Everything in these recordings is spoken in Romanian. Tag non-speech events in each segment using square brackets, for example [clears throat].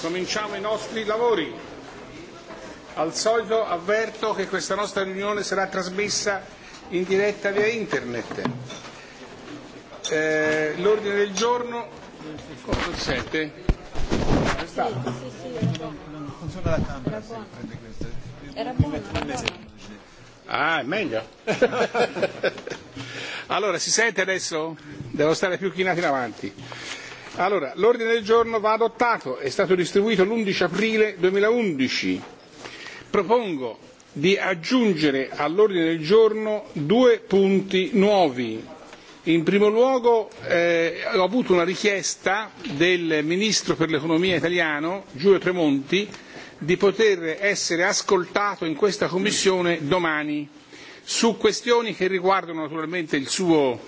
Cominciamo i nostri lavori. Al solito avverto che questa nostra riunione sarà trasmessa in diretta via internet. Eh, l'ordine del giorno consente. Questa. Funziona la camera se prende questo. Era buono. Ah, è meglio. [laughs] allora, si sente adesso? Devo stare più chinati in avanti. Allora, l'ordine del giorno va adottato, è stato distribuito l'11 aprile 2011. Propongo di aggiungere all'ordine del giorno due punti nuovi. In primo luogo eh, ho avuto una richiesta del Ministro per l'economia italiano, Giulio Tremonti, di poter essere ascoltato in questa Commissione domani su questioni che riguardano naturalmente il suo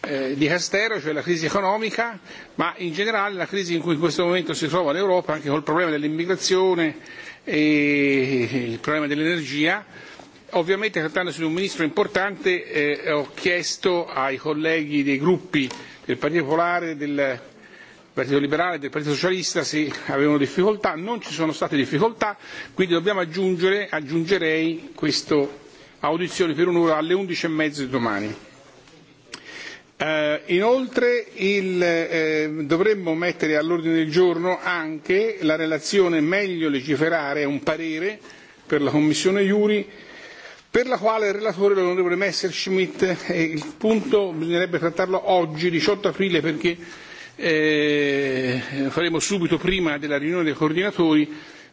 eh, di Castero, cioè la crisi economica, ma in generale la crisi in cui in questo momento si trova l'Europa, anche col problema dell'immigrazione e il problema dell'energia. Ovviamente trattandosi di un ministro importante eh, ho chiesto ai colleghi dei gruppi del Partito Popolare, del Partito Liberale e del Partito Socialista si avevano difficoltà, non ci sono state difficoltà, quindi dobbiamo aggiungere, aggiungerei questa audizione per un'ora alle 11.30 di domani. Eh, inoltre il, eh, dovremmo mettere all'ordine del giorno anche la relazione meglio legiferare, un parere per la Commissione Iuri, per la quale il relatore l'onorevole Messerschmidt, eh, il punto bisognerebbe trattarlo oggi, 18 aprile, perché eh, faremo subito prima della riunione dei coordinatori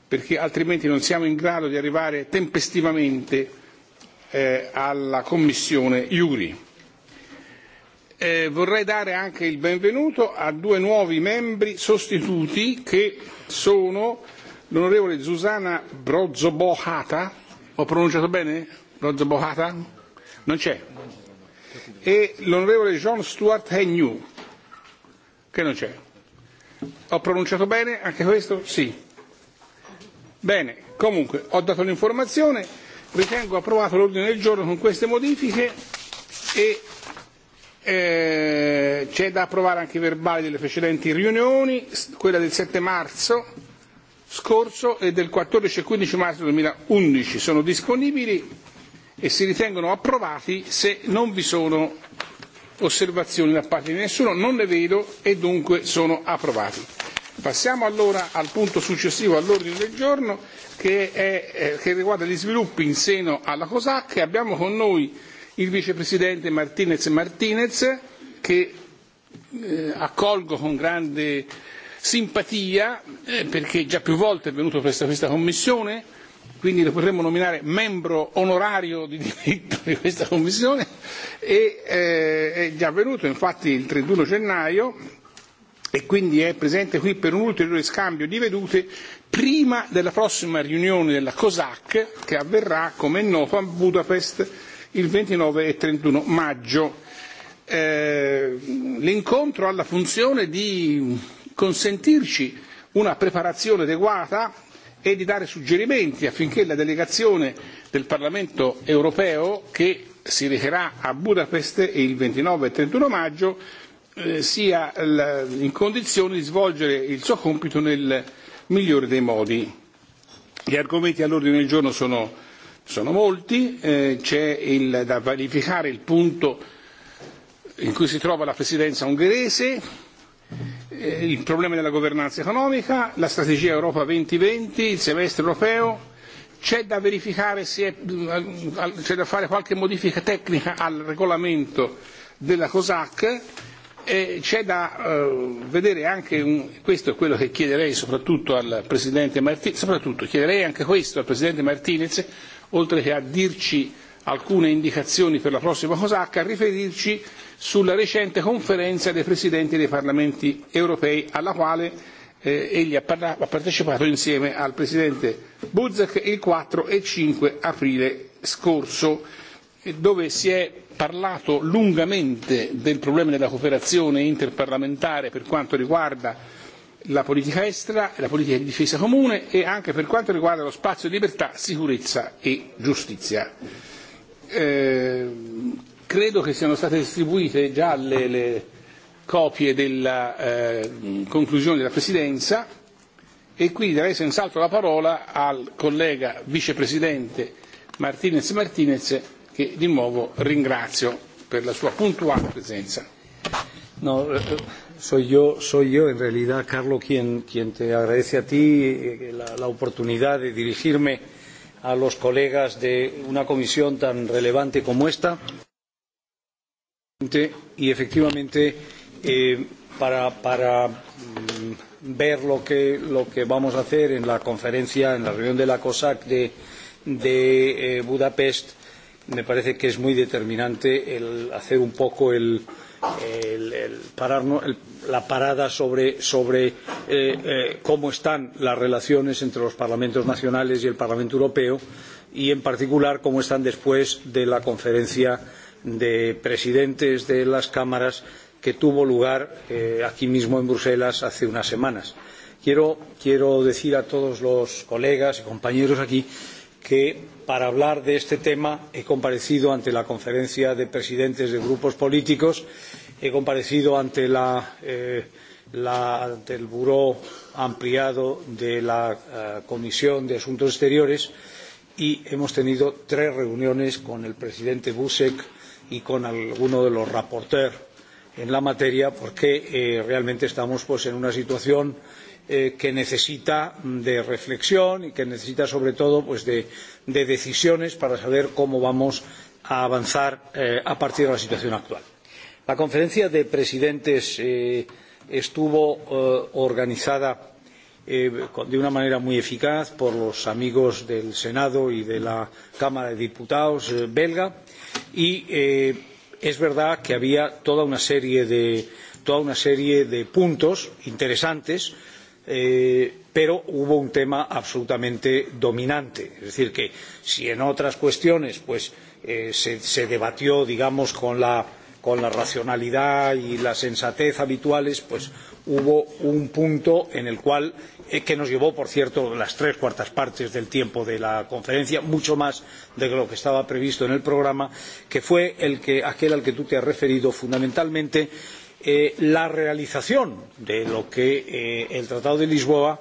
perché altrimenti non siamo in grado di arrivare tempestivamente eh, alla commissione Iuri. Eh, vorrei dare anche il benvenuto a due nuovi membri sostituti che sono l'onorevole Susanna Brozzobohata, ho pronunciato bene? Brozzobohata? Non c'è. E l'onorevole John Stuart Agnew che non c'è. Ho pronunciato bene anche questo? Sì. Bene, comunque ho dato l'informazione, ritengo approvato l'ordine del giorno con queste modifiche e eh, c'è da approvare anche i verbali delle precedenti riunioni, quella del 7 marzo scorso e del 14 e 15 marzo 2011 sono disponibili e si ritengono approvati se non vi sono osservazioni da parte di nessuno, non le vedo e dunque sono approvati. Passiamo allora al punto successivo all'ordine del giorno che, è, eh, che riguarda gli sviluppi in seno alla COSAC. Abbiamo con noi il vicepresidente Martinez Martinez che eh, accolgo con grande simpatia eh, perché già più volte è venuto presso questa commissione quindi lo potremmo nominare membro onorario di diritto di questa commissione e eh, è già avvenuto infatti il 31 gennaio e quindi è presente qui per un ulteriore scambio di vedute prima della prossima riunione della COSAC che avverrà, come è noto, a Budapest il 29 e 31 maggio. Eh, l'incontro ha la funzione di consentirci una preparazione adeguata e di dare suggerimenti affinché la delegazione del Parlamento europeo che si recherà a Budapest il 29 e 31 maggio eh, sia in condizione di svolgere il suo compito nel migliore dei modi. Gli argomenti all'ordine del giorno sono, sono molti, eh, c'è il, da verificare il punto in cui si trova la presidenza ungherese, Eh, il problema della governanza economica, la strategia Europa 2020, il semestre europeo, c'è da verificare se è, eh, c'è da fare qualche modifica tecnica al regolamento della COSAC e c'è da eh, vedere anche un, questo è quello che chiederei soprattutto al Presidente Martinez, soprattutto chiederei anche questo al Presidente Martinez, oltre che a dirci alcune indicazioni per la prossima COSAC, a riferirci sulla recente conferenza dei presidenti dei parlamenti europei alla quale eh, egli ha, parla- ha partecipato insieme al presidente Buzek il 4 e 5 aprile scorso dove si è parlato lungamente del problema della cooperazione interparlamentare per quanto riguarda la politica estera, la politica di difesa comune e anche per quanto riguarda lo spazio di libertà, sicurezza e giustizia. Eh, Credo che siano state distribuite già le, le copie della eh, conclusione della Presidenza e quindi darei senz'altro la parola al collega vicepresidente Martinez Martinez che di nuovo ringrazio per la sua puntuale presenza. No, eh, eh, soy yo, soy yo en realidad, Carlo, quien, quien te agradece a ti eh, la, la oportunidad de dirigirme a los colegas de una comisión tan relevante como esta. Y efectivamente, eh, para, para mm, ver lo que, lo que vamos a hacer en la conferencia, en la reunión de la COSAC de, de eh, Budapest, me parece que es muy determinante el hacer un poco el, el, el parar, el, la parada sobre, sobre eh, eh, cómo están las relaciones entre los parlamentos nacionales y el Parlamento Europeo y, en particular, cómo están después de la conferencia de presidentes de las cámaras que tuvo lugar eh, aquí mismo en Bruselas hace unas semanas. Quiero, quiero decir a todos los colegas y compañeros aquí que para hablar de este tema he comparecido ante la conferencia de presidentes de grupos políticos, he comparecido ante, la, eh, la, ante el Buró ampliado de la eh, Comisión de Asuntos Exteriores y hemos tenido tres reuniones con el presidente Buzek, y con alguno de los rapporteurs en la materia porque eh, realmente estamos pues, en una situación eh, que necesita de reflexión y que necesita sobre todo pues, de, de decisiones para saber cómo vamos a avanzar eh, a partir de la situación actual. La conferencia de presidentes eh, estuvo eh, organizada eh, de una manera muy eficaz por los amigos del Senado y de la Cámara de Diputados eh, belga y eh, es verdad que había toda una serie de, toda una serie de puntos interesantes eh, pero hubo un tema absolutamente dominante. Es decir, que si en otras cuestiones pues, eh, se, se debatió, digamos, con la, con la racionalidad y la sensatez habituales, pues hubo un punto en el cual Eh, que nos llevó, por cierto, las tres cuartas partes del tiempo de la conferencia, mucho más de lo que estaba previsto en el programa, que fue el que, aquel al que tú te has referido fundamentalmente, eh, la realización de lo que eh, el Tratado de Lisboa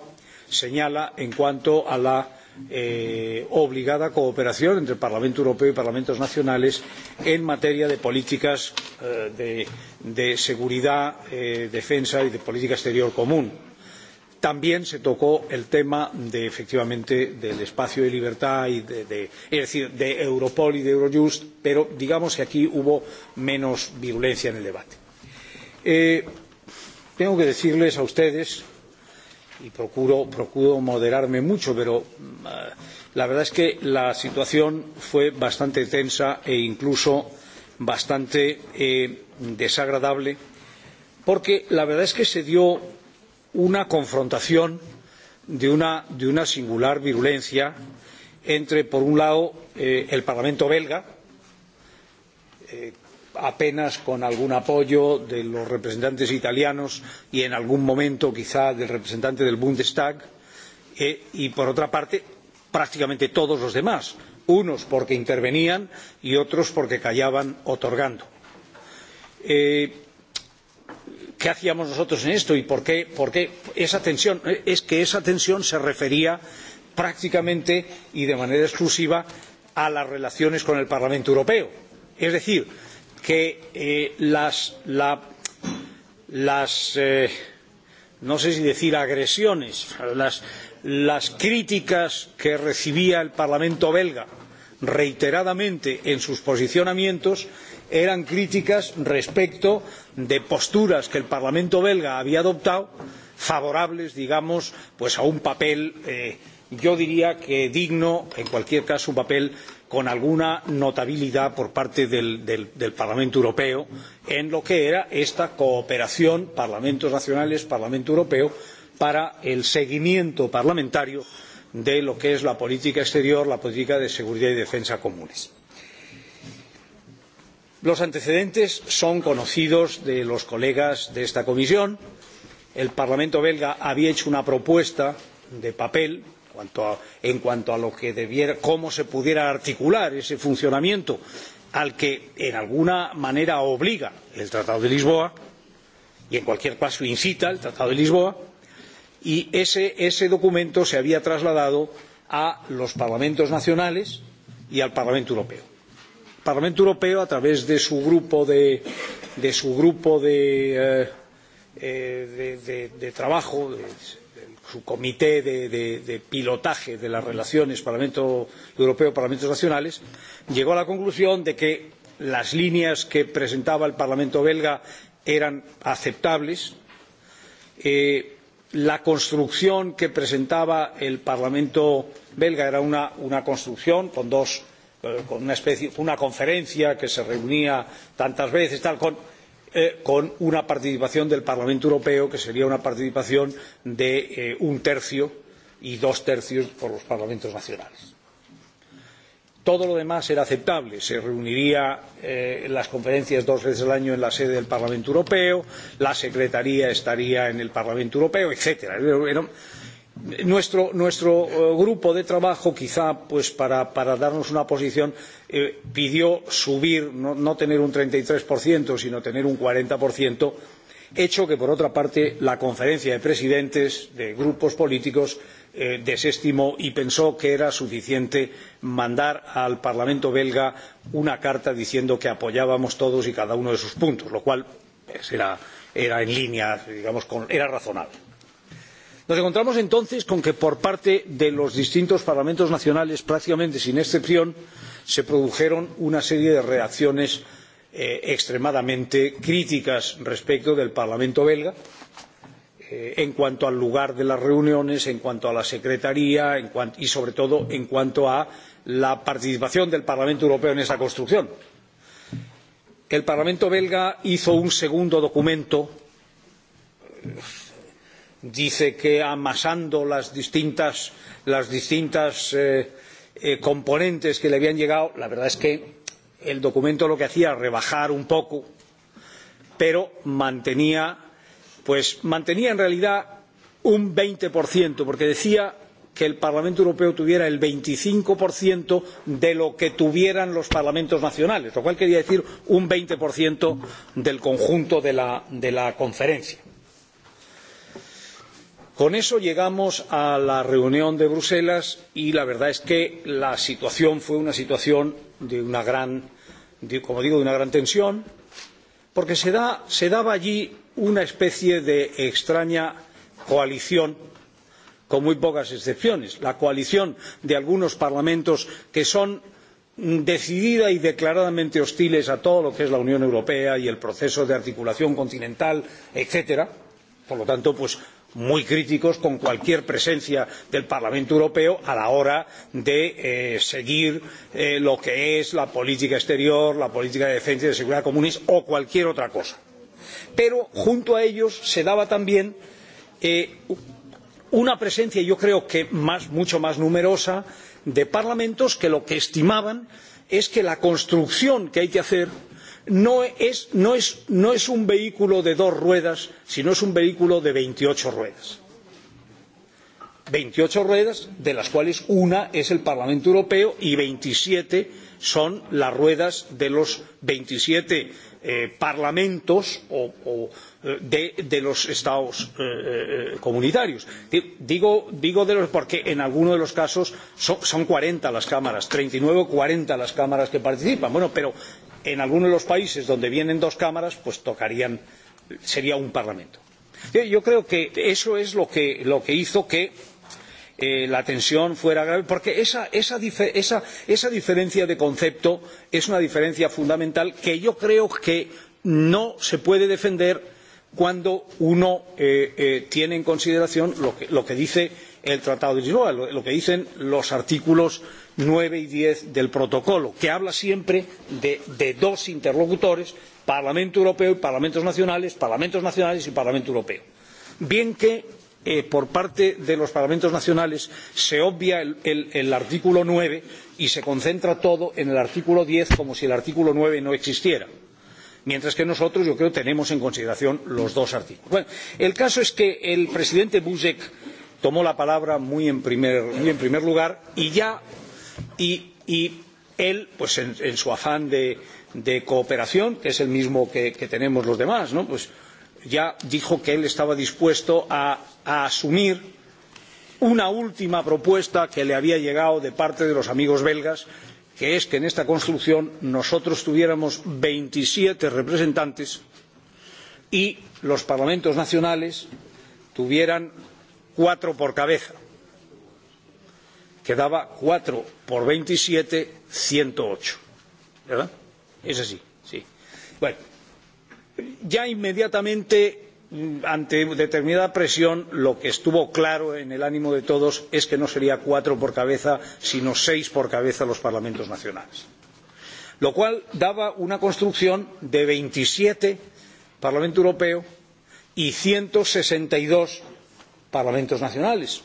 señala en cuanto a la eh, obligada cooperación entre el Parlamento Europeo y Parlamentos Nacionales en materia de políticas eh, de, de seguridad, eh, defensa y de política exterior común También se tocó el tema de, efectivamente del espacio de libertad y de, de, es decir, de Europol y de Eurojust, pero digamos que aquí hubo menos virulencia en el debate. Eh, tengo que decirles a ustedes y procuro, procuro moderarme mucho, pero eh, la verdad es que la situación fue bastante tensa e incluso bastante eh, desagradable, porque la verdad es que se dio una confrontación de una, de una singular virulencia entre, por un lado, eh, el Parlamento belga, eh, apenas con algún apoyo de los representantes italianos y en algún momento quizá del representante del Bundestag, eh, y por otra parte prácticamente todos los demás, unos porque intervenían y otros porque callaban otorgando. Eh, qué hacíamos nosotros en esto y por qué, por qué esa tensión es que esa tensión se refería prácticamente y de manera exclusiva a las relaciones con el Parlamento Europeo. Es decir, que eh, las, la, las eh, no sé si decir agresiones, las, las críticas que recibía el Parlamento belga reiteradamente en sus posicionamientos eran críticas respecto de posturas que el Parlamento belga había adoptado favorables, digamos, pues a un papel, eh, yo diría que digno, en cualquier caso, un papel con alguna notabilidad por parte del, del, del Parlamento Europeo en lo que era esta cooperación Parlamentos Nacionales Parlamento Europeo para el seguimiento parlamentario de lo que es la política exterior, la política de seguridad y defensa comunes los antecedentes son conocidos de los colegas de esta comisión el parlamento belga había hecho una propuesta de papel en cuanto a lo que debiera, cómo se pudiera articular ese funcionamiento al que en alguna manera obliga el tratado de lisboa y en cualquier caso incita el tratado de lisboa y ese, ese documento se había trasladado a los parlamentos nacionales y al parlamento europeo Parlamento Europeo, a través de su grupo de, de, su grupo de, eh, eh de, de, de trabajo, de, su comité de, de, de pilotaje de las relaciones Parlamento Europeo Parlamentos Nacionales llegó a la conclusión de que las líneas que presentaba el Parlamento belga eran aceptables. Eh, la construcción que presentaba el Parlamento belga era una, una construcción con dos Eh, con una, especie, una conferencia que se reunía tantas veces, tal, con, eh, con una participación del Parlamento Europeo, que sería una participación de eh, un tercio y dos tercios por los parlamentos nacionales. Todo lo demás era aceptable. Se reuniría eh, las conferencias dos veces al año en la sede del Parlamento Europeo, la Secretaría estaría en el Parlamento Europeo, etc. Era, nuestro, nuestro eh, grupo de trabajo, quizá pues para, para darnos una posición, eh, pidió subir, no, no tener un 33%, sino tener un 40%, hecho que, por otra parte, la conferencia de presidentes de grupos políticos eh, desestimó y pensó que era suficiente mandar al Parlamento belga una carta diciendo que apoyábamos todos y cada uno de sus puntos, lo cual pues, era, era en línea, digamos, con, era razonable nos encontramos entonces con que por parte de los distintos parlamentos nacionales prácticamente sin excepción se produjeron una serie de reacciones eh, extremadamente críticas respecto del parlamento belga eh, en cuanto al lugar de las reuniones en cuanto a la secretaría en cuanto, y sobre todo en cuanto a la participación del parlamento europeo en esa construcción. el parlamento belga hizo un segundo documento dice que amasando las distintas, las distintas eh, eh, componentes que le habían llegado, la verdad es que el documento lo que hacía era rebajar un poco, pero mantenía, pues, mantenía en realidad un 20%, porque decía que el Parlamento Europeo tuviera el 25% de lo que tuvieran los parlamentos nacionales, lo cual quería decir un 20% del conjunto de la, de la conferencia Con eso llegamos a la reunión de Bruselas y la verdad es que la situación fue una situación de una gran, de, como digo, de una gran tensión, porque se, da, se daba allí una especie de extraña coalición con muy pocas excepciones la coalición de algunos parlamentos que son decidida y declaradamente hostiles a todo lo que es la unión europea y el proceso de articulación continental etc. por lo tanto pues muy críticos con cualquier presencia del Parlamento Europeo a la hora de eh, seguir eh, lo que es la política exterior, la política de defensa y de seguridad comunes o cualquier otra cosa. Pero junto a ellos se daba también eh, una presencia, yo creo que más, mucho más numerosa, de parlamentos que lo que estimaban es que la construcción que hay que hacer no es, no, es, no es un vehículo de dos ruedas, sino es un vehículo de 28 ruedas. 28 ruedas, de las cuales una es el Parlamento Europeo y 27 son las ruedas de los 27 eh, parlamentos o, o eh, de, de los estados eh, eh comunitarios. Digo, digo de los, porque en algunos de los casos so, son 40 las cámaras, 39 o 40 las cámaras que participan. Bueno, pero en alguno de los países donde vienen dos cámaras pues tocarían sería un parlamento. Eh, yo creo que eso es lo que, lo que hizo que eh, la tensión fuera grave, porque esa, esa, dife esa, esa diferencia de concepto es una diferencia fundamental que yo creo que no se puede defender cuando uno eh, eh, tiene en consideración lo que, lo que dice el Tratado de Lisboa, lo, lo que dicen los artículos 9 y 10 del protocolo, que habla siempre de, de dos interlocutores, Parlamento Europeo y Parlamentos Nacionales, Parlamentos Nacionales y Parlamento Europeo. Bien que eh, por parte de los Parlamentos Nacionales se obvia el, el, el artículo 9 y se concentra todo en el artículo 10 como si el artículo 9 no existiera mientras que nosotros yo creo tenemos en consideración los dos artículos. Bueno, el caso es que el presidente Buzek tomó la palabra muy en primer, muy en primer lugar y ya y, y él, pues en, en su afán de, de cooperación, que es el mismo que, que tenemos los demás, ¿no? pues ya dijo que él estaba dispuesto a, a asumir una última propuesta que le había llegado de parte de los amigos belgas, que es que en esta construcción nosotros tuviéramos 27 representantes y los parlamentos nacionales tuvieran cuatro por cabeza. Quedaba cuatro por 27, 108. ¿Verdad? Es así, sí. Bueno, ya inmediatamente mm, ante determinada presión lo que estuvo claro en el ánimo de todos es que no sería cuatro por cabeza sino seis por cabeza los parlamentos nacionales lo cual daba una construcción de veintisiete parlamento europeo y ciento sesenta y dos parlamentos nacionales.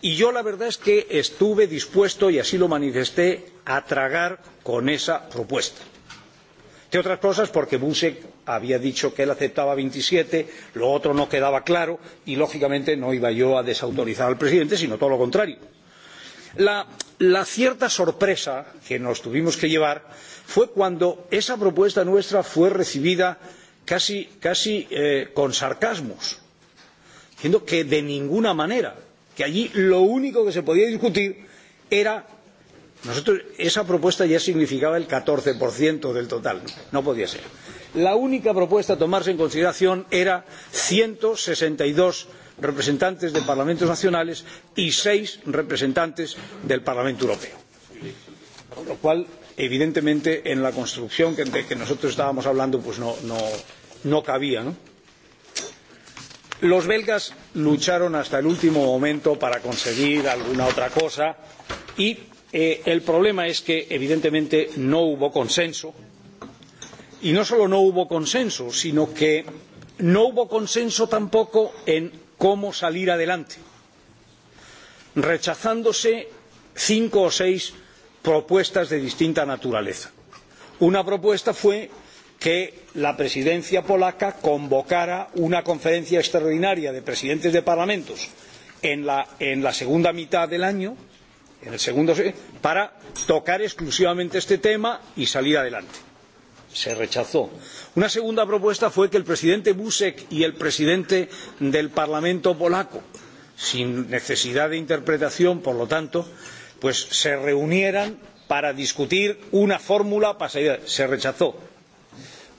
Y yo la verdad es que estuve dispuesto, y así lo manifesté, a tragar con esa propuesta. Entre otras cosas porque Busek había dicho que él aceptaba 27, lo otro no quedaba claro y lógicamente no iba yo a desautorizar al presidente, sino todo lo contrario. La, la cierta sorpresa que nos tuvimos que llevar fue cuando esa propuesta nuestra fue recibida casi, casi eh, con sarcasmos diciendo que de ninguna manera, que allí lo único que se podía discutir era nosotros esa propuesta ya significaba el 14% del total, no, no podía ser. La única propuesta a tomarse en consideración era 162 representantes de parlamentos nacionales y seis representantes del Parlamento Europeo. Lo cual, evidentemente, en la construcción de que nosotros estábamos hablando, pues no, no, no cabía, ¿no? Los belgas lucharon hasta el último momento para conseguir alguna otra cosa y eh, el problema es que evidentemente no hubo consenso. Y no solo no hubo consenso, sino que no hubo consenso tampoco en cómo salir adelante, rechazándose cinco o seis propuestas de distinta naturaleza. Una propuesta fue que la presidencia polaca convocara una conferencia extraordinaria de presidentes de parlamentos en la, en la segunda mitad del año en el segundo, eh, para tocar exclusivamente este tema y salir adelante. Se rechazó. Una segunda propuesta fue que el presidente Busek y el presidente del Parlamento polaco, sin necesidad de interpretación, por lo tanto, pues se reunieran para discutir una fórmula para salir. Se rechazó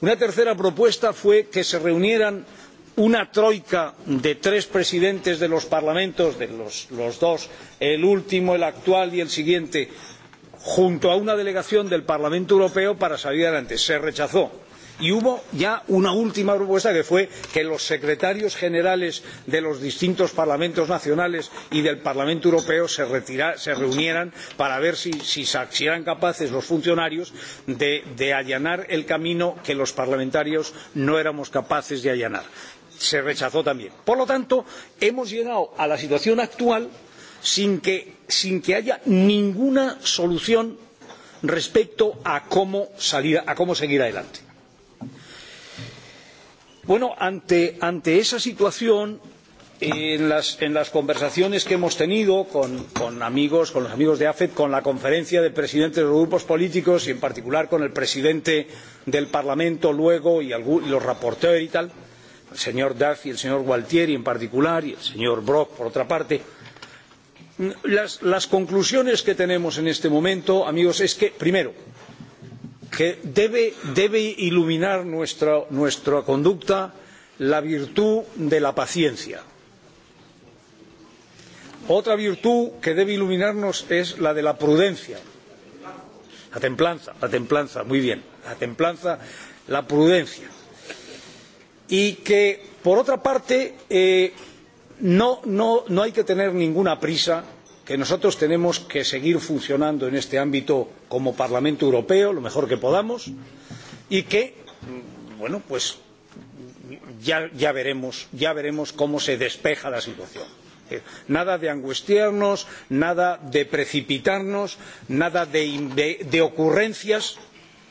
una tercera propuesta fue que se reunieran una troika de tres presidentes de los parlamentos de los, los dos el último el actual y el siguiente junto a una delegación del parlamento europeo para salir adelante. se rechazó y hubo ya una última propuesta que fue que los secretarios generales de los distintos parlamentos nacionales y del parlamento europeo se, retira, se reunieran para ver si, si, si eran capaces los funcionarios de, de allanar el camino que los parlamentarios no éramos capaces de allanar. se rechazó también. por lo tanto hemos llegado a la situación actual sin que, sin que haya ninguna solución respecto a cómo, salir, a cómo seguir adelante Bueno, ante, ante esa situación, en las, en las conversaciones que hemos tenido con, con, amigos, con los amigos de AFET, con la conferencia de presidentes de los grupos políticos y en particular con el presidente del Parlamento luego y, algún, y los reporteros y tal, el señor Duff y el señor Gualtieri en particular y el señor Brok por otra parte, las, las conclusiones que tenemos en este momento, amigos, es que, primero, que debe, debe iluminar nuestra, nuestra conducta la virtud de la paciencia. Otra virtud que debe iluminarnos es la de la prudencia. La templanza, la templanza, muy bien. La templanza, la prudencia. Y que, por otra parte, eh, no, no, no hay que tener ninguna prisa que nosotros tenemos que seguir funcionando en este ámbito como Parlamento Europeo lo mejor que podamos y que, mm, bueno, pues ya, ya, veremos, ya veremos cómo se despeja la situación. Eh, nada de angustiarnos, nada de precipitarnos, nada de, de, de ocurrencias,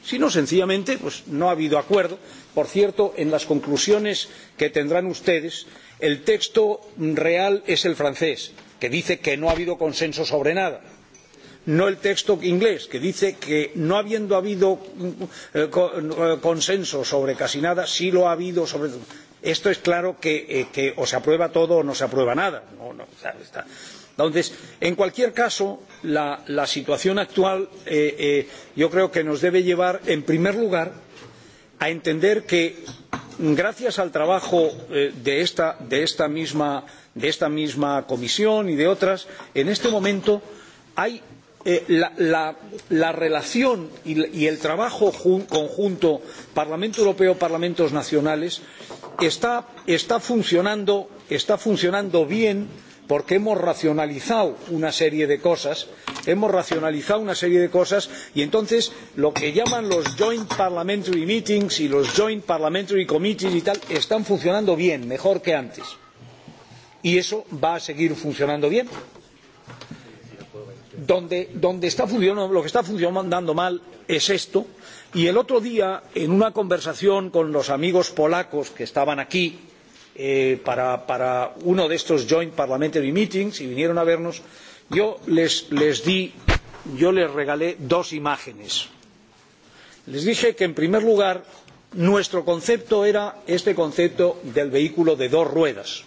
sino sencillamente pues no ha habido acuerdo. Por cierto, en las conclusiones que tendrán ustedes, el texto real es el francés que dice que no ha habido consenso sobre nada no el texto inglés que dice que no habiendo habido eh, eh, consenso sobre casi nada sí lo ha habido sobre esto es claro que, eh, que o se aprueba todo o no se aprueba nada no, no, está, está. entonces en cualquier caso la, la situación actual eh, yo creo que nos debe llevar en primer lugar a entender que gracias al trabajo eh, de esta, de, esta misma, de esta misma comisión y de otras, en este momento hay eh, la, la, la relación y, el trabajo conjunto Parlamento Europeo Parlamentos Nacionales está, está, funcionando, está funcionando bien porque hemos racionalizado una serie de cosas, hemos racionalizado una serie de cosas y entonces lo que llaman los joint parliamentary meetings y los joint parliamentary committees y tal están funcionando bien, mejor que antes. Y eso va a seguir funcionando bien. Donde, donde está funcionando, lo que está funcionando mal es esto. Y el otro día, en una conversación con los amigos polacos que estaban aquí, eh, para, para uno de estos joint parliamentary meetings y vinieron a vernos, yo les, les di, yo les regalé dos imágenes. Les dije que en primer lugar nuestro concepto era este concepto del vehículo de dos ruedas.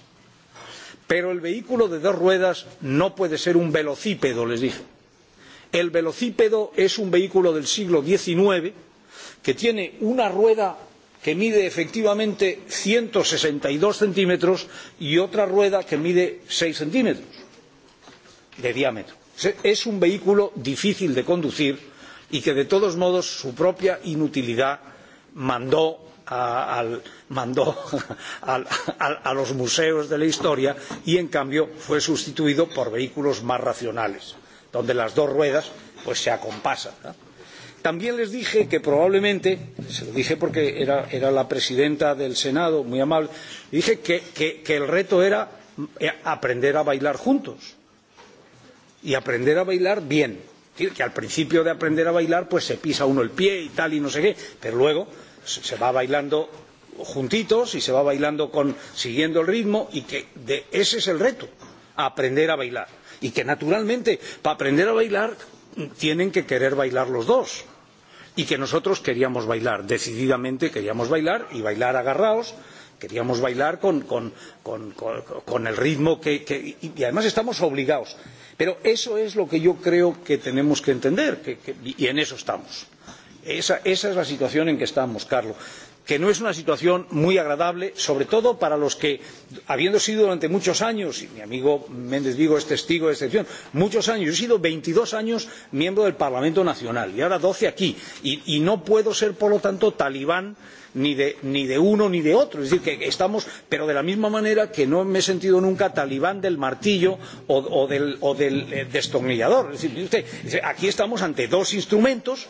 Pero el vehículo de dos ruedas no puede ser un velocípedo, les dije. El velocípedo es un vehículo del siglo XIX que tiene una rueda que mide efectivamente y dos centímetros y otra rueda que mide seis centímetros de diámetro. Es un vehículo difícil de conducir y que de todos modos su propia inutilidad mandó a, al, mandó a, [laughs] a, a los museos de la historia y en cambio fue sustituido por vehículos más racionales, donde las dos ruedas pues se acompasan. ¿no? También les dije que probablemente, se lo dije porque era, era la presidenta del Senado, muy amable, dije que, que, que el reto era eh, aprender a bailar juntos y aprender a bailar bien. decir, que al principio de aprender a bailar pues se pisa uno el pie y tal y no sé qué, pero luego se va bailando juntitos y se va bailando con, siguiendo el ritmo y que de, ese es el reto, aprender a bailar. Y que naturalmente para aprender a bailar tienen que querer bailar los dos y que nosotros queríamos bailar, decididamente queríamos bailar y bailar agarrados, queríamos bailar con, con, con, con, con el ritmo que, que y además estamos obligados. Pero eso es lo que yo creo que tenemos que entender que, que, y en eso estamos. Esa, esa es la situación en que estamos, Carlos que no es una situación muy agradable sobre todo para los que habiendo sido durante muchos años y mi amigo méndez vigo es testigo de excepción muchos años yo he sido veintidós años miembro del parlamento nacional y ahora doce aquí y, y no puedo ser por lo tanto talibán ni de, ni de uno ni de otro. Es decir, que estamos, pero de la misma manera que no me he sentido nunca talibán del martillo o, o del, o del eh, destornillador. Es decir, usted, aquí estamos ante dos instrumentos,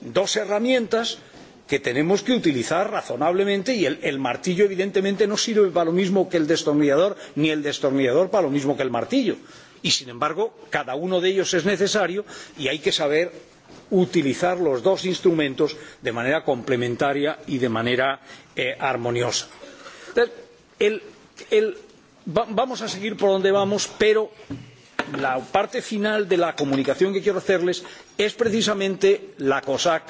dos herramientas que tenemos que utilizar razonablemente y el, martillo evidentemente no sirve para lo mismo que el destornillador ni el destornillador para lo mismo que el martillo y sin embargo cada uno de ellos es necesario y hay que saber utilizar los dos instrumentos de manera complementaria y de manera eh, armoniosa. Entonces, el, el, va, vamos a seguir por donde vamos, pero la parte final de la comunicación que quiero hacerles es precisamente la COSAC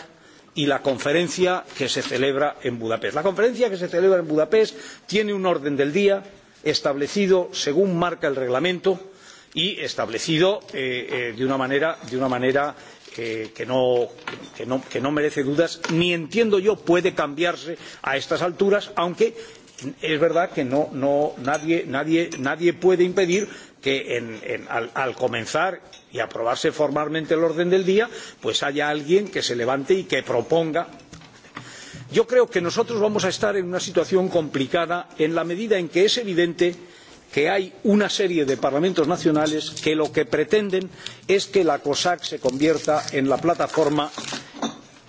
y la conferencia que se celebra en Budapest. La conferencia que se celebra en Budapest tiene un orden del día establecido según marca el reglamento y establecido eh, eh, de una manera, de una manera eh, que, no, que, no, que no merece dudas, ni entiendo yo puede cambiarse a estas alturas, aunque es verdad que no, no, nadie, nadie, nadie puede impedir que en, en, al, al comenzar y aprobarse formalmente el orden del día, pues haya alguien que se levante y que proponga. Yo creo que nosotros vamos a estar en una situación complicada en la medida en que es evidente que hay una serie de parlamentos nacionales que lo que pretenden es que la COSAC se convierta en la plataforma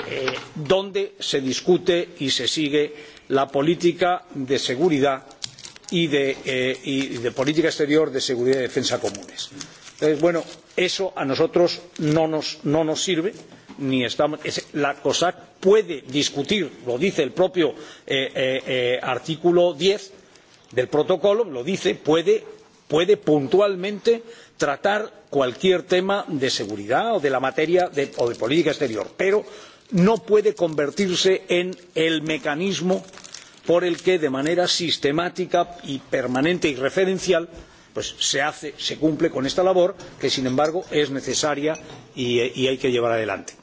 eh, donde se discute y se sigue la política de seguridad y de, eh, y de política exterior de seguridad y defensa comunes. Entonces, eh, bueno, eso a nosotros no nos, no nos sirve. Ni estamos, es, la COSAC puede discutir, lo dice el propio eh, eh, eh, artículo 10 del protocolo, lo dice, puede, puede puntualmente tratar cualquier tema de seguridad o de la materia de, o de política exterior, pero no puede convertirse en el mecanismo por el que de manera sistemática y permanente y referencial pues se, hace, se cumple con esta labor que, sin embargo, es necesaria y, y hay que llevar adelante.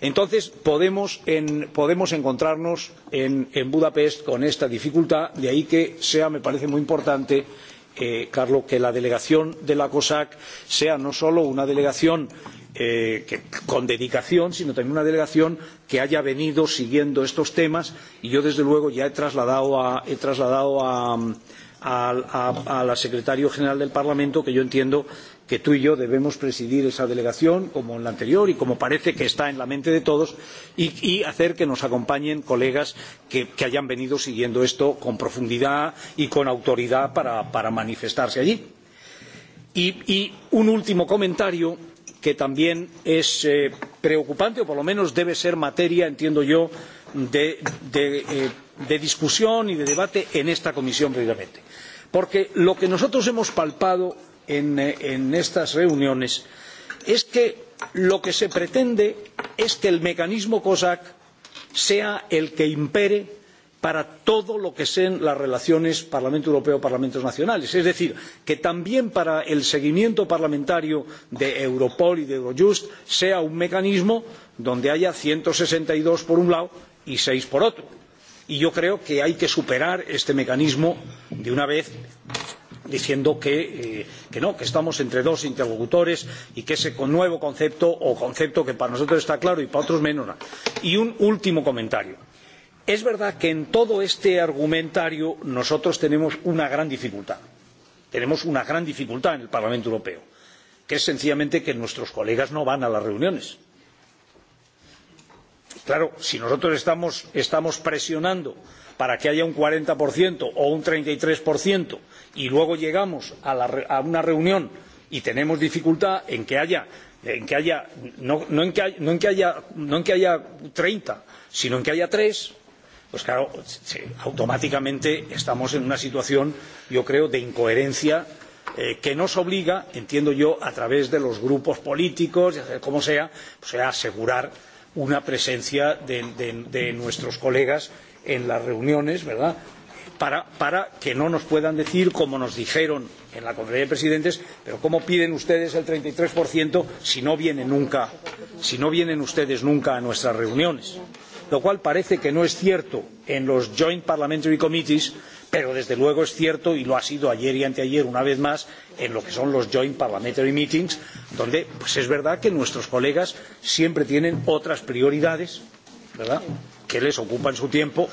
Entonces, podemos, en, podemos encontrarnos en, en Budapest con esta dificultad, de ahí que sea, me parece muy importante, eh, Carlos, que la delegación de la COSAC sea no solo una delegación eh, que, con dedicación, sino también una delegación que haya venido siguiendo estos temas. Y yo, desde luego, ya he trasladado a, he trasladado a, al, a, a la secretario general del Parlamento, que yo entiendo que tú y yo debemos presidir esa delegación, como en la anterior y como parece que está en la mente de todos, y, y hacer que nos acompañen colegas que, que hayan venido siguiendo esto con profundidad y con autoridad para, para manifestarse allí. Y, y un último comentario que también es eh, preocupante, o por lo menos debe ser materia, entiendo yo, de, de eh, de discusión y de debate en esta comisión precisamente. Porque lo que nosotros hemos palpado en, eh, en estas reuniones es que lo que se pretende es que el mecanismo COSAC sea el que impere para todo lo que sean las relaciones Parlamento Europeo Parlamentos Nacionales. Es decir, que también para el seguimiento parlamentario de Europol y de Eurojust sea un mecanismo donde haya 162 por un lado y 6 por otro y yo creo que hay que superar este mecanismo de una vez diciendo que, eh, que no, que estamos entre dos interlocutores y que ese nuevo concepto o concepto que para nosotros está claro y para otros menos. Y un último comentario. Es verdad que en todo este argumentario nosotros tenemos una gran dificultad. Tenemos una gran dificultad en el Parlamento Europeo, que es sencillamente que nuestros colegas no van a las reuniones Claro, si nosotros estamos, estamos presionando para que haya un 40% o un 33% y luego llegamos a, la, a una reunión y tenemos dificultad en que haya en que haya no, no, en que no en que haya no en que haya 30, sino en que haya 3, pues claro, automáticamente estamos en una situación, yo creo, de incoherencia eh, que nos obliga, entiendo yo, a través de los grupos políticos, como sea, pues a asegurar una presencia de, de, de nuestros colegas en las reuniones, ¿verdad? Para, para que no nos puedan decir, como nos dijeron en la conferencia de presidentes, pero cómo piden ustedes el 33% si no vienen nunca, si no vienen ustedes nunca a nuestras reuniones. Lo cual parece que no es cierto en los Joint Parliamentary Committees, pero desde luego es cierto y lo ha sido ayer y anteayer una vez más en lo que son los joint parliamentary meetings donde pues es verdad que nuestros colegas siempre tienen otras prioridades ¿verdad? que les ocupan su tiempo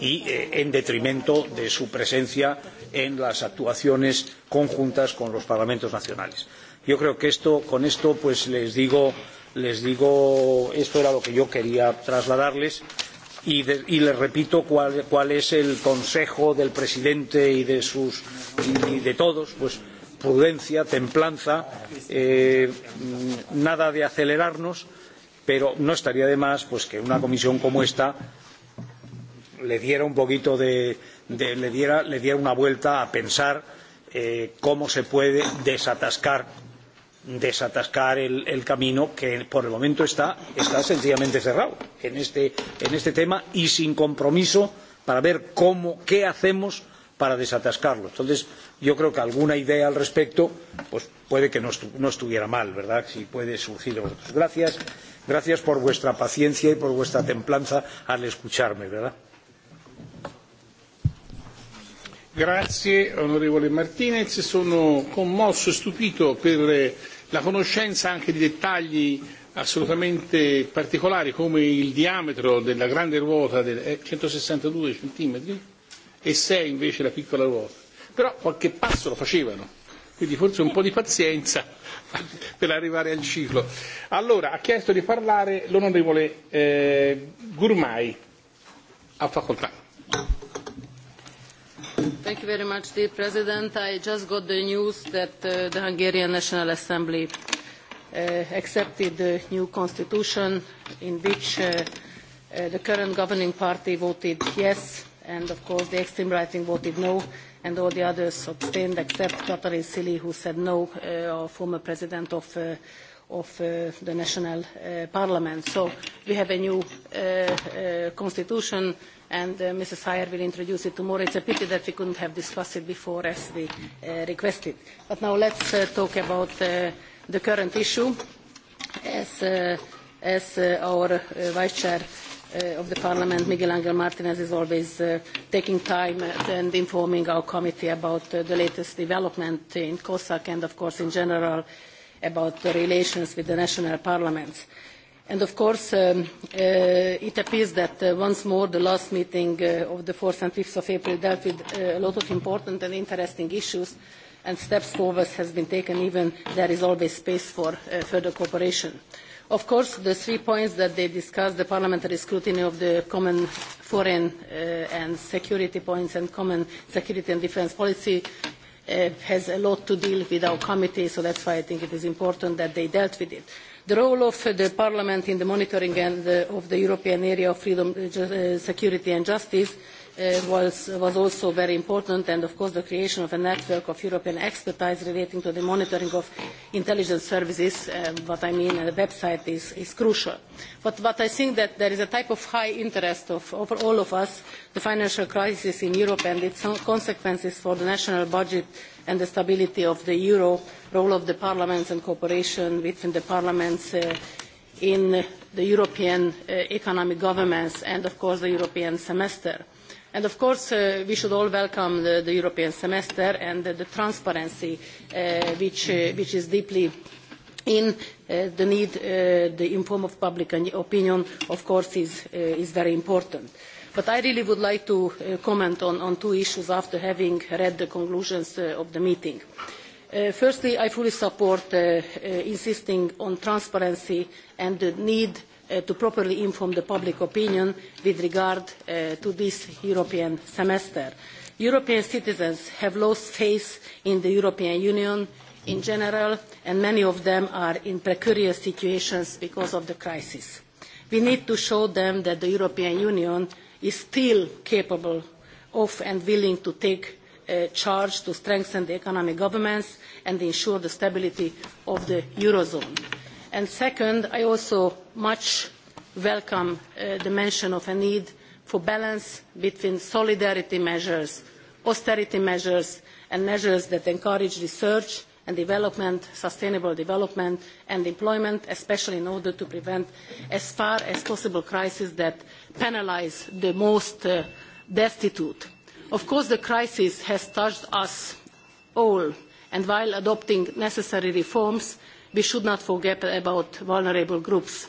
y eh, en detrimento de su presencia en las actuaciones conjuntas con los parlamentos nacionales. Yo creo que esto, con esto pues les digo, les digo esto era lo que yo quería trasladarles y, de, y les repito cuál, cuál es el consejo del presidente y de, sus, y de todos pues prudencia templanza eh, nada de acelerarnos pero no estaría de más pues que una comisión como esta le diera un poquito de, de le, diera, le diera una vuelta a pensar eh, cómo se puede desatascar desatascar el, el camino que por el momento está, está sencillamente cerrado en este, en este tema y sin compromiso para ver cómo, qué hacemos para desatascarlo. Entonces, yo creo que alguna idea al respecto pues puede que no, estu no estuviera mal, ¿verdad? Si puede surgir de vosotros. Gracias, gracias por vuestra paciencia y por vuestra templanza al escucharme, ¿verdad? Grazie onorevole Martinez, sono commosso e stupito per la conoscenza anche di dettagli assolutamente particolari come il diametro della grande ruota è 162 eh, centimetri e 6 invece la piccola ruota, però qualche passo lo facevano, quindi forse un po' di pazienza [laughs] per arrivare al ciclo. Allora ha chiesto di parlare l'onorevole eh, Gurmai, a facoltà. Thank you very much, dear President. I just got the news that uh, the Hungarian National Assembly uh, accepted the new constitution in which uh, uh, the current governing party voted yes, and of course the extreme right wing voted no, and all the others abstained except Katarin Sili, who said no, uh, our former president of uh, of uh, the national uh, parliament. So we have a new uh, uh constitution and uh, Mrs. Heyer will introduce it tomorrow. It's a pity that we couldn't have discussed it before as we uh, requested. But now let's uh, talk about uh, the current issue. As, uh, as uh, our Vice Chair of the Parliament, Miguel Angel Martinez, is always taking time and informing our committee about the latest development in COSAC and, of course, in general about the relations with the national parliaments. Uh, And of course, um, uh, it appears that uh, once more the last meeting uh, of the 4th and 5th of April dealt with a lot of important and interesting issues and steps forward has been taken even there is always space for further cooperation. Of course, the three points that they discussed, the parliamentary scrutiny of the common foreign and security points and common security and defence policy has a lot to deal with our committee, so that's why I think it is important that they dealt with it the role of the parliament in the monitoring of the european area of freedom uh, uh, security and justice uh, was, also very important and of course the creation of a network of european expertise relating to the monitoring of intelligence services what i mean a website is, crucial but, i think that there is a type of high interest of, all of us the financial crisis in europe and its consequences for the national budget and the stability of the euro, role of the parliaments and cooperation between the parliaments uh, in the European uh, economic governance and, of course, the European semester. And, of course, uh, we should all welcome the, the European semester and the, the transparency uh, which, uh, which, is deeply in uh, the need, the inform of public opinion, of course, is, is very important. Uh, But I really would like to uh, comment on, two issues after having read the conclusions uh, of the meeting. Uh, firstly, I fully support insisting on transparency and the need to properly inform the public opinion with regard to this European semester. European citizens have lost faith in the European Union in general, and many of them are in precarious situations because of the crisis. We need to show them that the European Union is still capable of and willing to take uh, charge to strengthen the economic governance and ensure the stability of the eurozone. And second, I also much welcome uh, the mention of a need for balance between solidarity measures, austerity measures and measures that encourage research and development, sustainable development and employment, especially in order to prevent as far as possible crises that penalise the most uh, destitute. Of course, the crisis has touched us all, and while adopting necessary reforms, we should not forget about vulnerable groups.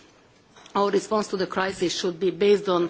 Our response to the crisis should be based on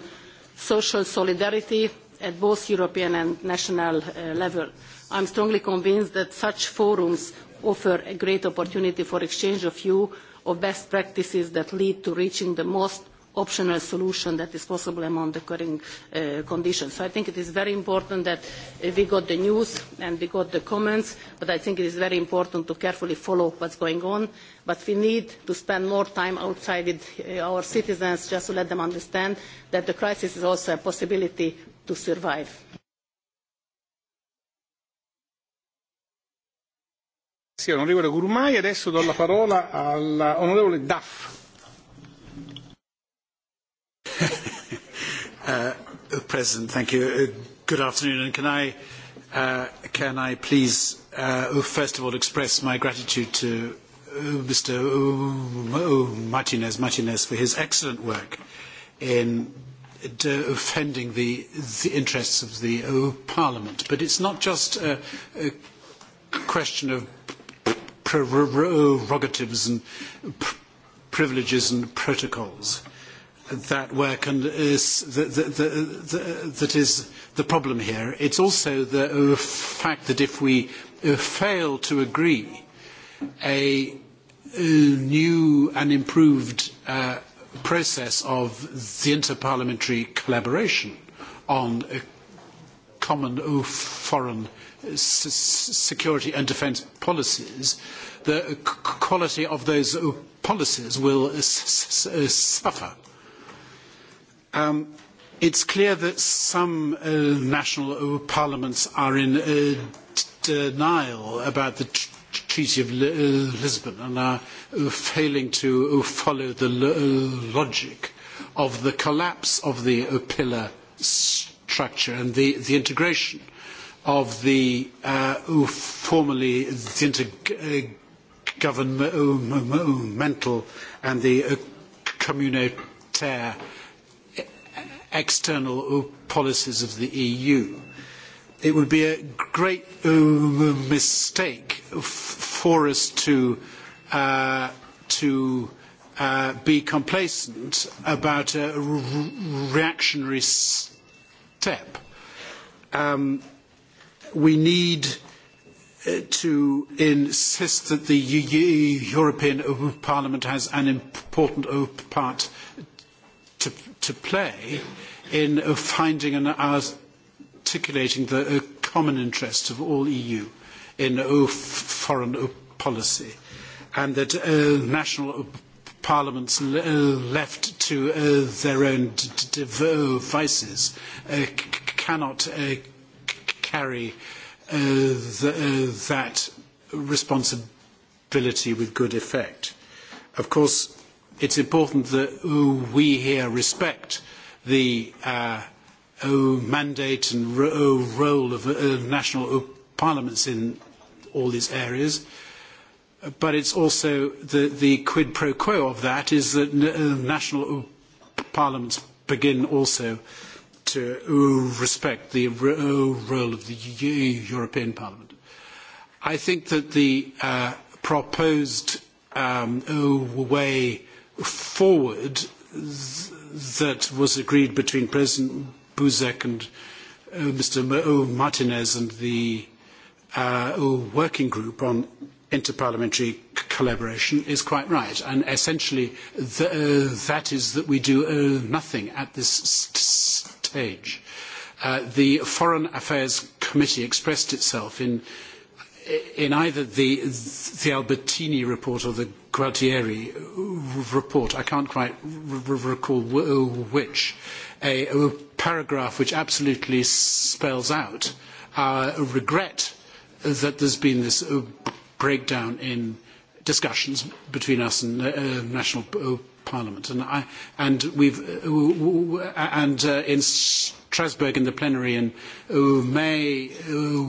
social solidarity at both European and national uh, level. I am strongly convinced that such forums offer a great opportunity for exchange of view of best practices that lead to reaching the most optional solution that is possible among the current uh, conditions. So I think it is very important that uh, we got the news and we got the comments, but I think it is very important to carefully follow what's going on. But we need to spend more time outside with uh, our citizens just to let them understand that the crisis is also a possibility to survive. Sì, onorevole Gurmai, adesso do la parola all'onorevole Duff. Uh, uh, President, thank you. Uh, good afternoon, and can I, uh, can I please, uh, oh, first of all, express my gratitude to uh, Mr. Martinez Martinez for his excellent work in defending the, the interests of the uh, Parliament. But it's not just a, a question of prerogatives and privileges and protocols that work and is, that, that is the problem here. It's also the uh, fact that if we uh, fail to agree a uh, new and improved uh, process of the interparliamentary collaboration on common foreign security and defence policies, the quality of those policies will suffer. Um, it's clear that some uh, national uh, parliaments are in uh, denial about the Treaty of uh, Lisbon and are uh, failing to follow the logic of the collapse of the pillar structure and the, the integration of the uh, formerly the intergovernmental and the communautaire external uh, policies of the EU. It would be a great uh, mistake for us to, uh, to uh, be complacent about a reactionary step. Um, we need uh, to insist that the European Parliament has an important part to, to play in uh, finding and articulating the uh, common interests of all EU in uh, foreign policy, and that national parliaments left to their own devices cannot carry that responsibility with good effect. Of course, it's important that we here respect the uh, mandate and role of uh, national uh, parliaments in all these areas. But it's also the, the quid pro quo of that is that national parliaments begin also to respect the role of the European Parliament. I think that the uh, proposed um, way forward that was agreed between President Buzek and uh, Mr. Oh, Martinez and the uh, oh, working group on interparliamentary collaboration is quite right. And essentially, the, uh, that is that we do uh, nothing at this stage. Uh, the Foreign Affairs Committee expressed itself in in either the, the Albertini report or the Gualtieri report, I can't quite recall which, a, a paragraph which absolutely spells out our regret that there's been this uh, breakdown in discussions between us and uh, national uh, parliament. And, I, and we've uh, and uh, in Strasbourg in the plenary in uh, May, uh,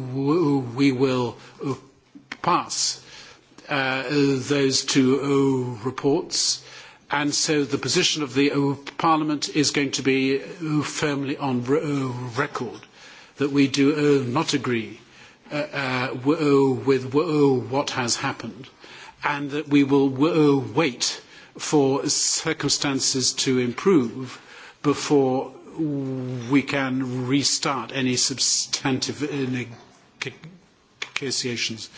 we will uh, pass uh, those two reports. And so the position of the Parliament is going to be firmly on record that we do not agree uh, with what has happened and that we will wait for circumstances to improve before we can restart any substantive negotiations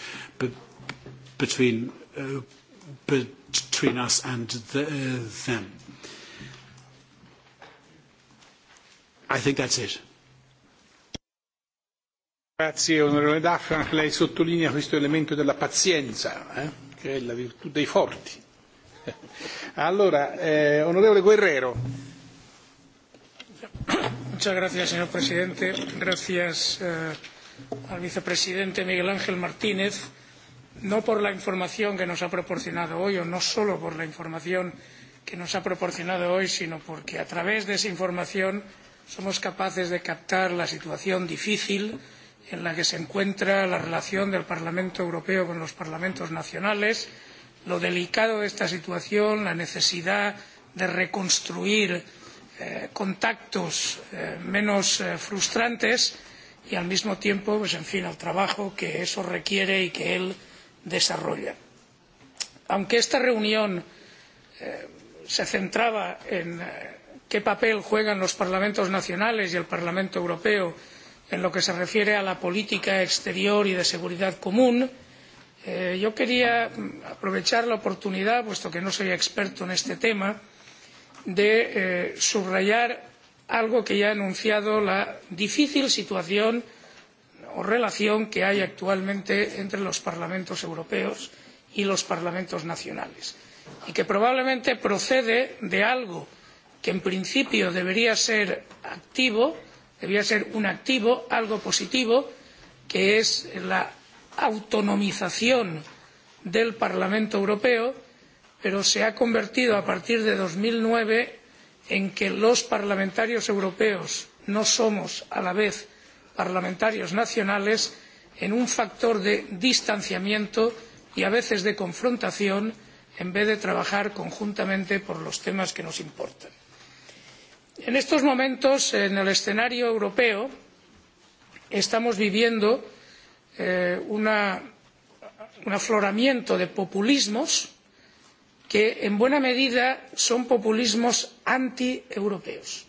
between, uh, between us and the, uh, them. I think that's it. Grazie onorevole Daff, lei sottolinea questo elemento della pazienza, eh? che è la virtù dei forti. [laughs] Allora, eh, onorevole Guerrero señor presidente. Gracias eh, al vicepresidente Miguel Ángel Martínez, no por la información que nos ha proporcionado hoy, o no solo por la información que nos ha proporcionado hoy, sino porque a través de esa información somos capaces de captar la situación difícil en la que se encuentra la relación del Parlamento Europeo con los parlamentos nacionales, lo delicado de esta situación, la necesidad de reconstruir Eh, contactos eh, menos eh, frustrantes y al mismo tiempo pues, en fin, al trabajo que eso requiere y que él desarrolla. Aunque esta reunión se centraba en qué papel juegan los parlamentos nacionales y el Parlamento Europeo en lo que se refiere a la política exterior y de seguridad común, yo quería mm, aprovechar la oportunidad, puesto que no soy experto en este tema, de eh, subrayar algo que ya ha anunciado la difícil situación o relación que hay actualmente entre los parlamentos europeos y los parlamentos nacionales y que probablemente procede de algo que en principio debería ser activo debería ser un activo algo positivo que es la autonomización del parlamento europeo pero se ha convertido a partir de dos mil nueve en que los parlamentarios europeos no somos a la vez parlamentarios nacionales en un factor de distanciamiento y a veces de confrontación en vez de trabajar conjuntamente por los temas que nos importan. en estos momentos en el escenario europeo estamos viviendo eh, una, un afloramiento de populismos que en buena medida son populismos antieuropeos.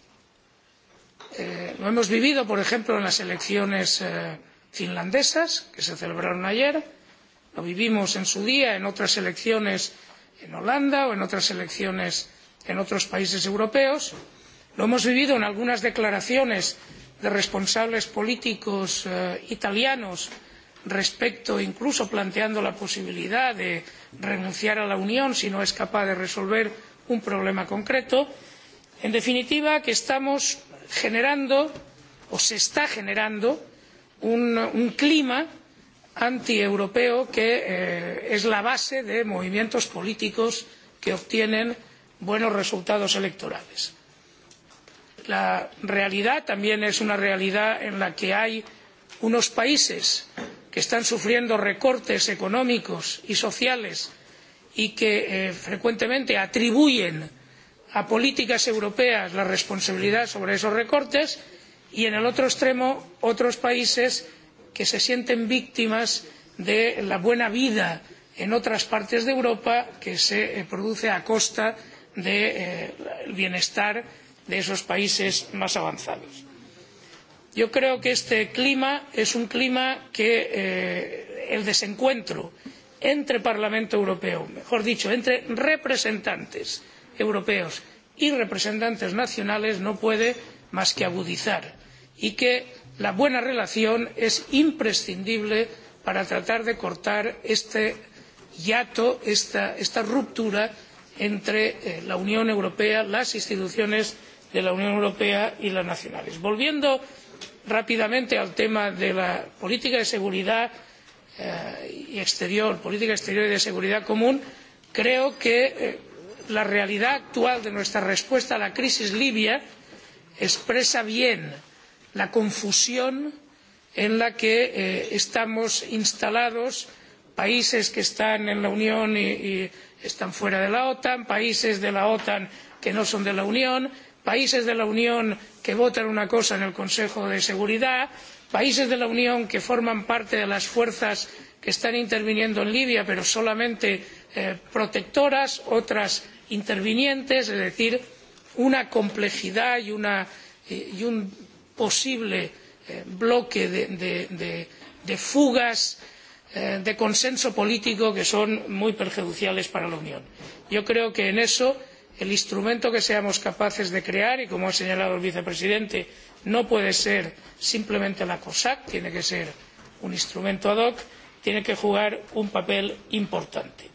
Eh, lo hemos vivido por ejemplo en las elecciones eh, finlandesas que se celebraron ayer lo vivimos en su día en otras elecciones en holanda o en otras elecciones en otros países europeos lo hemos vivido en algunas declaraciones de responsables políticos eh, italianos respecto incluso planteando la posibilidad de renunciar a la unión si no es capaz de resolver un problema concreto en definitiva que estamos generando o se está generando un, un clima antieuropeo que eh, es la base de movimientos políticos que obtienen buenos resultados electorales. la realidad también es una realidad en la que hay unos países que que están sufriendo recortes económicos y sociales y que eh, frecuentemente atribuyen a políticas europeas la responsabilidad sobre esos recortes y en el otro extremo otros países que se sienten víctimas de la buena vida en otras partes de europa que se eh, produce a costa del de, eh, bienestar de esos países más avanzados yo creo que este clima es un clima que eh, el desencuentro entre parlamento europeo mejor dicho entre representantes europeos y representantes nacionales no puede más que agudizar y que la buena relación es imprescindible para tratar de cortar este hiato esta, esta ruptura entre eh, la unión europea las instituciones de la unión europea y las nacionales. volviendo rápidamente al tema de la política de seguridad eh, y exterior política exterior y de seguridad común creo que eh, la realidad actual de nuestra respuesta a la crisis libia expresa bien la confusión en la que eh, estamos instalados países que están en la unión y, y están fuera de la otan países de la otan que no son de la unión países de la unión que votan una cosa en el consejo de seguridad países de la unión que forman parte de las fuerzas que están interviniendo en libia pero solamente eh, protectoras otras intervinientes es decir una complejidad y, un posible eh, bloque de, de, de, de fugas eh, de consenso político que son muy perjudiciales para la unión. yo creo que en eso el instrumento que seamos capaces de crear y como ha señalado el vicepresidente no puede ser simplemente la cosac tiene que ser un instrumento ad hoc tiene que jugar un papel importante.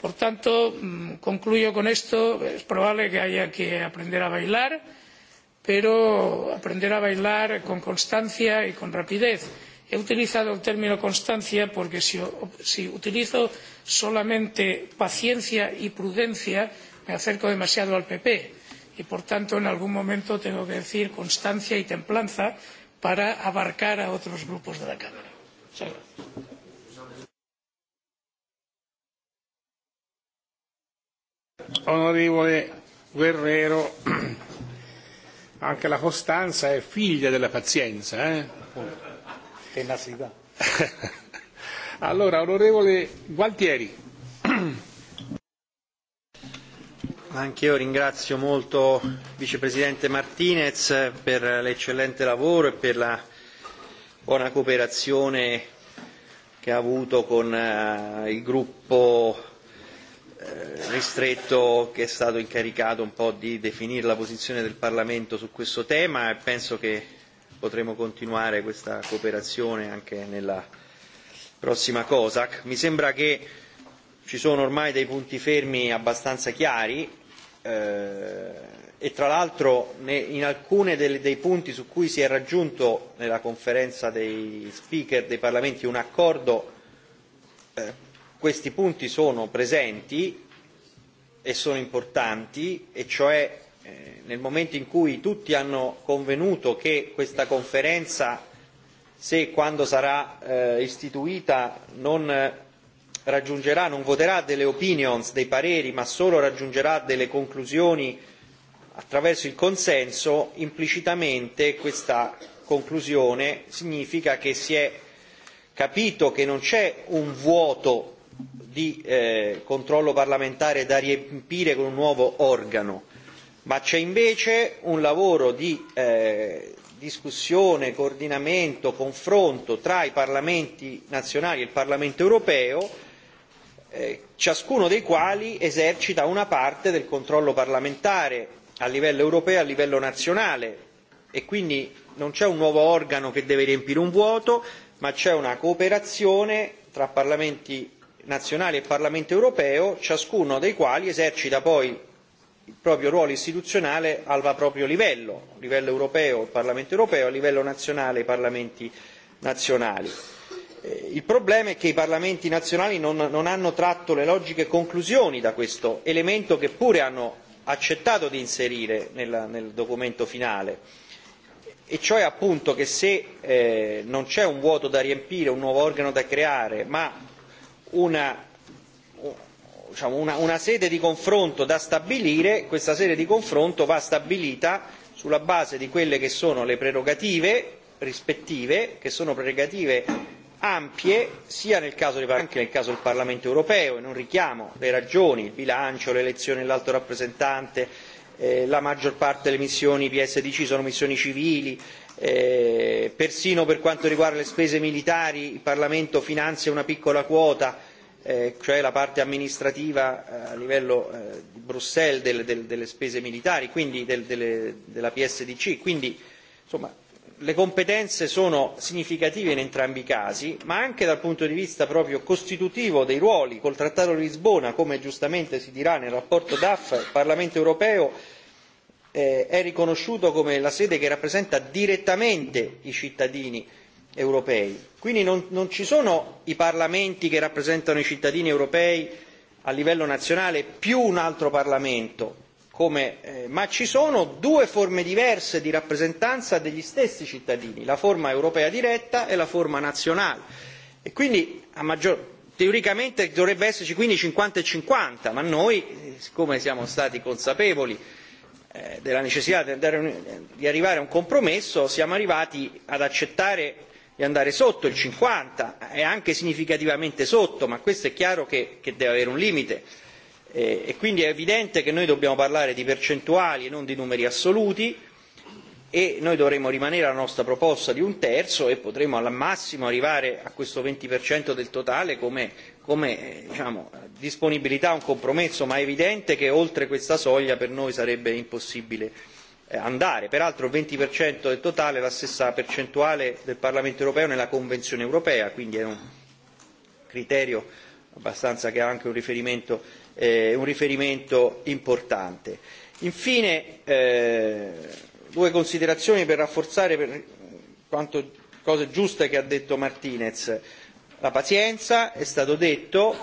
por tanto mm, concluyo con esto es probable que haya que aprender a bailar pero aprender a bailar con constancia y con rapidez. he utilizado el término constancia porque si, si utilizo solamente paciencia y prudencia me acerco demasiado al pp y por tanto en algún momento tengo que decir constancia y templanza para abarcar a otros grupos de la cámara. muchas gracias. onorevole guerrero anche la costanza è figlia della pazienza eh? tenacità [laughs] allora onorevole gualtieri Anch'io ringrazio molto il Vicepresidente Martinez per l'eccellente lavoro e per la buona cooperazione che ha avuto con eh, il gruppo eh, ristretto che è stato incaricato un po' di definire la posizione del Parlamento su questo tema e penso che potremo continuare questa cooperazione anche nella prossima COSAC. Mi sembra che ci sono ormai dei punti fermi abbastanza chiari eh, e tra l'altro in alcuni dei punti su cui si è raggiunto nella conferenza dei speaker dei parlamenti un accordo eh, questi punti sono presenti e sono importanti e cioè eh, nel momento in cui tutti hanno convenuto che questa conferenza se quando sarà eh, istituita non raggiungerà non voterà delle opinions dei pareri ma solo raggiungerà delle conclusioni attraverso il consenso implicitamente questa conclusione significa che si è capito che non c'è un vuoto di eh, controllo parlamentare da riempire con un nuovo organo, ma c'è invece un lavoro di eh, discussione, coordinamento, confronto tra i parlamenti nazionali e il Parlamento europeo Eh, ciascuno dei quali esercita una parte del controllo parlamentare a livello europeo e a livello nazionale e quindi non c'è un nuovo organo che deve riempire un vuoto, ma c'è una cooperazione tra parlamenti nazionali e Parlamento europeo, ciascuno dei quali esercita poi il proprio ruolo istituzionale al proprio livello, a livello europeo il Parlamento europeo, a livello nazionale i Parlamenti nazionali il problema è che i parlamenti nazionali non, non hanno tratto le logiche conclusioni da questo elemento che pure hanno accettato di inserire nel, nel documento finale e cioè appunto che se eh, non c'è un vuoto da riempire, un nuovo organo da creare, ma una, diciamo una, una sede di confronto da stabilire, questa sede di confronto va stabilita sulla base di quelle che sono le prerogative rispettive, che sono prerogative ampie sia nel caso dei anche nel caso del Parlamento europeo e non richiamo le ragioni, il bilancio, le elezioni dell'alto rappresentante, eh, la maggior parte delle missioni PSDC sono missioni civili, eh, persino per quanto riguarda le spese militari il Parlamento finanzia una piccola quota eh, cioè la parte amministrativa eh, a livello eh, di Bruxelles del, del, delle spese militari, quindi del, delle, della PSDC, quindi insomma le competenze sono significative in entrambi i casi ma anche dal punto di vista proprio costitutivo dei ruoli col trattato di lisbona come giustamente si dirà nella relazione duff il parlamento europeo eh, è riconosciuto come la sede che rappresenta direttamente i cittadini europei quindi non, non ci sono i parlamenti che rappresentano i cittadini europei a livello nazionale più un altro parlamento come, eh, ma ci sono due forme diverse di rappresentanza degli stessi cittadini, la forma europea diretta e la forma nazionale. E quindi a maggior, teoricamente dovrebbe esserci quindi 50 e 50, ma noi, eh, siccome siamo stati consapevoli eh, della necessità di, andare, di arrivare a un compromesso, siamo arrivati ad accettare di andare sotto il 50 e anche significativamente sotto, ma questo è chiaro che, che deve avere un limite Eh, e quindi è evidente che noi dobbiamo parlare di percentuali e non di numeri assoluti e noi dovremmo rimanere alla nostra proposta di un terzo e potremmo al massimo arrivare a questo 20% del totale come, come eh, diciamo, disponibilità a un compromesso, ma è evidente che oltre questa soglia per noi sarebbe impossibile eh, andare. Peraltro il 20% del totale è la stessa percentuale del Parlamento europeo nella Convenzione europea, quindi è un criterio abbastanza che ha anche un riferimento eh, un riferimento importante. Infine eh, due considerazioni per rafforzare per quanto cose giuste che ha detto Martinez. La pazienza è stato detto,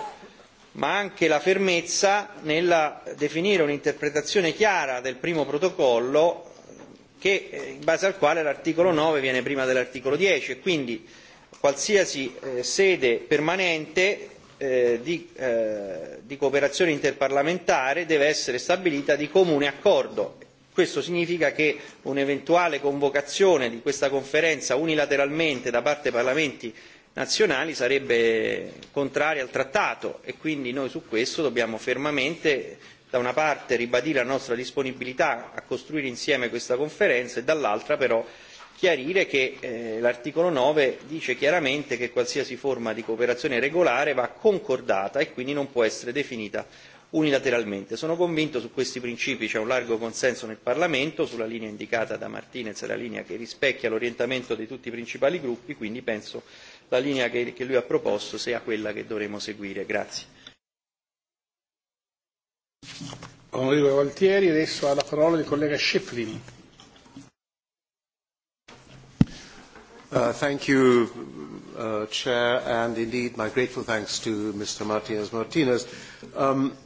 ma anche la fermezza nel definire un'interpretazione chiara del primo protocollo che, eh, in base al quale l'articolo 9 viene prima dell'articolo 10 e quindi qualsiasi eh, sede permanente eh, di, eh, di cooperazione interparlamentare deve essere stabilita di comune accordo. Questo significa che un'eventuale convocazione di questa conferenza unilateralmente da parte dei parlamenti nazionali sarebbe contraria al trattato e quindi noi su questo dobbiamo fermamente da una parte ribadire la nostra disponibilità a costruire insieme questa conferenza e dall'altra però chiarire che eh, l'articolo 9 dice chiaramente che qualsiasi forma di cooperazione regolare va concordata e quindi non può essere definita unilateralmente. Sono convinto su questi principi c'è un largo consenso nel Parlamento, sulla linea indicata da Martinez è la linea che rispecchia l'orientamento di tutti i principali gruppi, quindi penso la linea che, che lui ha proposto sia quella che dovremo seguire. Grazie. Onorevole Valtieri, adesso ha la parola il collega Schiflini. Uh, thank you, uh, Chair, and indeed my grateful thanks to Mr. Martinez Martinez. Um,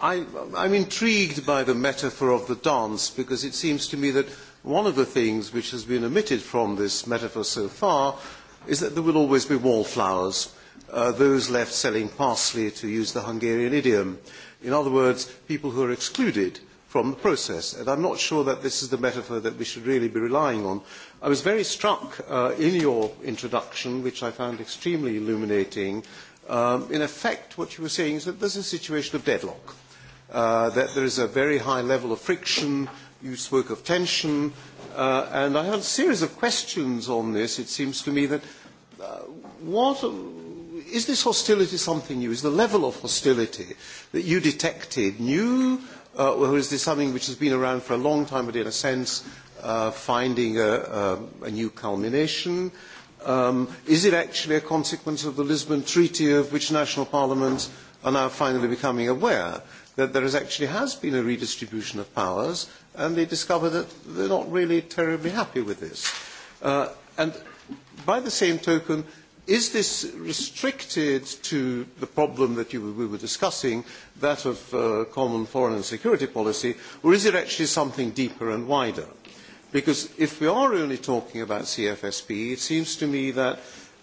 I, I'm intrigued by the metaphor of the dance because it seems to me that one of the things which has been omitted from this metaphor so far is that there will always be wallflowers, uh, those left selling parsley, to use the Hungarian idiom. In other words, people who are excluded from the process. And I'm not sure that this is the metaphor that we should really be relying on. I was very struck uh, in your introduction, which I found extremely illuminating. Um, in effect, what you were saying is that there's a situation of deadlock, uh, that there is a very high level of friction. You spoke of tension, uh, and I have a series of questions on this. It seems to me that uh, what is this hostility something new? Is the level of hostility that you detected new, uh, or is this something which has been around for a long time, but in a sense Uh, finding a, a, a, new culmination? Um, is it actually a consequence of the Lisbon Treaty of which national parliaments are now finally becoming aware that there actually has been a redistribution of powers and they discover that they're not really terribly happy with this. Uh, and by the same token, is this restricted to the problem that you, we were discussing, that of uh, common foreign and security policy, or is it actually something deeper and wider? Because if we are only talking about CFSP, it seems to me that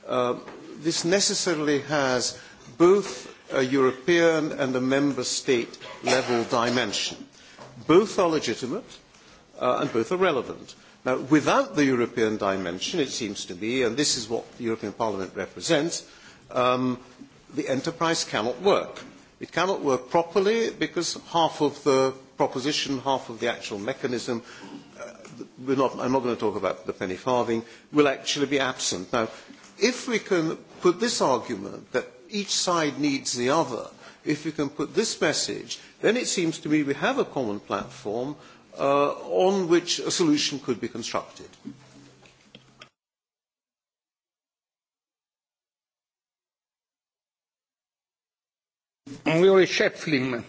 uh, this necessarily has both a European and a member state level dimension. Both are legitimate uh, and both are relevant. Now, without the European dimension, it seems to me, and this is what the European Parliament represents, um, the enterprise cannot work. It cannot work properly because half of the proposition, half of the actual mechanism we're not, I'm not going to talk about the penny farthing, will actually be absent. Now, if we can put this argument that each side needs the other, if we can put this message, then it seems to me we have a common platform uh, on which a solution could be constructed. Onorevole Schöpflin.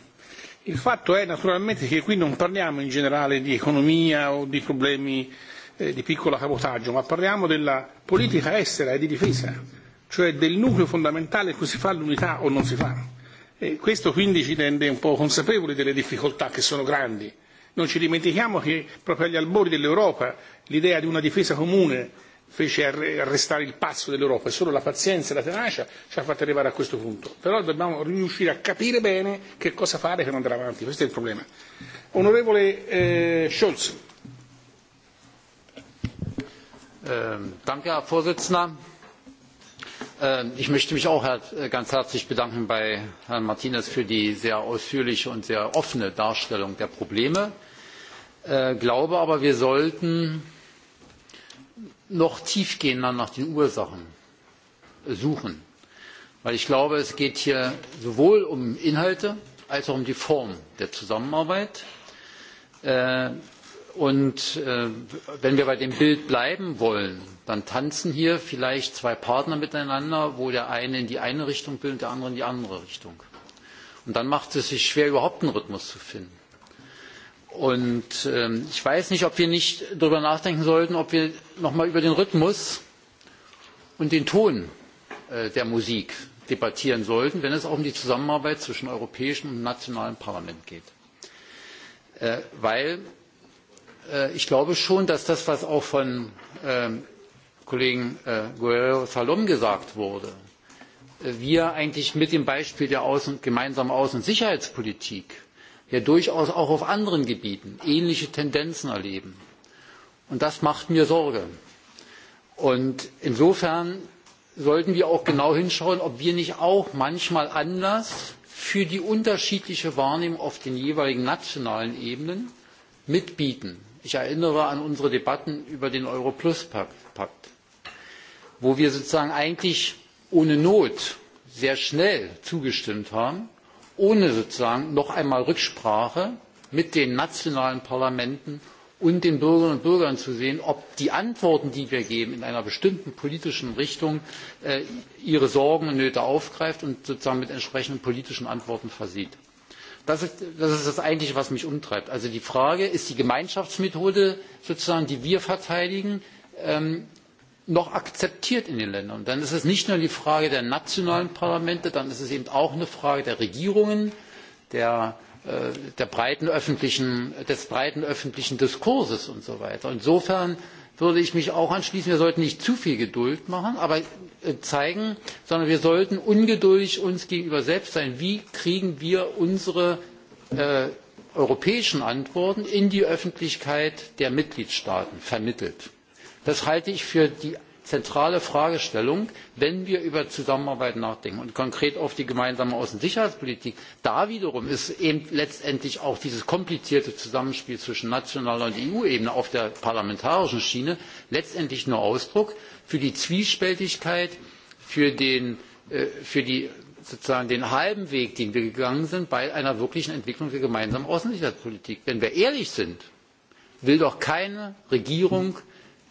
Il fatto è naturalmente che qui non parliamo in generale di economia o di problemi eh, di piccolo cabotaggio, ma parliamo della politica estera e di difesa, cioè del nucleo fondamentale in cui si fa l'unità o non si fa. E questo quindi ci rende un po' consapevoli delle difficoltà che sono grandi. Non ci dimentichiamo che proprio agli albori dell'Europa l'idea di una difesa comune fece arrestare il passo dell'Europa e solo la pazienza e la tenacia ci ha fatto arrivare a questo punto. Però dobbiamo riuscire a capire bene che cosa fare per andare avanti, questo è il problema. Onorevole eh, Scholz. Grazie, ähm, danke, Vorsitzender. Ähm, ich möchte mich auch äh, ganz herzlich bedanken bei Herrn Martinez für die sehr ausführliche und sehr offene Darstellung der Probleme. Ich äh, glaube aber, wir sollten noch tiefgehender nach den ursachen suchen denn ich glaube es geht hier sowohl um inhalte als auch um die form der zusammenarbeit. Äh, und äh, wenn wir bei dem bild bleiben wollen dann tanzen hier vielleicht zwei partner miteinander wo der eine in die eine richtung will und der andere in die andere richtung. dann macht es sich schwer überhaupt einen rhythmus zu finden. Und ähm, ich weiß nicht, ob wir nicht darüber nachdenken sollten, ob wir noch einmal über den Rhythmus und den Ton äh, der Musik debattieren sollten, wenn es auch um die Zusammenarbeit zwischen europäischem und nationalem Parlament geht. denn äh, äh, ich glaube schon, dass das, was auch von ähm, Kollegen Guerrero Salom gesagt wurde, wir eigentlich mit dem Beispiel der gemeinsamen Außen- und Sicherheitspolitik ja durchaus auch auf anderen gebieten ähnliche tendenzen erleben. Und das macht mir sorge. insofern sollten wir auch genau hinschauen ob wir nicht auch manchmal anlass für die unterschiedliche wahrnehmung auf den jeweiligen nationalen ebenen mitbieten. ich erinnere an unsere debatten über den euro plus pakt wo wir sozusagen eigentlich ohne not sehr schnell zugestimmt haben ohne sozusagen noch einmal Rücksprache mit den nationalen Parlamenten und den Bürgerinnen und Bürgern zu sehen, ob die Antworten, die wir geben, in einer bestimmten politischen Richtung äh, ihre Sorgen und Nöte aufgreift und sozusagen mit entsprechenden politischen Antworten versieht. Das ist, das ist das eigentliche, was mich umtreibt. Also die Frage, ist die Gemeinschaftsmethode sozusagen, die wir verteidigen, ähm, noch akzeptiert in den ländern. dann ist es nicht nur eine frage der nationalen parlamente dann ist es eben auch eine frage der regierungen äh, des breiten öffentlichen diskurses und so weiter. insofern würde ich mich auch anschließen wir sollten nicht zu viel geduld machen, aber, äh, zeigen sondern wir sollten uns ungeduldig uns gegenüber selbst sein wie kriegen wir unsere äh, europäischen antworten in die öffentlichkeit der mitgliedstaaten vermittelt? das halte ich für die zentrale fragestellung wenn wir über zusammenarbeit nachdenken und konkret auf die gemeinsame außen und sicherheitspolitik. da wiederum ist eben letztendlich auch dieses komplizierte zusammenspiel zwischen nationaler und eu ebene auf der parlamentarischen schiene letztendlich nur ausdruck für die zwiespältigkeit für den, äh, sozusagen den halben weg den wir gegangen sind bei einer wirklichen entwicklung der gemeinsamen außen und sicherheitspolitik. wenn wir ehrlich sind will doch keine regierung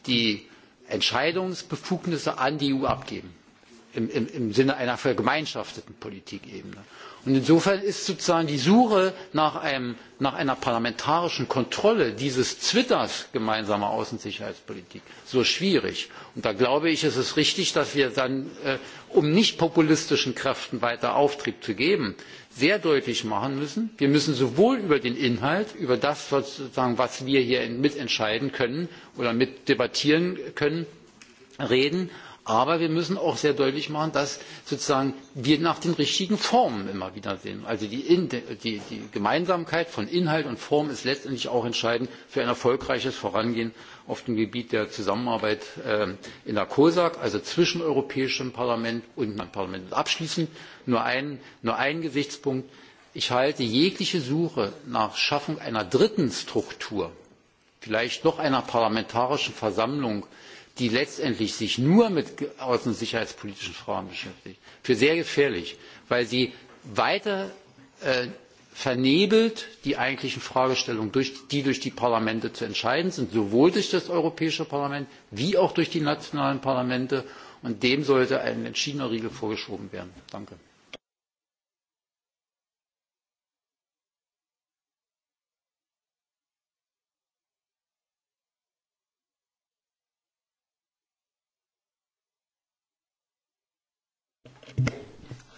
die entscheidungsbefugnisse an die eu abgeben im, sinne einer vergemeinschafteten politikebene. insofern ist sozusagen die suche nach, nach einer parlamentarischen kontrolle dieses zwitters gemeinsamer außen und sicherheitspolitik so schwierig. Und da glaube ich ist es richtig dass wir dann äh, um nicht populistischen kräften weiter auftrieb zu geben sehr deutlich machen müssen wir müssen sowohl über den inhalt über das was wir hier mitentscheiden können oder mitdebattieren können reden aber wir müssen auch sehr deutlich machen dass wir nach den richtigen formen immer wieder sehen. also die gemeinsamkeit von inhalt und form ist letztendlich auch entscheidend für ein erfolgreiches vorangehen auf dem Gebiet der Zusammenarbeit äh, in der COSAC, also zwischen Europäischem Parlament und meinem Parlament. abschließend nur ein, nur ein Gesichtspunkt. Ich halte jegliche Suche nach Schaffung einer dritten Struktur, vielleicht noch einer parlamentarischen Versammlung, die letztendlich sich nur mit außen- und sicherheitspolitischen Fragen beschäftigt, für sehr gefährlich, weil sie weiter äh, vernebelt die eigentlichen fragestellungen durch, die durch die parlamente zu entscheiden sind sowohl durch das europäische parlament wie auch durch die nationalen parlamente und dem sollte ein entschiedener riegel vorgeschoben werden. Danke.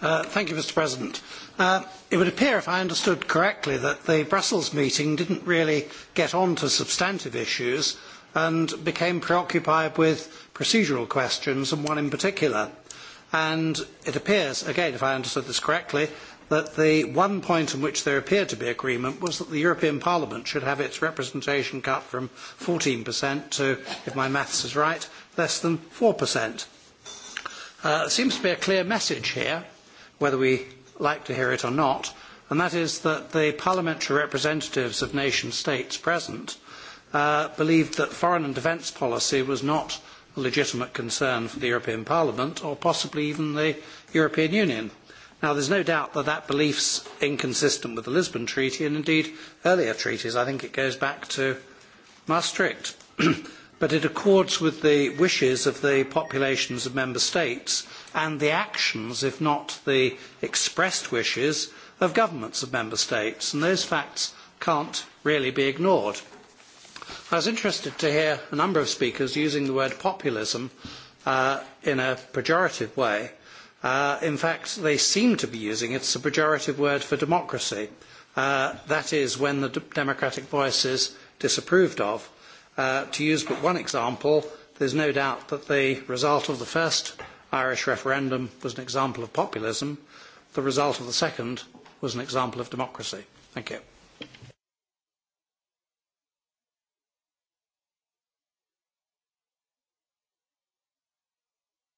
Uh, thank you, Mr. President. Uh, it would appear, if I understood correctly, that the Brussels meeting didn't really get on to substantive issues and became preoccupied with procedural questions, and one in particular. And it appears, again, if I understood this correctly, that the one point in which there appeared to be agreement was that the European Parliament should have its representation cut from 14% to, if my maths is right, less than 4%. It uh, seems to be a clear message here whether we like to hear it or not, and that is that the parliamentary representatives of nation states present uh, believed that foreign and defence policy was not a legitimate concern for the European Parliament or possibly even the European Union. Now, there's no doubt that that belief's inconsistent with the Lisbon Treaty and indeed earlier treaties. I think it goes back to Maastricht. [clears throat] but it accords with the wishes of the populations of member states and the actions, if not the expressed wishes, of governments of member states. And those facts can't really be ignored. I was interested to hear a number of speakers using the word populism uh, in a pejorative way. Uh, in fact, they seem to be using it as a pejorative word for democracy. Uh, that is, when the democratic voice is disapproved of. Uh, to use but one example, there's no doubt that the result of the first Irish referendum was an example of populism. The result of the second was an example of democracy. Thank you.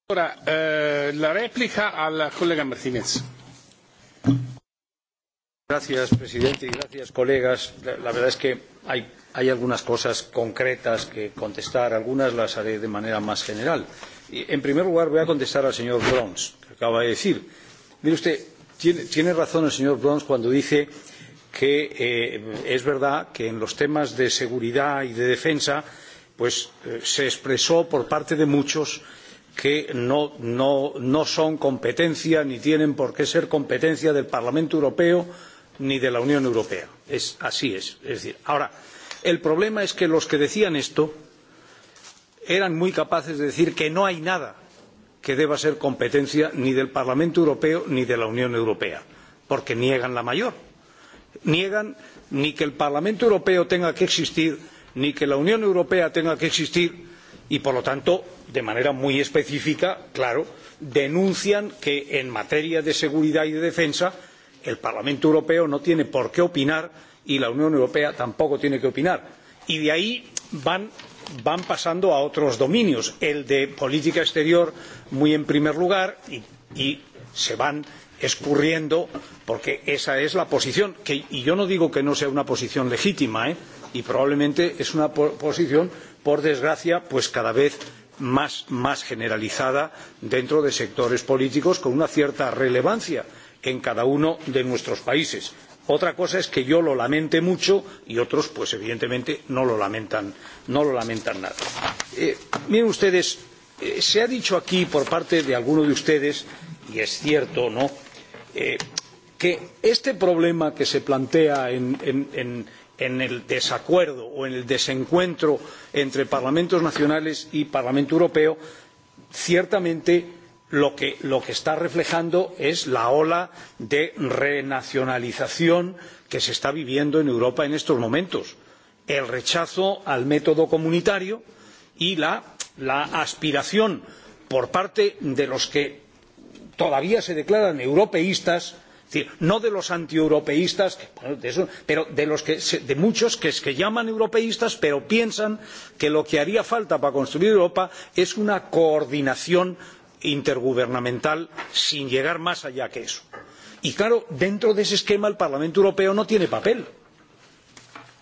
Ora eh, la replica al collega Martinez. Gracias, presidente, y gracias, colegas. La, verdad es que hay, hay algunas cosas concretas que contestar, algunas las haré de manera más general. Y, en primer lugar, voy a contestar al señor Brons, que acaba de decir. Mire usted, tiene, tiene razón el señor Brons cuando dice que eh, es verdad que en los temas de seguridad y de defensa pues, eh, se expresó por parte de muchos que no, no, no son competencia ni tienen por qué ser competencia del Parlamento Europeo ni de la Unión Europea. Es, así es. es decir, ahora, el problema es que los que decían esto eran muy capaces de decir que no hay nada que deba ser competencia ni del Parlamento Europeo ni de la Unión Europea, porque niegan la mayor. Niegan ni que el Parlamento Europeo tenga que existir, ni que la Unión Europea tenga que existir, y por lo tanto, de manera muy específica, claro, denuncian que en materia de seguridad y de defensa el Parlamento Europeo no tiene por qué opinar y la Unión Europea tampoco tiene que opinar. Y de ahí van, van pasando a otros dominios, el de política exterior muy en primer lugar y, y se van escurriendo porque esa es la posición que, y yo no digo que no sea una posición legítima ¿eh? y probablemente es una posición por desgracia pues cada vez más, más generalizada dentro de sectores políticos con una cierta relevancia en cada uno de nuestros países. Otra cosa es que yo lo lamente mucho y otros, pues evidentemente, no lo lamentan, no lo lamentan nada. Eh, miren ustedes, eh, se ha dicho aquí por parte de alguno de ustedes, y es cierto, ¿no?, eh, que este problema que se plantea en, en, en, en el desacuerdo o en el desencuentro entre parlamentos nacionales y Parlamento Europeo, ciertamente lo que, está reflejando es la ola de renacionalización que se está viviendo en Europa en estos momentos. El rechazo al método comunitario y la, la aspiración por parte de los que todavía se declaran europeístas es decir, no de los antieuropeístas, bueno, de eso, pero de, los que, de muchos que, que llaman europeístas, pero piensan que lo que haría falta para construir Europa es una coordinación intergubernamental sin llegar más allá que eso. Y claro, dentro de ese esquema el Parlamento Europeo no tiene papel.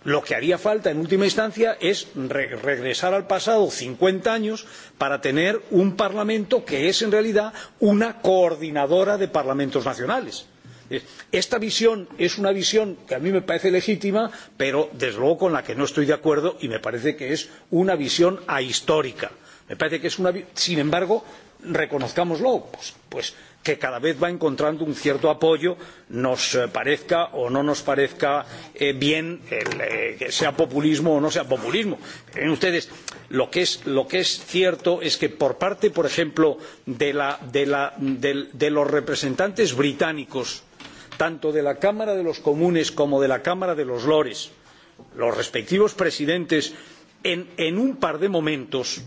Lo que haría falta en última instancia es re regresar al pasado 50 años para tener un Parlamento que es en realidad una coordinadora de parlamentos nacionales. Esta visión es una visión que a mí me parece legítima, pero desde luego con la que no estoy de acuerdo y me parece que es una visión ahistórica. Me parece que es una, sin embargo, reconozcámoslo pues, pues que cada vez va encontrando un cierto apoyo nos eh, parezca o no nos parezca eh, bien el, eh, que sea populismo o no sea populismo. Miren ustedes lo que, es, lo que es cierto es que por parte por ejemplo de, la, de, la, de, de los representantes británicos tanto de la cámara de los comunes como de la cámara de los lores los respectivos presidentes en, en un par de momentos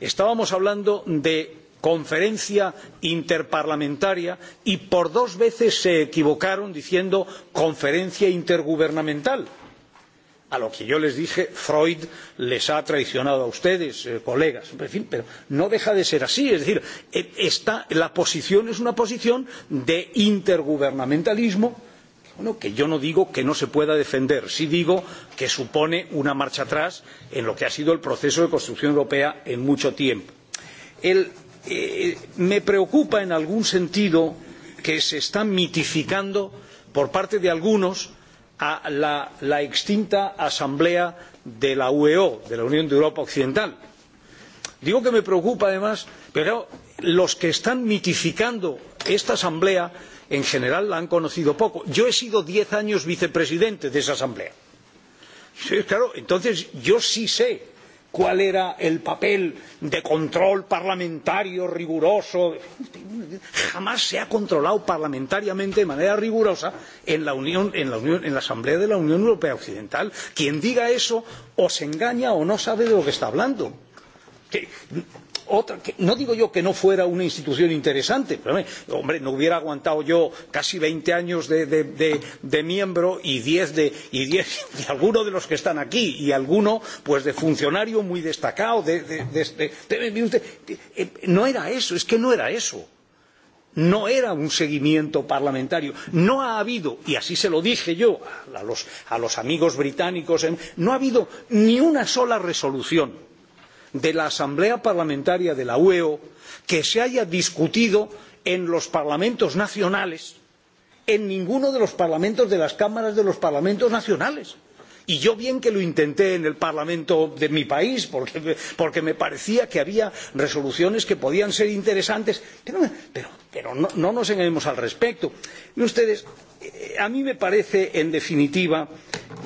estábamos hablando de conferencia interparlamentaria y por dos veces se equivocaron diciendo conferencia intergubernamental a lo que yo les dije freud les ha traicionado a ustedes eh, colegas en fin pero no deja de ser así es decir esta, la posición es una posición de intergubernamentalismo bueno, que yo no digo que no se pueda defender, sí digo que supone una marcha atrás en lo que ha sido el proceso de construcción europea en mucho tiempo. El, eh, me preocupa en algún sentido que se está mitificando por parte de algunos a la, la extinta asamblea de la ueo de la unión de europa occidental. digo que me preocupa además porque claro, los que están mitificando esta asamblea en general la han conocido poco. yo he sido diez años vicepresidente de esa asamblea. Sí, claro, entonces yo sí sé cuál era el papel de control parlamentario riguroso. Jamás se ha controlado parlamentariamente de manera rigurosa en la, Unión, en la, Unión, en la Asamblea de la Unión Europea Occidental. Quien diga eso o se engaña o no sabe de lo que está hablando otra, que, no digo yo que no fuera una institución interesante, pero hombre, no hubiera aguantado yo casi 20 años de, de, de, de miembro y 10 de, y 10 de alguno de los que están aquí y alguno pues de funcionario muy destacado. De, de, de, de, de, usted, de, eh, no era eso, es que no era eso no era un seguimiento parlamentario. No ha habido, y así se lo dije yo a los, a los amigos británicos, no ha habido ni una sola resolución de la Asamblea Parlamentaria de la UEO que se haya discutido en los parlamentos nacionales, en ninguno de los parlamentos de las cámaras de los parlamentos nacionales. Y yo bien que lo intenté en el Parlamento de mi país, porque, porque me parecía que había resoluciones que podían ser interesantes, pero, pero, pero no, no nos engañemos al respecto. Y ustedes, eh, a mí me parece, en definitiva,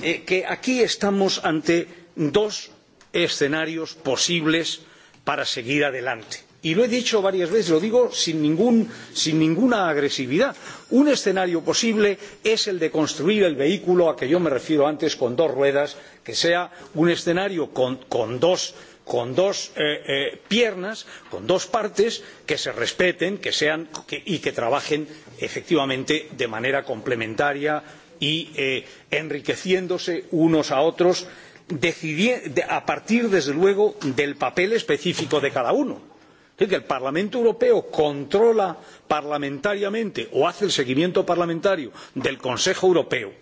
eh, que aquí estamos ante dos escenarios posibles para seguir adelante. Y lo he dicho varias veces, lo digo sin, ningún, sin ninguna agresividad. Un escenario posible es el de construir el vehículo a que yo me refiero antes con dos ruedas, que sea un escenario con, con dos con dos eh, eh, piernas, con dos partes que se respeten que sean, que, y que trabajen efectivamente de manera complementaria y eh, enriqueciéndose unos a otros a partir desde luego del papel específico de cada uno. Es decir, el Parlamento Europeo controla parlamentariamente o hace el seguimiento parlamentario del Consejo Europeo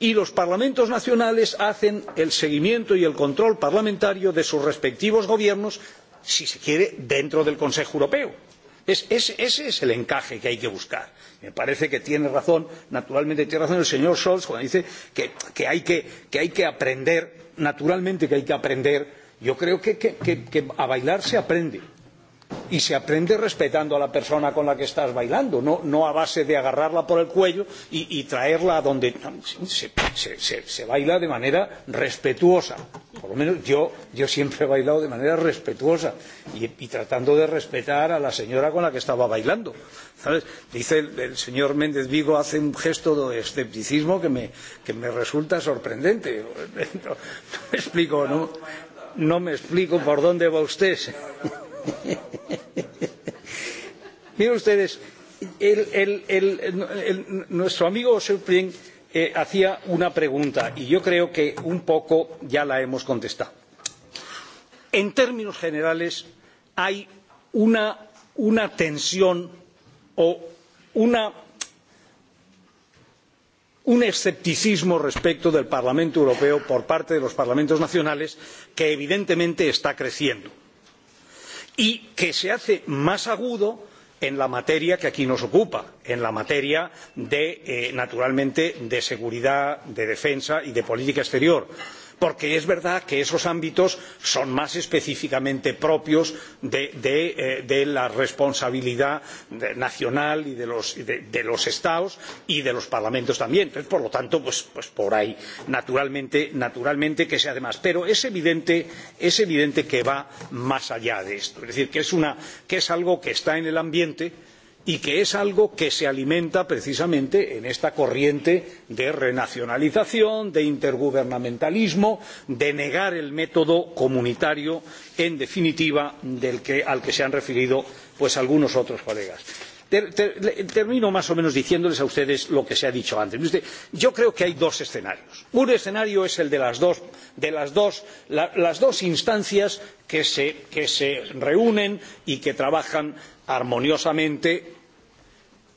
y los parlamentos nacionales hacen el seguimiento y el control parlamentario de sus respectivos gobiernos, si se quiere, dentro del Consejo Europeo. Es, es, ese es el encaje que hay que buscar. Me parece que tiene razón, naturalmente tiene razón el señor Scholz cuando dice que, que, hay, que, que hay que aprender naturalmente que hay que aprender. Yo creo que, que, que, que a bailar se aprende y se aprende respetando a la persona con la que estás bailando, no, no a base de agarrarla por el cuello y, y traerla a donde se, se, se, se baila de manera respetuosa. Por lo menos yo, yo siempre he bailado de manera respetuosa y, y tratando de respetar a la señora con la que estaba bailando. ¿sabes? Dice el, el señor Méndez Vigo, hace un gesto de escepticismo que me, que me resulta sorprendente. [laughs] No, no me explico, no, no me explico por dónde va usted. Señor. [laughs] Miren ustedes, el, el, el, nuestro amigo Surprin eh, hacía una pregunta y yo creo que un poco ya la hemos contestado. En términos generales, hay una, una tensión o una, un escepticismo respecto del Parlamento Europeo por parte de los parlamentos nacionales que evidentemente está creciendo y que se hace más agudo en la materia que aquí nos ocupa en la materia eh, naturalmente de seguridad de defensa y de política exterior porque es verdad que esos ámbitos son más específicamente propios de, eh, la responsabilidad nacional y de los, estados y de los parlamentos también. Entonces, por lo tanto, pues, por ahí, naturalmente, naturalmente que sea de más. Pero es evidente, es evidente que va más allá de esto. Es decir, que es algo que está en el ambiente y que es algo que se alimenta precisamente en esta corriente de renacionalización, de intergubernamentalismo, de negar el método comunitario, en definitiva, del que, al que se han referido pues, algunos otros colegas termino más o menos diciéndoles a ustedes lo que se ha dicho antes. Mire Usted, yo creo que hay dos escenarios. Un escenario es el de las dos, de las dos, la, las dos instancias que se, que se reúnen y que trabajan armoniosamente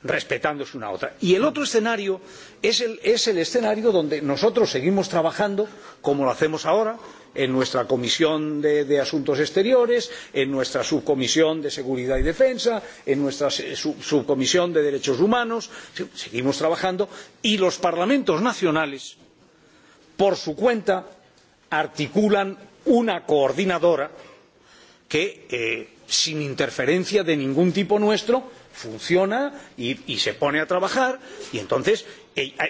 respetándose una a otra. Y el otro escenario es el, es el escenario donde nosotros seguimos trabajando como lo hacemos ahora, en nuestra comisión de, de asuntos exteriores en nuestra subcomisión de seguridad y defensa en nuestra sub, subcomisión de derechos humanos seguimos trabajando y los parlamentos nacionales por su cuenta articulan una coordinadora que eh, sin interferencia de ningún tipo nuestro funciona y, y se pone a trabajar y entonces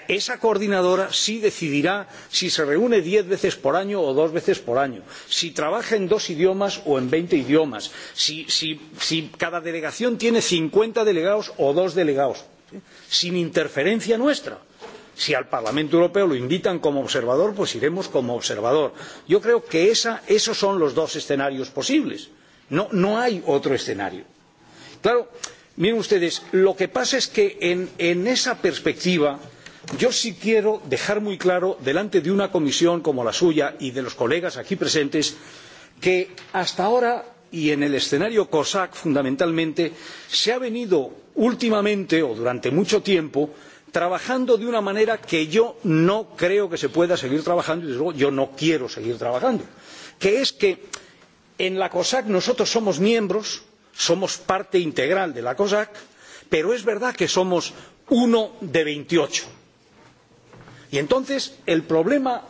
esa coordinadora sí decidirá si se reúne diez veces por año o dos veces por año si trabaja en dos idiomas o en veinte idiomas si, si, si cada delegación tiene cincuenta delegados o dos delegados ¿sí? sin interferencia nuestra si al Parlamento Europeo lo invitan como observador, pues iremos como observador. Yo creo que esa, esos son los dos escenarios posibles. No, no hay otro escenario. Claro, miren ustedes, lo que pasa es que en, en esa perspectiva yo sí quiero dejar muy claro delante de una comisión como la suya y de los colegas aquí presentes que hasta ahora y en el escenario cosac fundamentalmente se ha venido últimamente o durante mucho tiempo trabajando de una manera que yo no creo que se pueda seguir trabajando y desde luego yo no quiero seguir trabajando que es que en la cosac nosotros somos miembros somos parte integral de la cosac pero es verdad que somos uno de veintiocho Y entonces el problema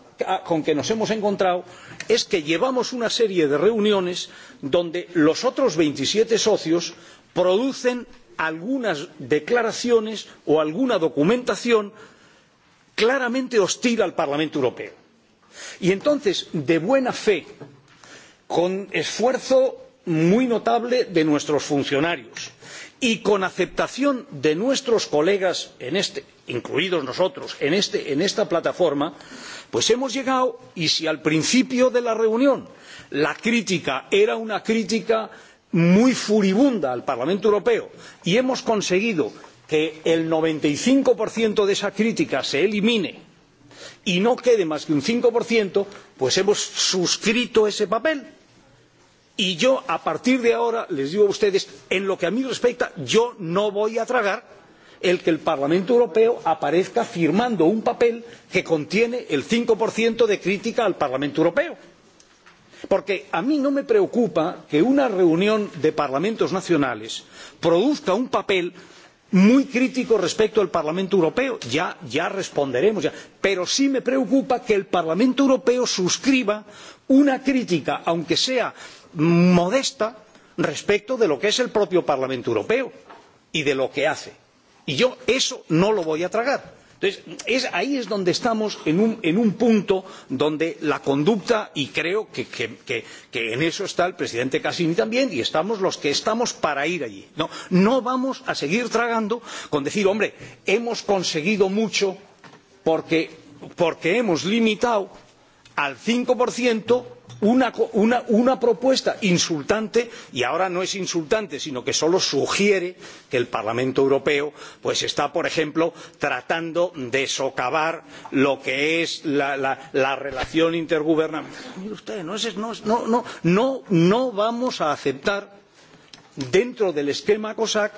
con que nos hemos encontrado es que llevamos una serie de reuniones donde los otros 27 socios producen algunas declaraciones o alguna documentación claramente hostil al Parlamento Europeo. Y entonces, de buena fe, con esfuerzo muy notable de nuestros funcionarios, y con aceptación de nuestros colegas incluidos nosotros en, esta plataforma pues hemos llegado y si al principio de la reunión la crítica era una crítica muy furibunda al Parlamento Europeo y hemos conseguido que el noventa y cinco de esa crítica se elimine y no quede más que un cinco pues hemos suscrito ese papel Y yo, a partir de ahora, les digo a ustedes, en lo que a mí respecta, yo no voy a tragar el que el Parlamento Europeo aparezca firmando un papel que contiene el 5% de crítica al Parlamento Europeo. Porque a mí no me preocupa que una reunión de parlamentos nacionales produzca un papel muy crítico respecto al Parlamento Europeo. Ya, ya responderemos. Ya. Pero sí me preocupa que el Parlamento Europeo suscriba una crítica, aunque sea modesta respecto de lo que es el propio Parlamento Europeo y de lo que hace. Y yo eso no lo voy a tragar. Entonces, es, ahí es donde estamos en un, en un punto donde la conducta, y creo que, que, que, que en eso está el presidente Cassini también, y estamos los que estamos para ir allí. No, no vamos a seguir tragando con decir, hombre, hemos conseguido mucho porque, porque hemos limitado al 5% una, una, una propuesta insultante y ahora no es insultante sino que solo sugiere que el parlamento europeo pues está por ejemplo tratando de socavar lo que es la, la, la relación intergubernamental. mire usted no, es, no, no, no, no vamos a aceptar dentro del esquema cosac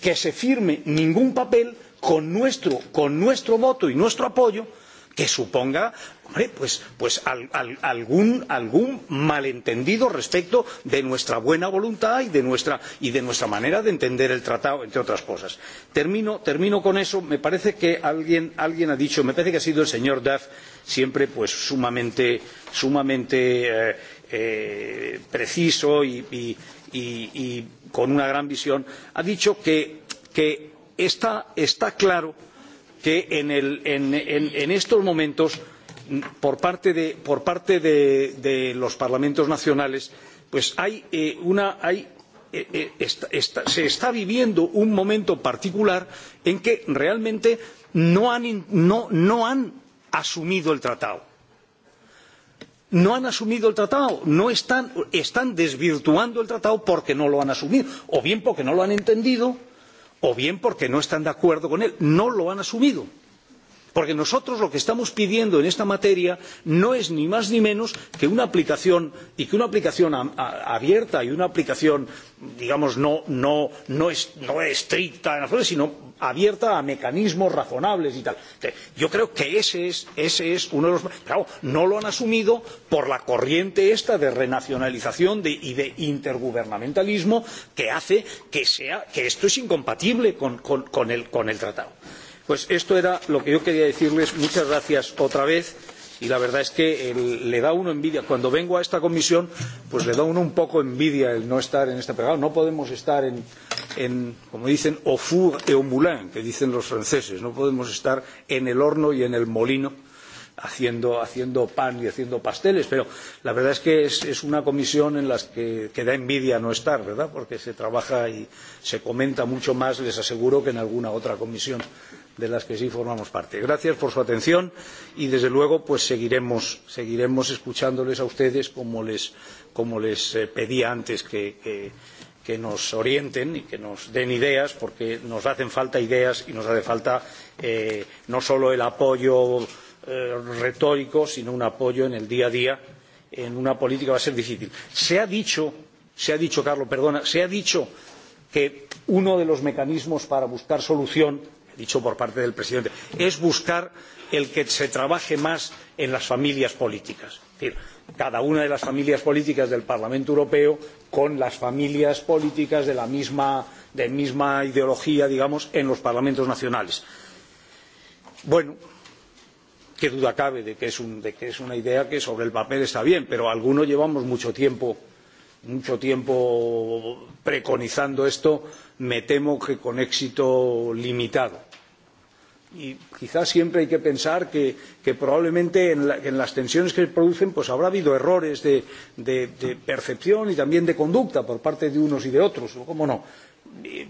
que se firme ningún papel con nuestro, con nuestro voto y nuestro apoyo que suponga hombre, pues, pues al, al, algún, algún malentendido respecto de nuestra buena voluntad y de nuestra, y de nuestra manera de entender el tratado, entre otras cosas. Termino, termino con eso. Me parece que alguien, alguien ha dicho, me parece que ha sido el señor Duff, siempre pues sumamente, sumamente eh, eh, preciso y, y, y, y con una gran visión, ha dicho que, que está, está claro que en, el, en, en, en estos momentos por parte de, por parte de, de los parlamentos nacionales pues hay eh, una hay eh, eh esta, esta, se está viviendo un momento particular en que realmente no han, no, no han asumido el tratado. No han asumido el tratado, no están, están desvirtuando el tratado porque no lo han asumido, o bien porque no lo han entendido, o bien porque no están de acuerdo con él, no lo han asumido. Porque nosotros lo que estamos pidiendo en esta materia no es ni más ni menos que una aplicación y que una aplicación a, a, abierta y una aplicación, digamos, no, no, no, es, no estricta, sino abierta a mecanismos razonables y tal. Yo creo que ese es, ese es uno de los. Claro, no lo han asumido por la corriente esta de renacionalización de, y de intergubernamentalismo que hace que, sea, que esto es incompatible con, con, con, el, con el tratado Pues esto era lo que yo quería decirles. Muchas gracias otra vez y la verdad es que el, le da uno envidia. Cuando vengo a esta comisión, pues le da uno un poco envidia el no estar en esta pegada. No podemos estar en, en como dicen, au four et au moulin, que dicen los franceses. No podemos estar en el horno y en el molino haciendo, haciendo pan y haciendo pasteles. Pero la verdad es que es, es una comisión en la que, que da envidia no estar, ¿verdad? Porque se trabaja y se comenta mucho más, les aseguro, que en alguna otra comisión de las que sí formamos parte. Gracias por su atención y, desde luego, pues seguiremos, seguiremos escuchándoles a ustedes como les, como les eh, pedía antes que, que, que nos orienten y que nos den ideas, porque nos hacen falta ideas y nos hace falta eh, no solo el apoyo eh, retórico, sino un apoyo en el día a día en una política va a ser difícil. Se ha dicho, se ha dicho, Carlos, perdona, se ha dicho que uno de los mecanismos para buscar solución dicho por parte del presidente es buscar el que se trabaje más en las familias políticas es decir cada una de las familias políticas del parlamento europeo con las familias políticas de la misma, de misma ideología digamos en los parlamentos nacionales. bueno qué duda cabe de que, es un, de que es una idea que sobre el papel está bien pero algunos llevamos mucho tiempo mucho tiempo preconizando esto me temo que con éxito limitado y quizás siempre hay que pensar que, que probablemente en, la, en, las tensiones que se producen pues habrá habido errores de, de, de, percepción y también de conducta por parte de unos y de otros, ¿cómo no?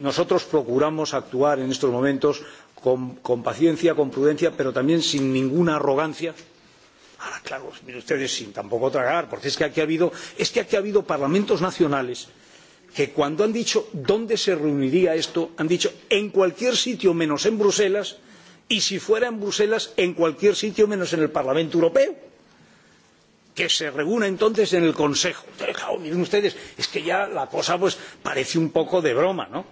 Nosotros procuramos actuar en estos momentos con, con paciencia, con prudencia, pero también sin ninguna arrogancia. Ahora, claro, miren ustedes, sin tampoco tragar, porque es que aquí ha habido, es que aquí ha habido parlamentos nacionales que cuando han dicho dónde se reuniría esto, han dicho en cualquier sitio menos en Bruselas, y si fuera en Bruselas, en cualquier sitio menos en el Parlamento Europeo que se reúna entonces en el Consejo. Entonces, claro, miren ustedes, es que ya la cosa pues parece un poco de broma, ¿no?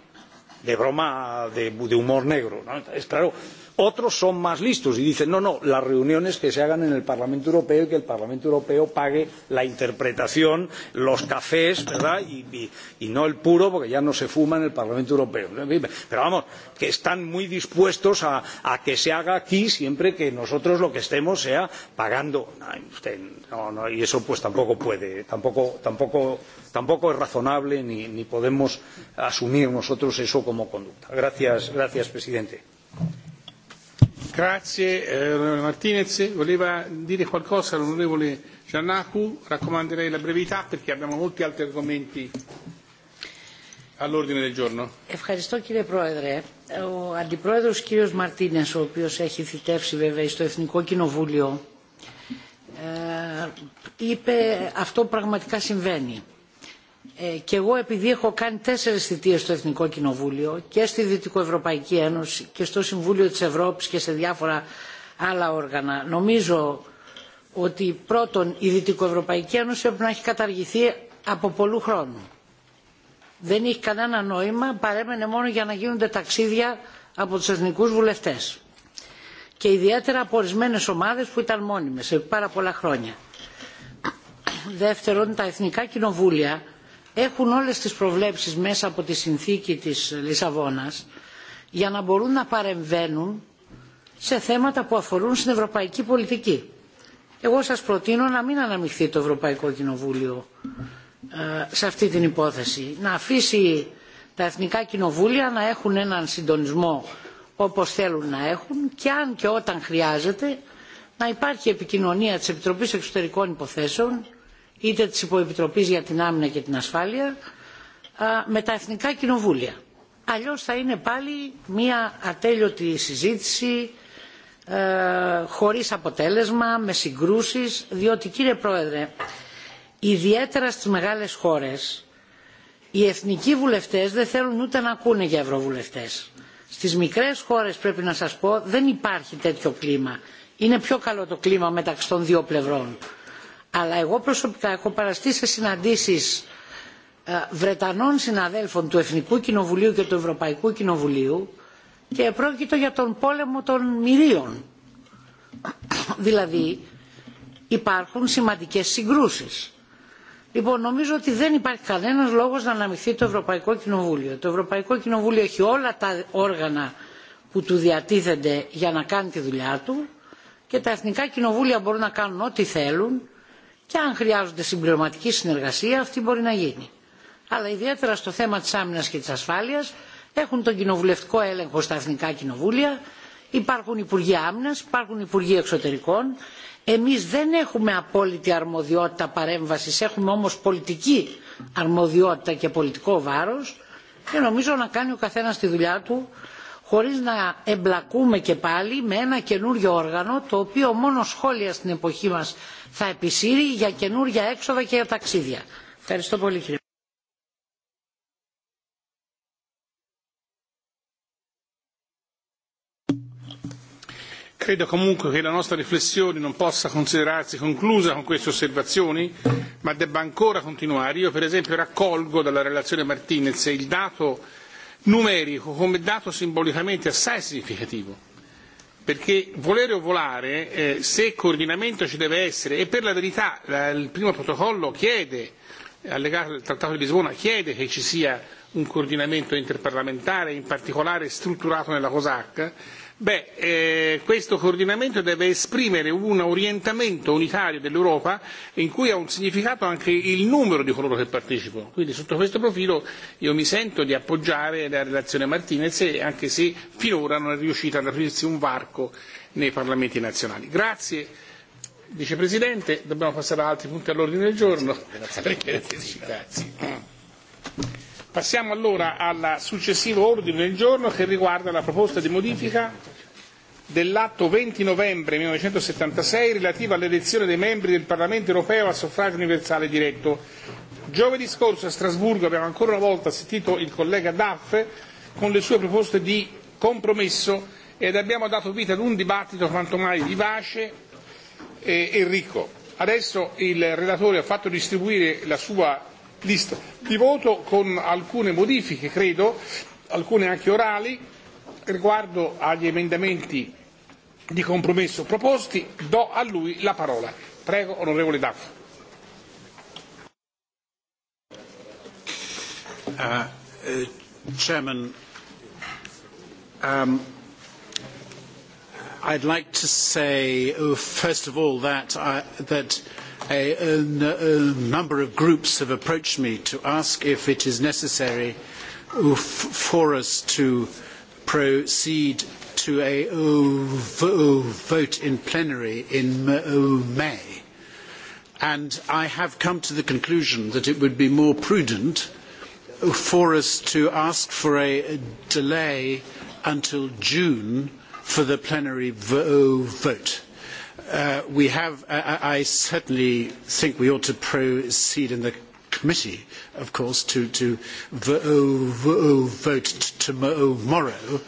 De broma de, de humor negro, ¿no? Entonces, claro, Otros son más listos y dicen, no, no, las reuniones que se hagan en el Parlamento Europeo y que el Parlamento Europeo pague la interpretación, los cafés, ¿verdad? Y, y, y no el puro, porque ya no se fuma en el Parlamento Europeo. Pero vamos, que están muy dispuestos a, a que se haga aquí siempre que nosotros lo que estemos sea pagando. No, usted, no, no, y eso pues tampoco puede, tampoco, tampoco, tampoco es razonable ni, ni podemos asumir nosotros eso como conducta. Gracias, gracias presidente. Grazie eh, Martinez, voleva dire qualcosa l'onorevole Giannacu, raccomanderei la brevità perché abbiamo molti altri argomenti all'ordine del giorno. Ευχαριστώ κύριε Πρόεδρε. Ο Αντιπρόεδρος κύριος Μαρτίνες, ο οποίος έχει θητεύσει βέβαια στο Εθνικό Κοινοβούλιο, ε, είπε αυτό πραγματικά συμβαίνει και εγώ επειδή έχω κάνει τέσσερις θητείες στο Εθνικό Κοινοβούλιο και στη Δυτικοευρωπαϊκή Ένωση και στο Συμβούλιο της Ευρώπης και σε διάφορα άλλα όργανα, νομίζω ότι πρώτον η Δυτικοευρωπαϊκή Ένωση πρέπει να έχει καταργηθεί από πολλού χρόνου. Δεν έχει κανένα νόημα, παρέμενε μόνο για να γίνονται ταξίδια από τους εθνικούς βουλευτές και ιδιαίτερα από ορισμένε ομάδες που ήταν μόνιμες επί πάρα πολλά χρόνια. Δεύτερον, τα εθνικά κοινοβούλια έχουν όλες τις προβλέψεις μέσα από τη συνθήκη της Λισαβόνας για να μπορούν να παρεμβαίνουν σε θέματα που αφορούν στην ευρωπαϊκή πολιτική. Εγώ σας προτείνω να μην αναμειχθεί το Ευρωπαϊκό Κοινοβούλιο ε, σε αυτή την υπόθεση. Να αφήσει τα εθνικά κοινοβούλια να έχουν έναν συντονισμό όπως θέλουν να έχουν και αν και όταν χρειάζεται να υπάρχει επικοινωνία της Επιτροπής Εξωτερικών Υποθέσεων είτε της Υποεπιτροπής για την Άμυνα και την Ασφάλεια με τα Εθνικά Κοινοβούλια. Αλλιώς θα είναι πάλι μια ατέλειωτη συζήτηση χωρίς αποτέλεσμα, με συγκρούσεις, διότι κύριε Πρόεδρε, ιδιαίτερα στις μεγάλες χώρες, οι εθνικοί βουλευτές δεν θέλουν ούτε να ακούνε για ευρωβουλευτές. Στις μικρές χώρες πρέπει να σας πω δεν υπάρχει τέτοιο κλίμα. Είναι πιο καλό το κλίμα μεταξύ των δύο πλευρών αλλά εγώ προσωπικά έχω παραστεί σε συναντήσεις Βρετανών συναδέλφων του Εθνικού Κοινοβουλίου και του Ευρωπαϊκού Κοινοβουλίου και πρόκειται για τον πόλεμο των μυρίων. δηλαδή υπάρχουν σημαντικές συγκρούσεις. Λοιπόν, νομίζω ότι δεν υπάρχει κανένας λόγος να αναμειχθεί το Ευρωπαϊκό Κοινοβούλιο. Το Ευρωπαϊκό Κοινοβούλιο έχει όλα τα όργανα που του διατίθενται για να κάνει τη δουλειά του και τα εθνικά κοινοβούλια μπορούν να κάνουν ό,τι θέλουν και αν χρειάζονται συμπληρωματική συνεργασία αυτή μπορεί να γίνει. Αλλά ιδιαίτερα στο θέμα της άμυνας και της ασφάλειας έχουν τον κοινοβουλευτικό έλεγχο στα εθνικά κοινοβούλια, υπάρχουν Υπουργοί Άμυνας, υπάρχουν Υπουργοί Εξωτερικών. Εμείς δεν έχουμε απόλυτη αρμοδιότητα παρέμβασης, έχουμε όμως πολιτική αρμοδιότητα και πολιτικό βάρος και νομίζω να κάνει ο καθένας τη δουλειά του χωρίς να εμπλακούμε και πάλι με ένα καινούριο όργανο το οποίο μόνο σχόλια στην εποχή μας θα επισύρει για καινούρια έξοδα και για ταξίδια. Ευχαριστώ πολύ κύριε. Credo comunque che la nostra riflessione non possa considerarsi conclusa con queste osservazioni, ma debba ancora continuare. Io per esempio raccolgo dalla relazione Martinez il dato numerico come dato simbolicamente assai significativo, perché volere o volare, eh, se coordinamento ci deve essere, e per la verità la, il primo protocollo chiede, allegato al Trattato di Lisbona, chiede che ci sia un coordinamento interparlamentare, in particolare strutturato nella COSAC, Beh, eh, questo coordinamento deve esprimere un orientamento unitario dell'Europa in cui ha un significato anche il numero di coloro che partecipano. Quindi sotto questo profilo io mi sento di appoggiare la relazione Martinez anche se finora non è riuscita ad aprirsi un varco nei Parlamenti nazionali. Grazie Vicepresidente, dobbiamo passare ad altri punti all'ordine del giorno. Grazie. Grazie. [laughs] Grazie. Passiamo allora al successivo ordine del giorno che riguarda la proposta di modifica dell'atto 20 novembre 1976 relativa all'elezione dei membri del Parlamento europeo a suffragio universale diretto. Giovedì scorso a Strasburgo abbiamo ancora una volta sentito il collega Daff con le sue proposte di compromesso ed abbiamo dato vita ad un dibattito quanto mai vivace e ricco. Adesso il relatore ha fatto distribuire la sua lista di voto con alcune modifiche, credo, alcune anche orali, riguardo agli emendamenti di compromesso proposti. Do a lui la parola. Prego, onorevole Daff. Uh, uh, Chairman, um, I'd like to say, oh, first of all, that, I, that a, a, a number of groups have approached me to ask if it is necessary for us to proceed to a vote in plenary in May. And I have come to the conclusion that it would be more prudent for us to ask for a delay until June for the plenary vote Uh, we have, I, certainly think we ought to proceed in the committee, of course, to, oh, oh, vote tomorrow. Oh,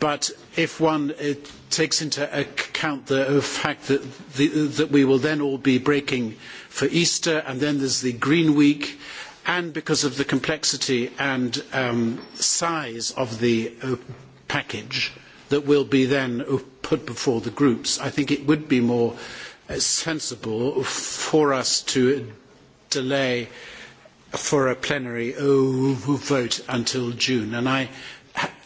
But if one uh, takes into account the uh, fact that, we will then all be breaking for Easter, and then there's the Green Week, and because of the complexity and um, size of the package, that will be then put before the groups. I think it would be more uh, sensible for us to delay for a plenary vote until June. And I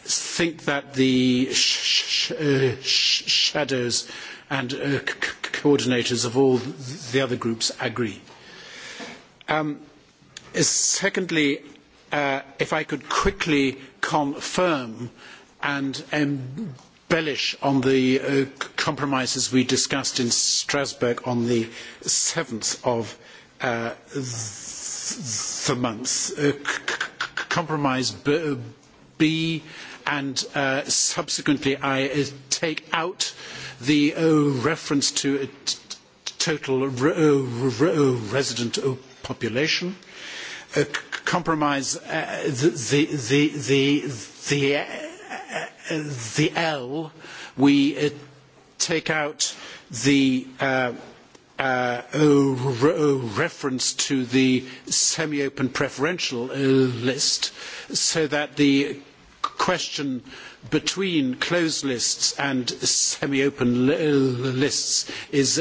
think that the sh sh uh, shadows and uh, coordinators of all the other groups agree. Um, secondly, uh, if I could quickly confirm uh, and embellish on the uh, compromises we discussed in Strasbourg on the 7th of uh, the month. Uh, compromise B, and subsequently I take out the reference to total resident population. compromise the, the, the, the the L, we uh, take out the Uh, uh oh, oh, reference to the semi-open preferential uh, list so that the question between closed lists and semi-open lists is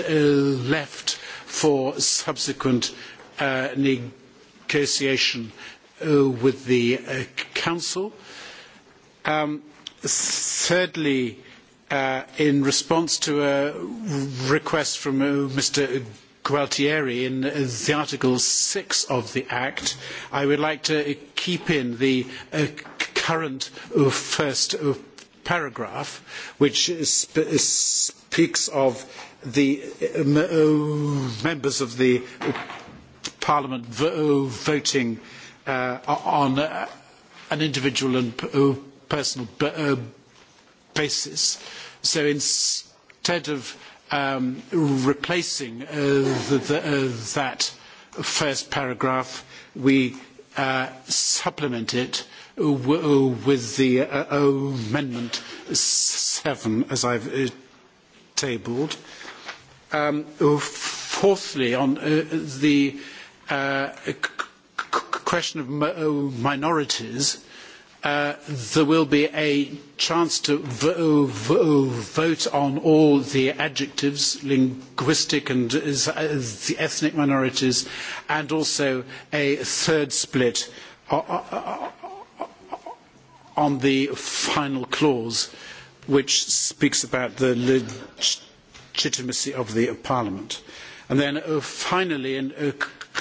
left for subsequent uh, negotiation with the Council. Um, Thirdly, uh, in response to a request from uh, Mr. Gualtieri in the Article 6 of the Act, I would like to keep in the uh, current first paragraph, which speaks of the members of the Parliament voting on an individual and personal uh, basis. So instead of um, replacing uh, the, the, uh, that first paragraph, we uh, supplement it uh, with the uh, amendment seven, as I've tabled. Um, fourthly, on the question of minorities, Uh, there will be a chance to vote on all the adjectives, linguistic and uh, the ethnic minorities, and also a third split uh, on the final clause, which speaks about the legitimacy of the parliament. And then uh, finally, in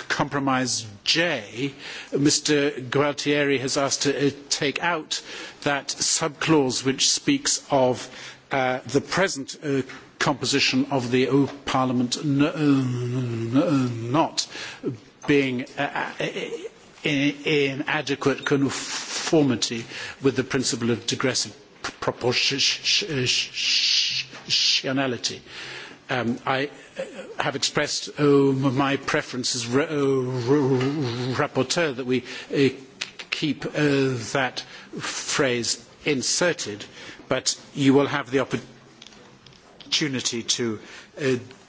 compromise J, Mr. Gualtieri has asked to uh, take out that subclause which speaks of uh, the present uh, composition of the EU Parliament not being in adequate conformity with the principle of digressive proportionality. Um, I uh, have expressed oh, my preference as oh, rapporteur that we uh, keep uh, that phrase inserted, but you will have the opportunity to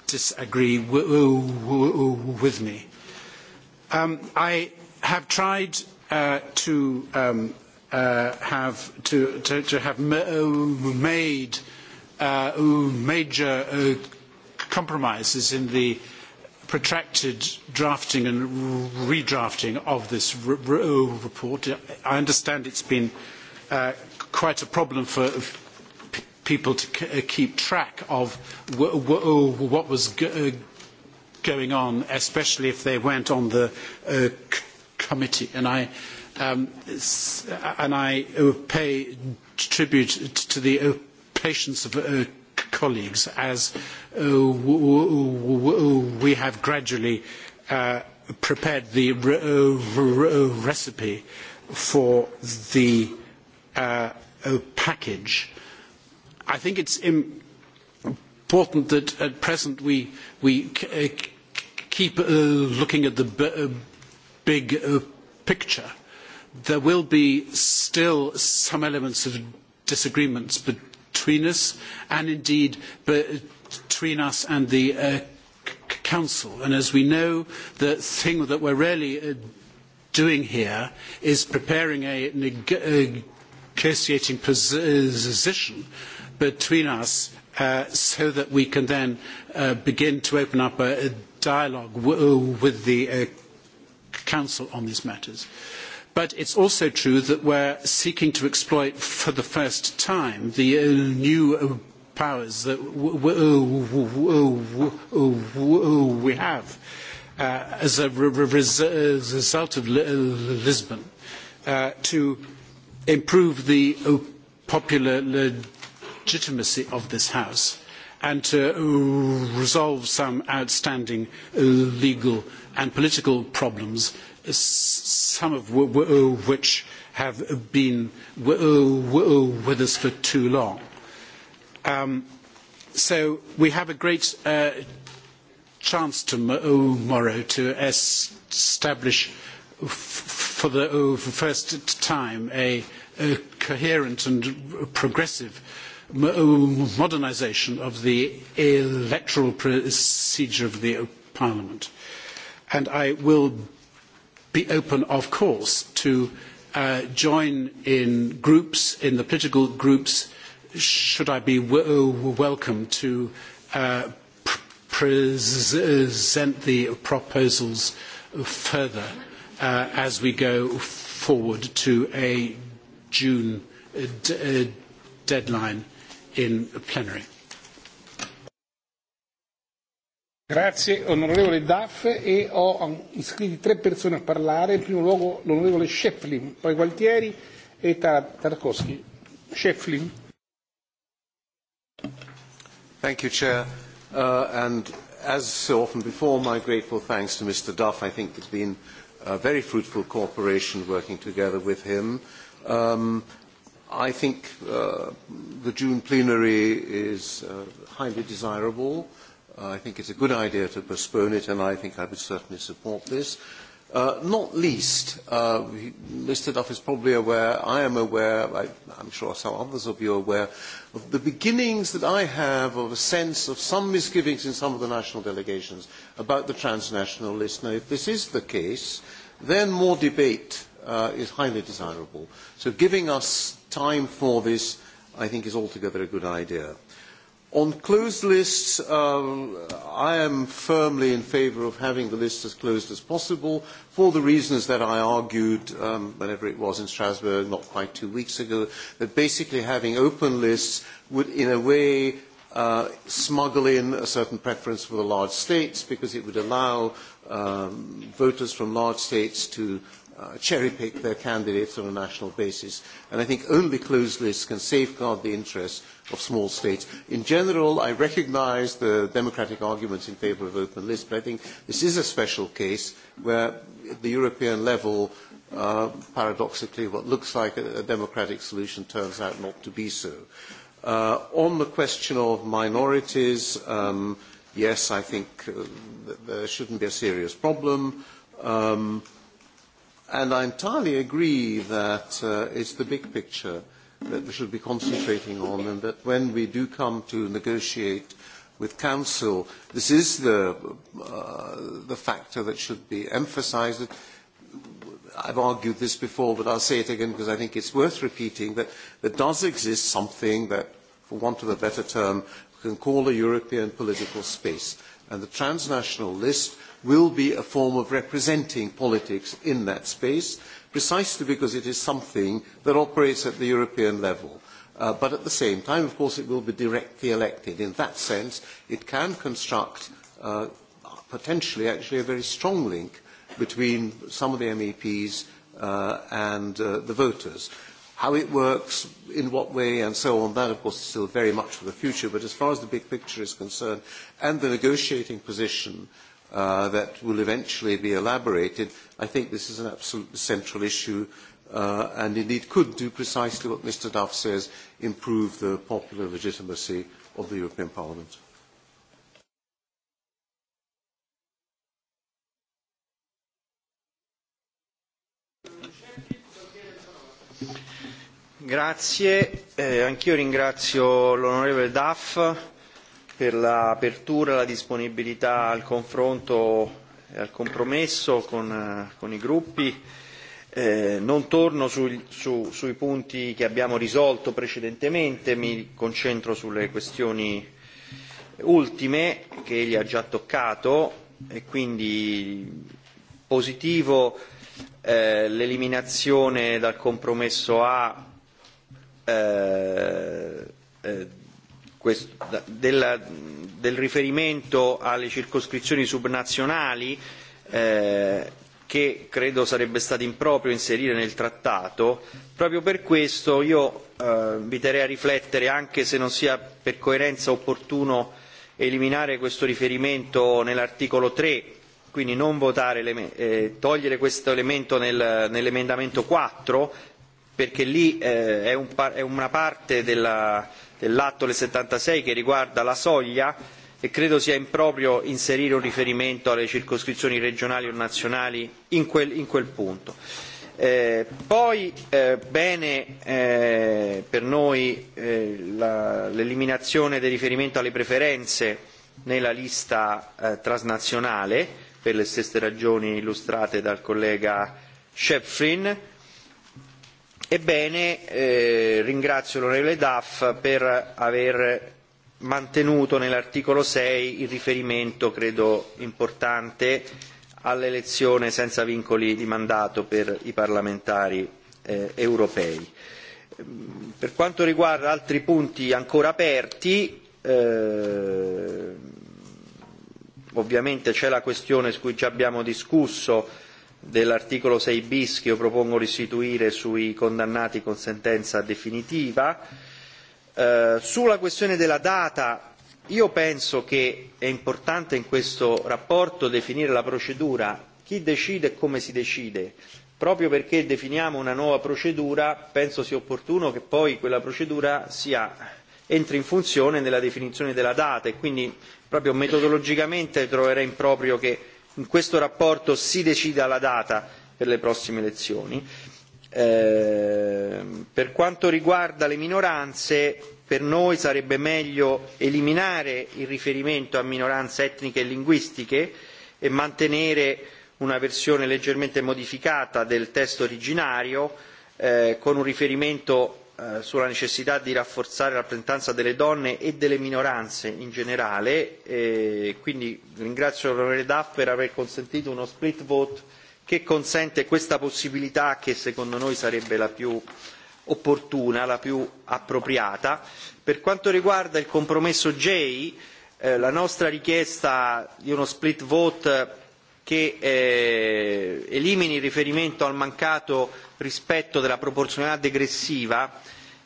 disagree with me. Um, I have tried to, um, have to, to, to have oh, made major compromises in the protracted drafting and redrafting of this report. I understand it's been uh, quite a problem for people to uh, keep track of what was uh, going on, especially if they weren't on the uh, committee. And I, um, uh, and I pay tribute to the patience of uh, colleagues as uh, we have gradually uh, prepared the uh, recipe for the package. I think it's important that at present we, we keep looking at the big picture. There will be still some elements of disagreements but between us and indeed between us and the uh, Council. And as we know, the thing that we're really uh, doing here is preparing a uh, negotiating position between us uh, so that we can then uh, begin to open up a, a dialogue with the uh, Council on these matters. But it's also true that we're seeking to exploit for the first time the uh, new uh, powers that uh, uh, we have uh, as a result of Lisbon uh, to improve the popular legitimacy of this House and to resolve some outstanding legal and political problems some of which have been with us for too long. Um, so we have a great uh, chance uh, tomorrow to establish for the uh, first time a, a coherent and progressive uh, modernisation of the electoral procedure of the Parliament. And I will be open, of course, to uh, join in groups, in the political groups, should I be welcome to uh, pr present the proposals further uh, as we go forward to a June uh, uh, deadline in plenary. Grazie onorevole Daff e ho iscritti tre persone a parlare, in primo luogo l'onorevole Schefflin, poi Gualtieri e Tarkovsky. Schefflin. Thank you, Chair. Uh, and as so often before, my grateful thanks to Mr. Duff. I think it's been a very fruitful cooperation working together with him. Um, I think uh, the June plenary is uh, highly desirable I think it's a good idea to postpone it, and I think I would certainly support this. Uh, not least, uh, Mr. Duff is probably aware, I am aware, I, I'm sure some others of you are aware, of the beginnings that I have of a sense of some misgivings in some of the national delegations about the transnational list. Now, if this is the case, then more debate uh, is highly desirable. So giving us time for this, I think, is altogether a good idea. On closed lists, um, I am firmly in favour of having the list as closed as possible for the reasons that I argued um, whenever it was in Strasbourg not quite two weeks ago, that basically having open lists would in a way uh, smuggle in a certain preference for the large states because it would allow um, voters from large states to Uh, cherry-pick their candidates on a national basis. And I think only closed lists can safeguard the interests of small states. In general, I recognise the democratic arguments in favour of open lists, but I think this is a special case where at the European level, uh, paradoxically, what looks like a, a democratic solution turns out not to be so. Uh, on the question of minorities, um, yes, I think uh, th there shouldn't be a serious problem. Um, And I entirely agree that uh, it's the big picture that we should be concentrating on and that when we do come to negotiate with Council, this is the, uh, the factor that should be emphasised. I've argued this before, but I'll say it again because I think it's worth repeating, that there does exist something that, for want of a better term, we can call a European political space. And the transnational list will be a form of representing politics in that space, precisely because it is something that operates at the European level. Uh, but at the same time, of course, it will be directly elected. In that sense, it can construct uh, potentially actually a very strong link between some of the MEPs uh, and uh, the voters. How it works, in what way, and so on, that, of course, is still very much for the future. But as far as the big picture is concerned, and the negotiating position Uh, that will eventually be elaborated, I think this is an absolutely central issue uh, and indeed could do precisely what Mr Duff says, improve the popular legitimacy of the European Parliament. Grazie, eh, anch'io ringrazio l'onorevole Duff per l'apertura, la disponibilità al confronto e al compromesso con, eh, con i gruppi. Eh, non torno su, su, sui punti che abbiamo risolto precedentemente, mi concentro sulle questioni ultime che egli ha già toccato e quindi positivo eh, l'eliminazione dal compromesso A eh, eh questo, da, della, del riferimento alle circoscrizioni subnazionali eh, che credo sarebbe stato improprio inserire nel trattato. Proprio per questo io eh, inviterei a riflettere, anche se non sia per coerenza opportuno eliminare questo riferimento nell'articolo 3, quindi non votare, eh, togliere questo elemento nel, nell'emendamento 4, perché lì eh, è, un, è una parte della, dell'atto 76 che riguarda la soglia e credo sia improprio inserire un riferimento alle circoscrizioni regionali o nazionali in quel, in quel punto. Eh, poi eh, bene eh, per noi eh, la, l'eliminazione del riferimento alle preferenze nella lista eh, transnazionale per le stesse ragioni illustrate dal collega Shepfrin Ebbene, eh, ringrazio l'onorevole Duff per aver mantenuto nell'articolo 6 il riferimento, credo importante, all'elezione senza vincoli di mandato per i parlamentari eh, europei. Mm, per quanto riguarda altri punti ancora aperti, eh, ovviamente c'è la questione su cui già abbiamo discusso dell'articolo 6 bis che io propongo di istituire sui condannati con sentenza definitiva. Eh, sulla questione della data io penso che è importante in questo rapporto definire la procedura, chi decide e come si decide. Proprio perché definiamo una nuova procedura penso sia opportuno che poi quella procedura sia, entri in funzione nella definizione della data e quindi proprio metodologicamente troverei improprio che in questa relazione si decida la data per le prossime elezioni. Eh, per quanto riguarda le minoranze, per noi sarebbe meglio eliminare il riferimento a minoranze etniche e linguistiche e mantenere una versione leggermente modificata del testo originario eh, con un riferimento Eh, sulla necessità di rafforzare la rappresentanza delle donne e delle minoranze in generale, e quindi ringrazio l'onorevole Duff per aver consentito uno split vote che consente questa possibilità che secondo noi sarebbe la più opportuna, la più appropriata. Per quanto riguarda il compromesso J, eh, la nostra richiesta di uno split vote che eh, elimini il riferimento al mancato rispetto della proporzionalità degressiva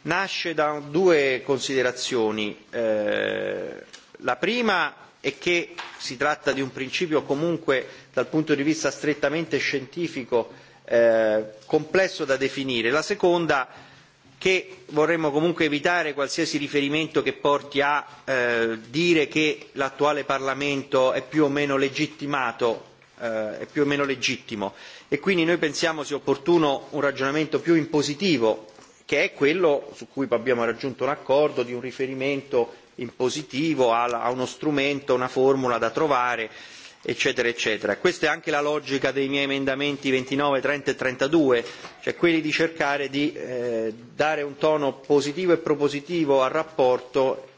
nasce da due considerazioni. Eh, la prima è che si tratta di un principio comunque dal punto di vista strettamente scientifico eh, complesso da definire. La seconda che vorremmo comunque evitare qualsiasi riferimento che porti a eh, dire che l'attuale Parlamento è più o meno legittimato, eh, è più o meno legittimo e quindi noi pensiamo sia opportuno un ragionamento più impositivo che è quello su cui abbiamo raggiunto un accordo di un riferimento in positivo a uno strumento a una formula da trovare eccetera eccetera. questa è anche la logica dei miei emendamenti ventinove trenta e trentadue cioè quelli di cercare di eh, dare un tono positivo e propositivo al rapporto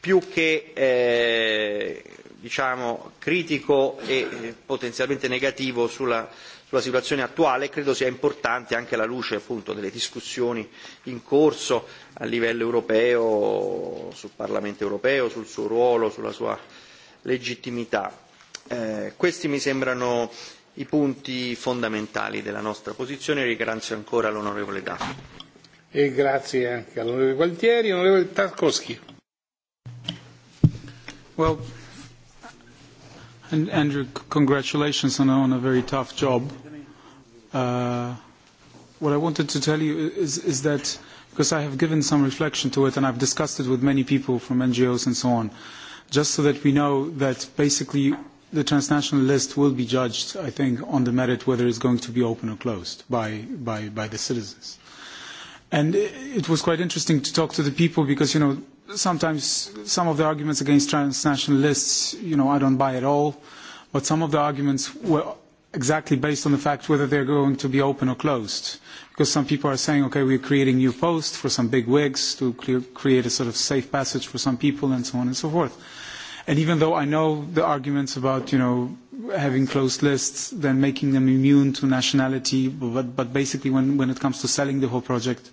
più che eh, diciamo critico e eh, potenzialmente negativo sulla sulla situazione attuale e credo sia importante anche alla luce appunto delle discussioni in corso a livello europeo, sul Parlamento europeo, sul suo ruolo, sulla sua legittimità. Eh, questi mi sembrano i punti fondamentali della nostra posizione e ringrazio ancora l'onorevole Daff. E grazie anche all'onorevole Gualtieri. Onorevole Tarkovsky. Well, And Andrew, congratulations on, on a very tough job. Uh, what I wanted to tell you is, is that, because I have given some reflection to it and I've discussed it with many people from NGOs and so on, just so that we know that basically the transnational list will be judged, I think, on the merit whether it's going to be open or closed by, by, by the citizens. And it was quite interesting to talk to the people because, you know, sometimes some of the arguments against transnational lists, you know, I don't buy at all. But some of the arguments were exactly based on the fact whether they're going to be open or closed. Because some people are saying, okay, we're creating new posts for some big wigs to create a sort of safe passage for some people and so on and so forth. And even though I know the arguments about, you know, having closed lists, then making them immune to nationality, but, but basically when, when it comes to selling the whole project,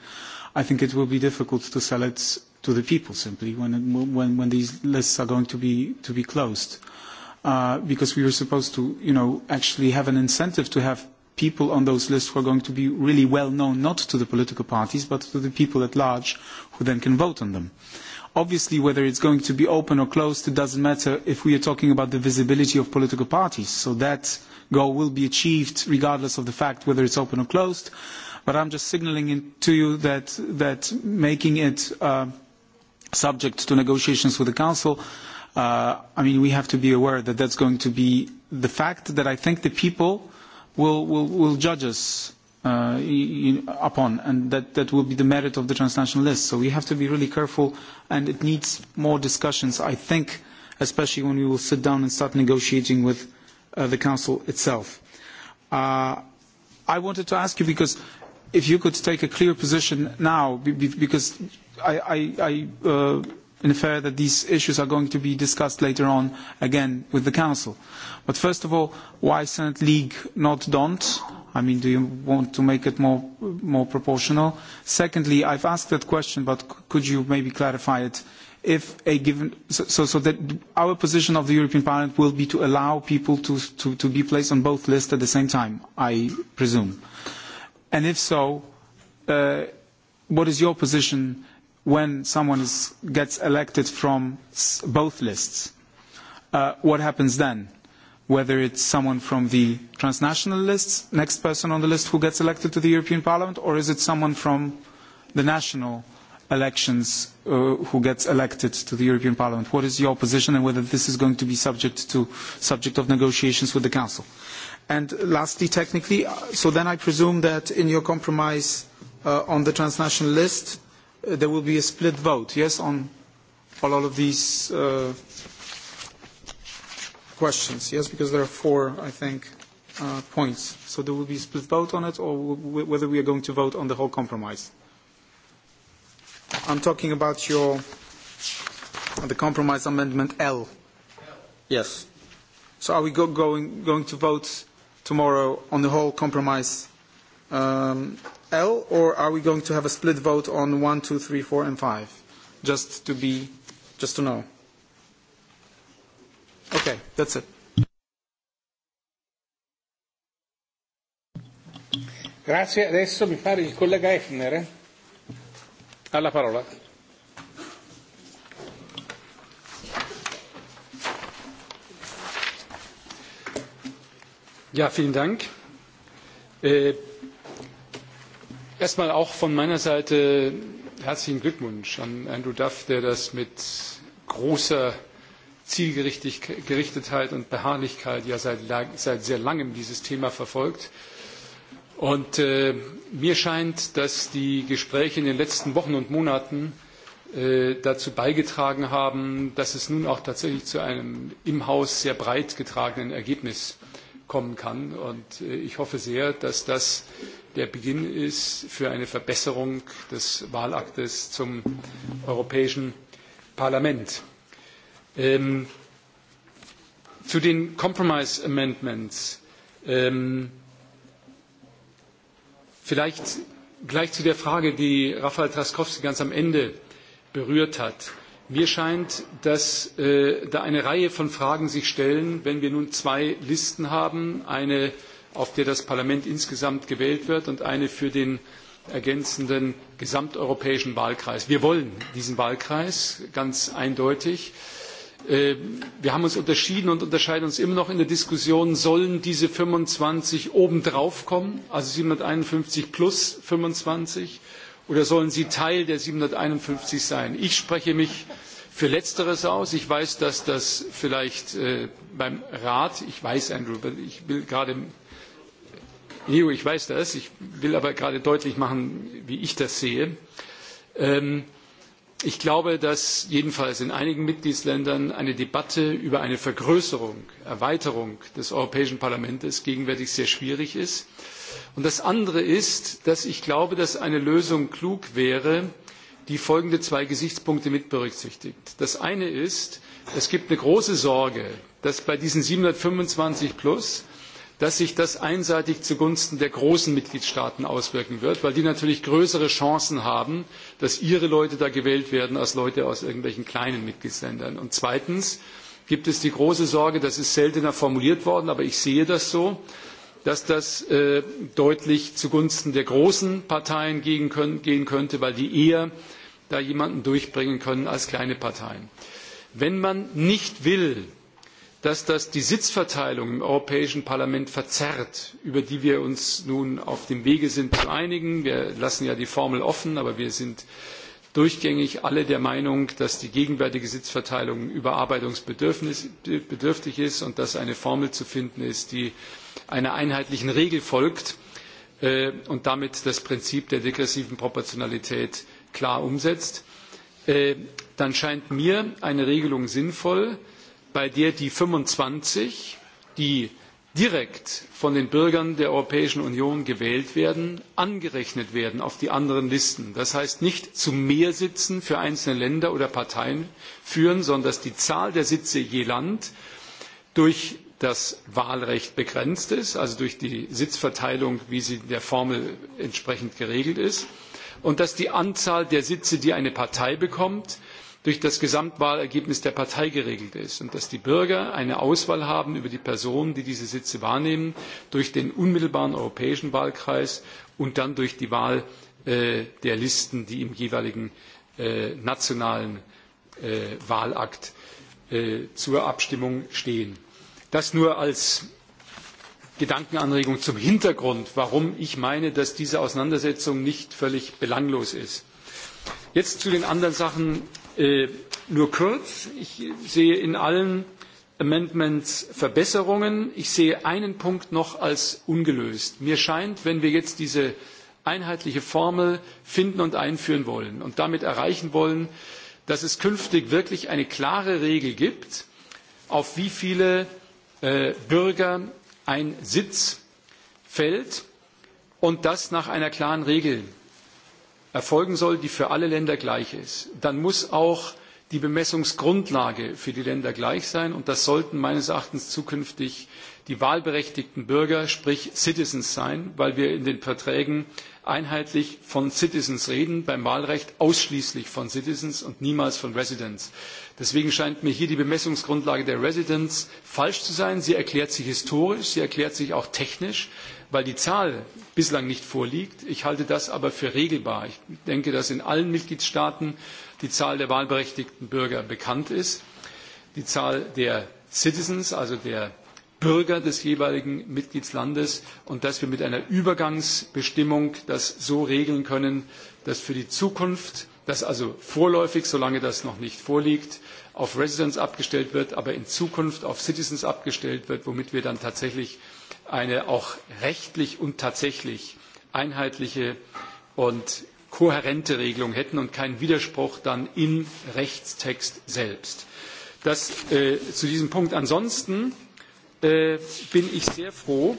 I think it will be difficult to sell it to the people simply when, when, when these lists are going to be, to be closed. Uh, because we were supposed to, you know, actually have an incentive to have people on those lists who are going to be really well known not to the political parties but to the people at large who then can vote on them. Obviously, whether it's going to be open or closed, it doesn't matter if we are talking about the visibility of political parties. So that goal will be achieved regardless of the fact whether it's open or closed. But I'm just signaling to you that, that making it uh, subject to negotiations with the Council, uh, I mean, we have to be aware that that's going to be the fact that I think the people will, will, will judge us uh, upon, and that, that will be the merit of the transnational list. So we have to be really careful, and it needs more discussions, I think, especially when we will sit down and start negotiating with uh, the Council itself. Uh, I wanted to ask you, because if you could take a clear position now, because I, I uh, infer that these issues are going to be discussed later on again with the Council. But first of all, why Senate League, not don't? I mean, do you want to make it more, more proportional? Secondly, I've asked that question, but could you maybe clarify it? If a given, so, so that our position of the European Parliament will be to allow people to, to, to be placed on both lists at the same time, I presume. And if so, uh, what is your position when someone is, gets elected from both lists, uh, what happens then? Whether it's someone from the transnational lists, next person on the list who gets elected to the European Parliament, or is it someone from the national elections uh, who gets elected to the European Parliament? What is your position and whether this is going to be subject to subject of negotiations with the Council? And lastly, technically, uh, so then I presume that in your compromise uh, on the transnational list, Uh, there will be a split vote, yes, on all of these uh, questions, yes, because there are four, I think, uh, points. So there will be a split vote on it, or whether we are going to vote on the whole compromise. I'm talking about your the compromise amendment L. Yes. So are we go going, going to vote tomorrow on the whole compromise um, L, or are we going to have a split vote on 1, 2, 3, 4, and 5? Just to be, just to know. Okay, that's it. Grazie. Adesso mi pare il collega Effner. Eh? Alla parola. Ja, vielen Dank. Äh, Erstmal auch von meiner Seite herzlichen Glückwunsch an Andrew Duff, der das mit großer Zielgerichtetheit und Beharrlichkeit ja seit, seit sehr langem dieses Thema verfolgt. Und äh, mir scheint, dass die Gespräche in den letzten Wochen und Monaten äh, dazu beigetragen haben, dass es nun auch tatsächlich zu einem im Haus sehr breit getragenen Ergebnis kommen kann. Und äh, ich hoffe sehr, dass das der Beginn ist für eine Verbesserung des Wahlaktes zum Europäischen Parlament. Ähm, zu den Compromise Amendments. Ähm, vielleicht gleich zu der Frage, die Rafael Traskowski ganz am Ende berührt hat. Mir scheint, dass äh, da eine Reihe von Fragen sich stellen, wenn wir nun zwei Listen haben, eine auf der das Parlament insgesamt gewählt wird, und eine für den ergänzenden gesamteuropäischen Wahlkreis. Wir wollen diesen Wahlkreis ganz eindeutig. Äh, wir haben uns unterschieden und unterscheiden uns immer noch in der Diskussion, sollen diese 25 obendrauf kommen, also 751 plus 25, oder sollen sie Teil der 751 sein? Ich spreche mich für Letzteres aus. Ich weiß, dass das vielleicht äh, beim Rat, ich weiß, Andrew, ich will gerade EU, ich weiß das. Ich will aber gerade deutlich machen, wie ich das sehe. Ähm, ich glaube, dass jedenfalls in einigen Mitgliedsländern eine Debatte über eine Vergrößerung, Erweiterung des Europäischen Parlaments gegenwärtig sehr schwierig ist. Und das andere ist, dass ich glaube, dass eine Lösung klug wäre, die folgende zwei Gesichtspunkte mit berücksichtigt. Das eine ist, es gibt eine große Sorge, dass bei diesen 725 plus dass sich das einseitig zugunsten der großen Mitgliedstaaten auswirken wird, weil die natürlich größere Chancen haben, dass ihre Leute da gewählt werden als Leute aus irgendwelchen kleinen Mitgliedsländern. Und zweitens gibt es die große Sorge, das ist seltener formuliert worden, aber ich sehe das so, dass das äh, deutlich zugunsten der großen Parteien gehen, können, gehen könnte, weil die eher da jemanden durchbringen können als kleine Parteien. Wenn man nicht will, dass das die Sitzverteilung im Europäischen Parlament verzerrt, über die wir uns nun auf dem Wege sind zu einigen. Wir lassen ja die Formel offen, aber wir sind durchgängig alle der Meinung, dass die gegenwärtige Sitzverteilung überarbeitungsbedürftig ist und dass eine Formel zu finden ist, die einer einheitlichen Regel folgt äh, und damit das Prinzip der degressiven Proportionalität klar umsetzt. Äh, dann scheint mir eine Regelung sinnvoll, bei der die 25, die direkt von den Bürgern der Europäischen Union gewählt werden, angerechnet werden auf die anderen Listen. Das heißt nicht zu mehr Sitzen für einzelne Länder oder Parteien führen, sondern dass die Zahl der Sitze je Land durch das Wahlrecht begrenzt ist, also durch die Sitzverteilung, wie sie in der Formel entsprechend geregelt ist, und dass die Anzahl der Sitze, die eine Partei bekommt, durch das Gesamtwahlergebnis der Partei geregelt ist und dass die Bürger eine Auswahl haben über die Personen, die diese Sitze wahrnehmen, durch den unmittelbaren europäischen Wahlkreis und dann durch die Wahl äh, der Listen, die im jeweiligen äh, nationalen äh, Wahlakt äh, zur Abstimmung stehen. Das nur als Gedankenanregung zum Hintergrund, warum ich meine, dass diese Auseinandersetzung nicht völlig belanglos ist. Jetzt zu den anderen Sachen, Äh, nur kurz, ich sehe in allen Amendments Verbesserungen. Ich sehe einen Punkt noch als ungelöst. Mir scheint, wenn wir jetzt diese einheitliche Formel finden und einführen wollen und damit erreichen wollen, dass es künftig wirklich eine klare Regel gibt, auf wie viele äh, Bürger ein Sitz fällt und das nach einer klaren Regel erfolgen soll, die für alle Länder gleich ist, dann muss auch die Bemessungsgrundlage für die Länder gleich sein. Und das sollten meines Erachtens zukünftig die wahlberechtigten Bürger, sprich Citizens sein, weil wir in den Verträgen einheitlich von Citizens reden, beim Wahlrecht ausschließlich von Citizens und niemals von Residents. Deswegen scheint mir hier die Bemessungsgrundlage der Residents falsch zu sein. Sie erklärt sich historisch, sie erklärt sich auch technisch, weil die Zahl bislang nicht vorliegt. Ich halte das aber für regelbar. Ich denke, dass in allen Mitgliedstaaten die Zahl der wahlberechtigten Bürger bekannt ist. Die Zahl der Citizens, also der Bürger des jeweiligen Mitgliedslandes und dass wir mit einer Übergangsbestimmung das so regeln können, dass für die Zukunft, dass also vorläufig, solange das noch nicht vorliegt, auf Residents abgestellt wird, aber in Zukunft auf Citizens abgestellt wird, womit wir dann tatsächlich eine auch rechtlich und tatsächlich einheitliche und kohärente Regelung hätten und keinen Widerspruch dann im Rechtstext selbst. Das äh, zu diesem Punkt. Ansonsten äh, bin ich sehr froh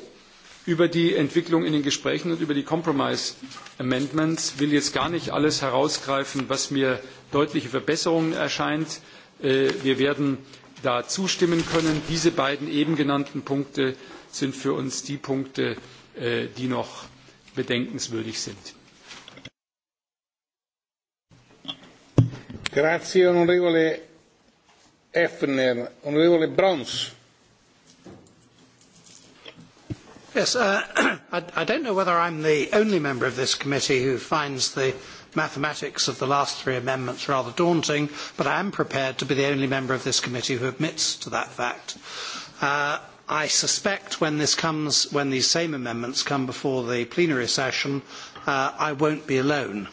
über die Entwicklung in den Gesprächen und über die Compromise Amendments. will jetzt gar nicht alles herausgreifen, was mir deutliche Verbesserungen erscheint. Äh, wir werden da zustimmen können. Diese beiden eben genannten Punkte sind für uns die Punkte, äh, die noch bedenkenswürdig sind. Grazie, onorevole Effner. Onorevole Brons. Yes, uh, [clears throat] I, I don't know whether I'm the only member of this committee who finds the mathematics of the last three amendments rather daunting, but I am prepared to be the only member of this committee who admits to that fact. Uh, I suspect when, this comes, when these same amendments come before the plenary session, uh, I won't be alone,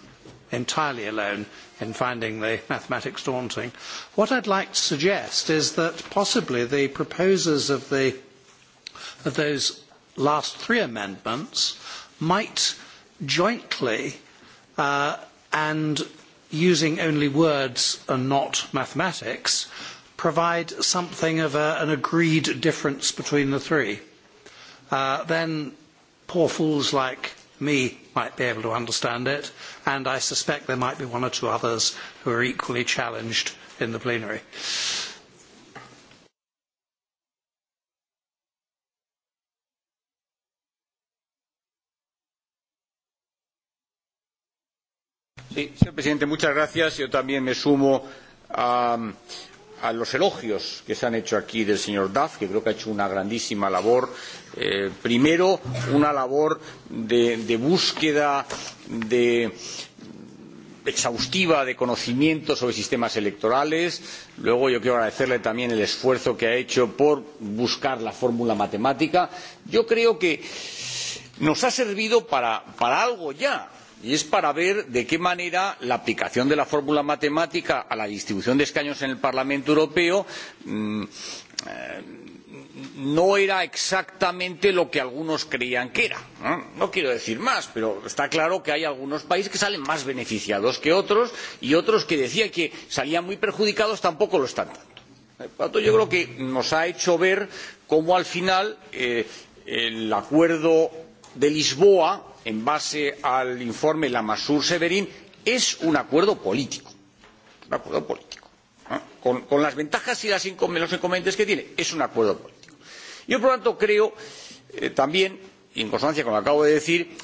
entirely alone, in finding the [laughs] mathematics daunting. What I'd like to suggest is that possibly the proposers of, the, of those last three amendments might jointly uh, and using only words and not mathematics provide something of a, an agreed difference between the three. Uh, then poor fools like me might be able to understand it, and I suspect there might be one or two others who are equally challenged in the plenary. Sí, señor presidente, muchas gracias. Yo también me sumo a a los elogios que se han hecho aquí del señor Duff, que creo que ha hecho una grandísima labor. Eh, primero, una labor de, de búsqueda de, exhaustiva de conocimiento sobre sistemas electorales. Luego yo quiero agradecerle también el esfuerzo que ha hecho por buscar la fórmula matemática. Yo creo que nos ha servido para, para algo ya y es para ver de qué manera la aplicación de la fórmula matemática a la distribución de escaños en el Parlamento Europeo mmm, no era exactamente lo que algunos creían que era. ¿no? no quiero decir más, pero está claro que hay algunos países que salen más beneficiados que otros y otros que decían que salían muy perjudicados tampoco lo están tanto. Eh, por lo tanto, yo creo que nos ha hecho ver cómo al final eh, el acuerdo de Lisboa en base al informe Lamassoure Severin, es un acuerdo político. Un acuerdo político. ¿no? Con, con las ventajas y las incom los inconvenientes que tiene, es un acuerdo político. Yo, por lo tanto, creo eh, también, en consonancia con lo que acabo de decir,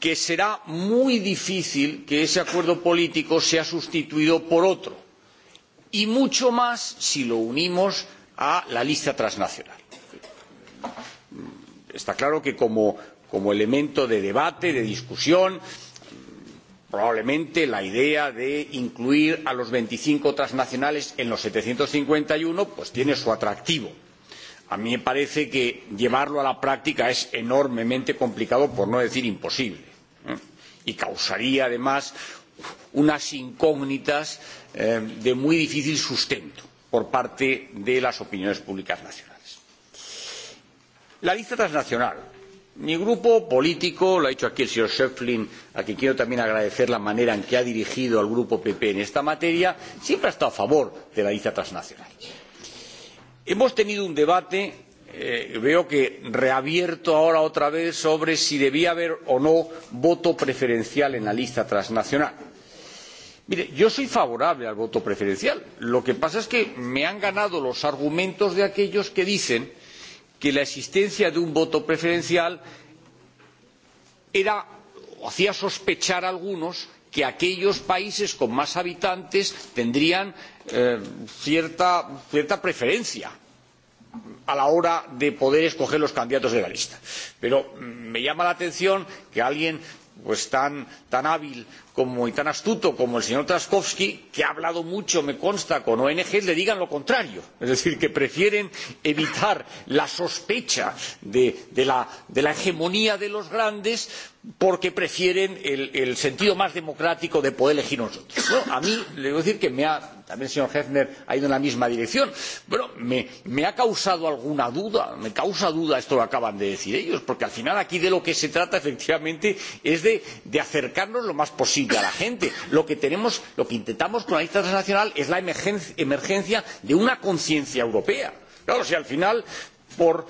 que será muy difícil que ese acuerdo político sea sustituido por otro, y mucho más si lo unimos a la lista transnacional. Está claro que como como elemento de debate, de discusión, probablemente la idea de incluir a los 25 transnacionales en los 751 pues tiene su atractivo. A mí me parece que llevarlo a la práctica es enormemente complicado, por no decir imposible, ¿eh? y causaría además unas incógnitas eh, de muy difícil sustento por parte de las opiniones públicas nacionales. La lista transnacional mi grupo político, lo ha hecho aquí el señor Schöpflin, a quien quiero también agradecer la manera en que ha dirigido al grupo PP en esta materia, siempre ha estado a favor de la lista transnacional. Hemos tenido un debate, eh, veo que reabierto ahora otra vez, sobre si debía haber o no voto preferencial en la lista transnacional. Mire, yo soy favorable al voto preferencial. Lo que pasa es que me han ganado los argumentos de aquellos que dicen que la existencia de un voto preferencial era, hacía sospechar a algunos que aquellos países con más habitantes tendrían eh, cierta, cierta preferencia a la hora de poder escoger los candidatos de la lista. Pero mm, me llama la atención que alguien pues tan, tan hábil como, y tan astuto como el señor Traskowski, que ha hablado mucho, me consta, con ONG, le digan lo contrario. Es decir, que prefieren evitar la sospecha de, de, la, de la hegemonía de los grandes porque prefieren el, el sentido más democrático de poder elegir nosotros. Bueno, a mí, le voy a decir que me ha también el señor Hefner ha ido en la misma dirección. Bueno, me, me ha causado alguna duda, me causa duda esto que acaban de decir ellos, porque al final aquí de lo que se trata efectivamente es de, de acercarnos lo más posible a la gente. Lo que tenemos, lo que intentamos con la lista transnacional es la emergencia, emergencia de una conciencia europea. Claro, si al final por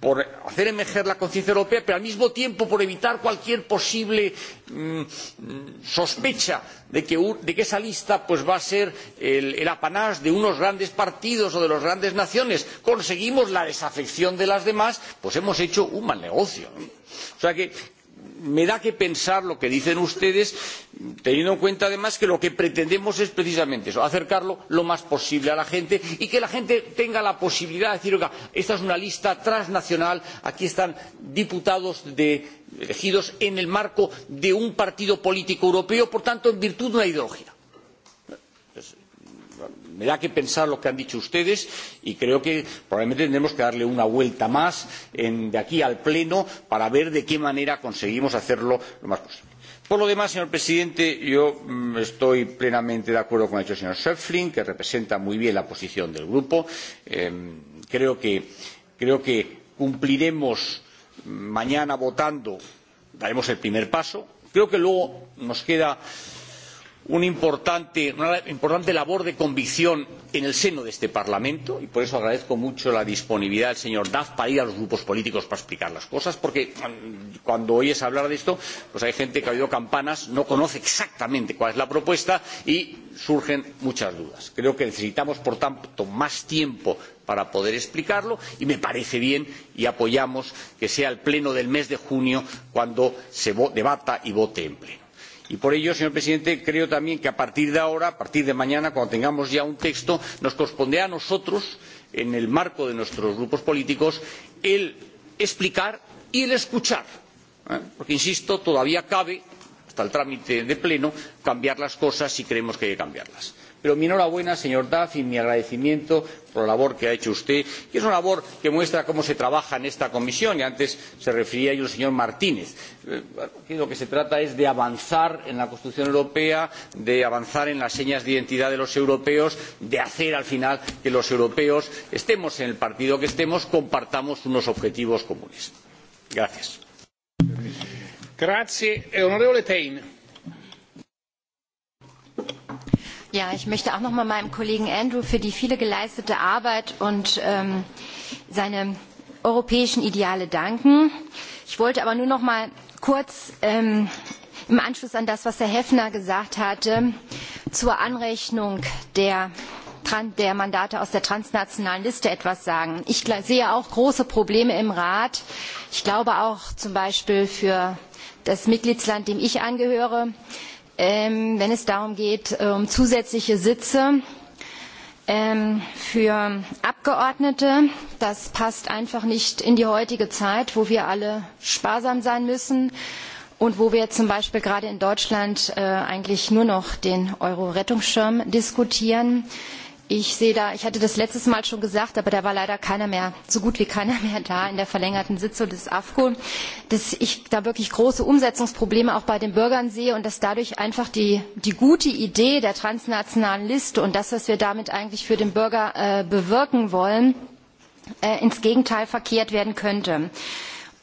por hacer emerger la conciencia europea, pero al mismo tiempo por evitar cualquier posible mm, sospecha de que, de que esa lista pues, va a ser el, el apanás de unos grandes partidos o de las grandes naciones. Conseguimos la desafección de las demás, pues hemos hecho un mal negocio. O sea que me da que pensar lo que dicen ustedes, teniendo en cuenta además que lo que pretendemos es precisamente eso, acercarlo lo más posible a la gente y que la gente tenga la posibilidad de decir, oiga, esta es una lista transnacional, aquí están diputados de, elegidos en el marco de un partido político europeo, por tanto, en virtud de una ideología me da que pensar lo que han dicho ustedes y creo que probablemente tendremos que darle una vuelta más en, de aquí al pleno para ver de qué manera conseguimos hacerlo lo más posible. Por lo demás, señor presidente, yo mm, estoy plenamente de acuerdo con lo que ha dicho el señor Schöpflin, que representa muy bien la posición del grupo. Eh, creo, que, creo que cumpliremos mañana votando, daremos el primer paso. Creo que luego nos queda eh, una importante, una importante labor de convicción en el seno de este Parlamento y por eso agradezco mucho la disponibilidad del señor Duff para ir a los grupos políticos para explicar las cosas porque cuando oyes hablar de esto pues hay gente que ha oído campanas, no conoce exactamente cuál es la propuesta y surgen muchas dudas. Creo que necesitamos por tanto más tiempo para poder explicarlo y me parece bien y apoyamos que sea el pleno del mes de junio cuando se debata y vote en pleno y por ello señor presidente creo también que a partir de ahora a partir de mañana cuando tengamos ya un texto nos corresponde a nosotros en el marco de nuestros grupos políticos el explicar y el escuchar ¿eh? porque insisto todavía cabe hasta el trámite de pleno cambiar las cosas si creemos que hay que cambiarlas. Pero mi enhorabuena, señor Duff, y mi agradecimiento por la labor que ha hecho usted, que es una labor que muestra cómo se trabaja en esta comisión, y antes se refería a ello el señor Martínez. Aquí eh, de lo que se trata es de avanzar en la construcción europea, de avanzar en las señas de identidad de los europeos, de hacer al final que los europeos, estemos en el partido que estemos, compartamos unos objetivos comunes. Gracias. Grazie, onorevole Ja, ich möchte auch noch mal meinem Kollegen Andrew für die viele geleistete Arbeit und ähm, seine europäischen Ideale danken. Ich wollte aber nur noch mal kurz ähm, im Anschluss an das, was Herr Heffner gesagt hatte, zur Anrechnung der der Mandate aus der transnationalen Liste etwas sagen. Ich sehe auch große Probleme im Rat. Ich glaube auch zum Beispiel für das Mitgliedsland, dem ich angehöre, Ähm, wenn es darum geht, äh, um zusätzliche Sitze ähm, für Abgeordnete. Das passt einfach nicht in die heutige Zeit, wo wir alle sparsam sein müssen und wo wir zum Beispiel gerade in Deutschland äh, eigentlich nur noch den Euro-Rettungsschirm diskutieren Ich sehe da, ich hatte das letztes Mal schon gesagt, aber da war leider keiner mehr, so gut wie keiner [laughs] mehr da in der verlängerten Sitzung des AFCO, dass ich da wirklich große Umsetzungsprobleme auch bei den Bürgern sehe und dass dadurch einfach die, die gute Idee der transnationalen Liste und das, was wir damit eigentlich für den Bürger äh, bewirken wollen, äh, ins Gegenteil verkehrt werden könnte. Äh,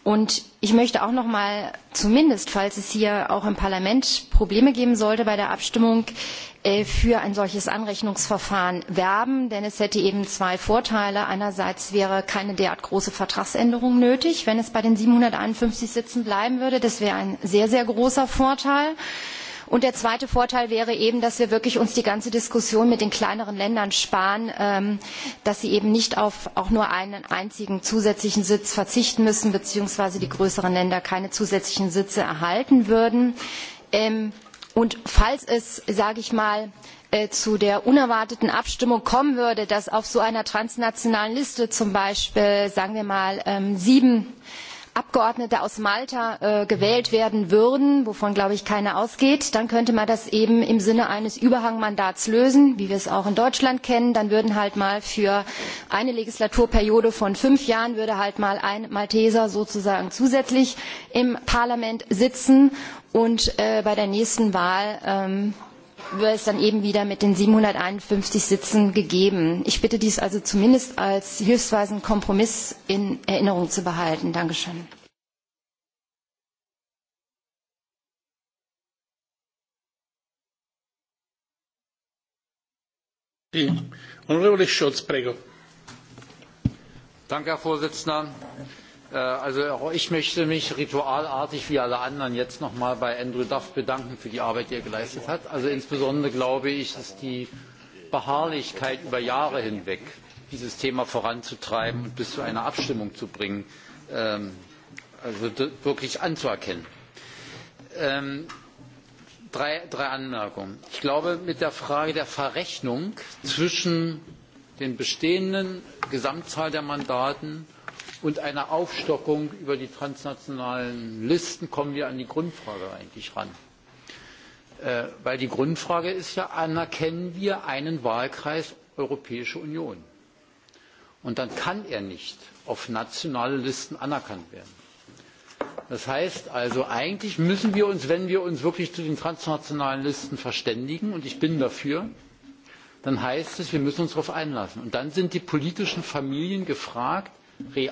Und ich möchte auch noch mal, zumindest falls es hier auch im Parlament Probleme geben sollte bei der Abstimmung, äh, für ein solches Anrechnungsverfahren werben, denn es hätte eben zwei Vorteile. Einerseits wäre keine derart große Vertragsänderung nötig, wenn es bei den siebenhunderteinundfünfzig Sitzen bleiben würde. Das wäre ein sehr, sehr großer Vorteil. Äh, Und der zweite Vorteil wäre eben, dass wir wirklich uns die ganze Diskussion mit den kleineren Ländern sparen, ähm, dass sie eben nicht auf auch nur einen einzigen zusätzlichen Sitz verzichten müssen, beziehungsweise die größeren Länder keine zusätzlichen Sitze erhalten würden. Ähm, und falls es, sage ich mal, äh, zu der unerwarteten Abstimmung kommen würde, dass auf so einer transnationalen Liste zum Beispiel, sagen wir mal, ähm, sieben Abgeordnete aus Malta äh, gewählt werden würden, wovon glaube ich keiner ausgeht, dann könnte man das eben im Sinne eines Überhangmandats lösen, wie wir es auch in Deutschland kennen. Dann würden halt mal für eine Legislaturperiode von fünf Jahren würde halt mal ein Malteser sozusagen zusätzlich im Parlament sitzen und äh, bei der nächsten Wahl ähm, wäre es dann eben wieder mit den 751 Sitzen gegeben. Ich bitte dies also zumindest als hilfsweisen Kompromiss in Erinnerung zu behalten. Dankeschön. Herr Präsident! Äh, also auch ich möchte mich ritualartig wie alle anderen jetzt nochmal bei Andrew Duff bedanken für die Arbeit, die er geleistet hat. Also insbesondere glaube ich, dass die Beharrlichkeit über Jahre hinweg, dieses Thema voranzutreiben und bis zu einer Abstimmung zu bringen, ähm, also wirklich anzuerkennen. Ähm, drei, drei Anmerkungen. Ich glaube, mit der Frage der Verrechnung zwischen den bestehenden Gesamtzahl der Mandaten und einer aufstockung über die transnationalen listen kommen wir an die grundfrage eigentlich ran. denn äh, die grundfrage ist ja anerkennen wir einen wahlkreis europäische union? und dann kann er nicht auf nationale listen anerkannt werden. das heißt also eigentlich müssen wir uns wenn wir uns wirklich zu den transnationalen listen verständigen und ich bin dafür dann heißt es wir müssen uns darauf einlassen. und dann sind die politischen familien gefragt real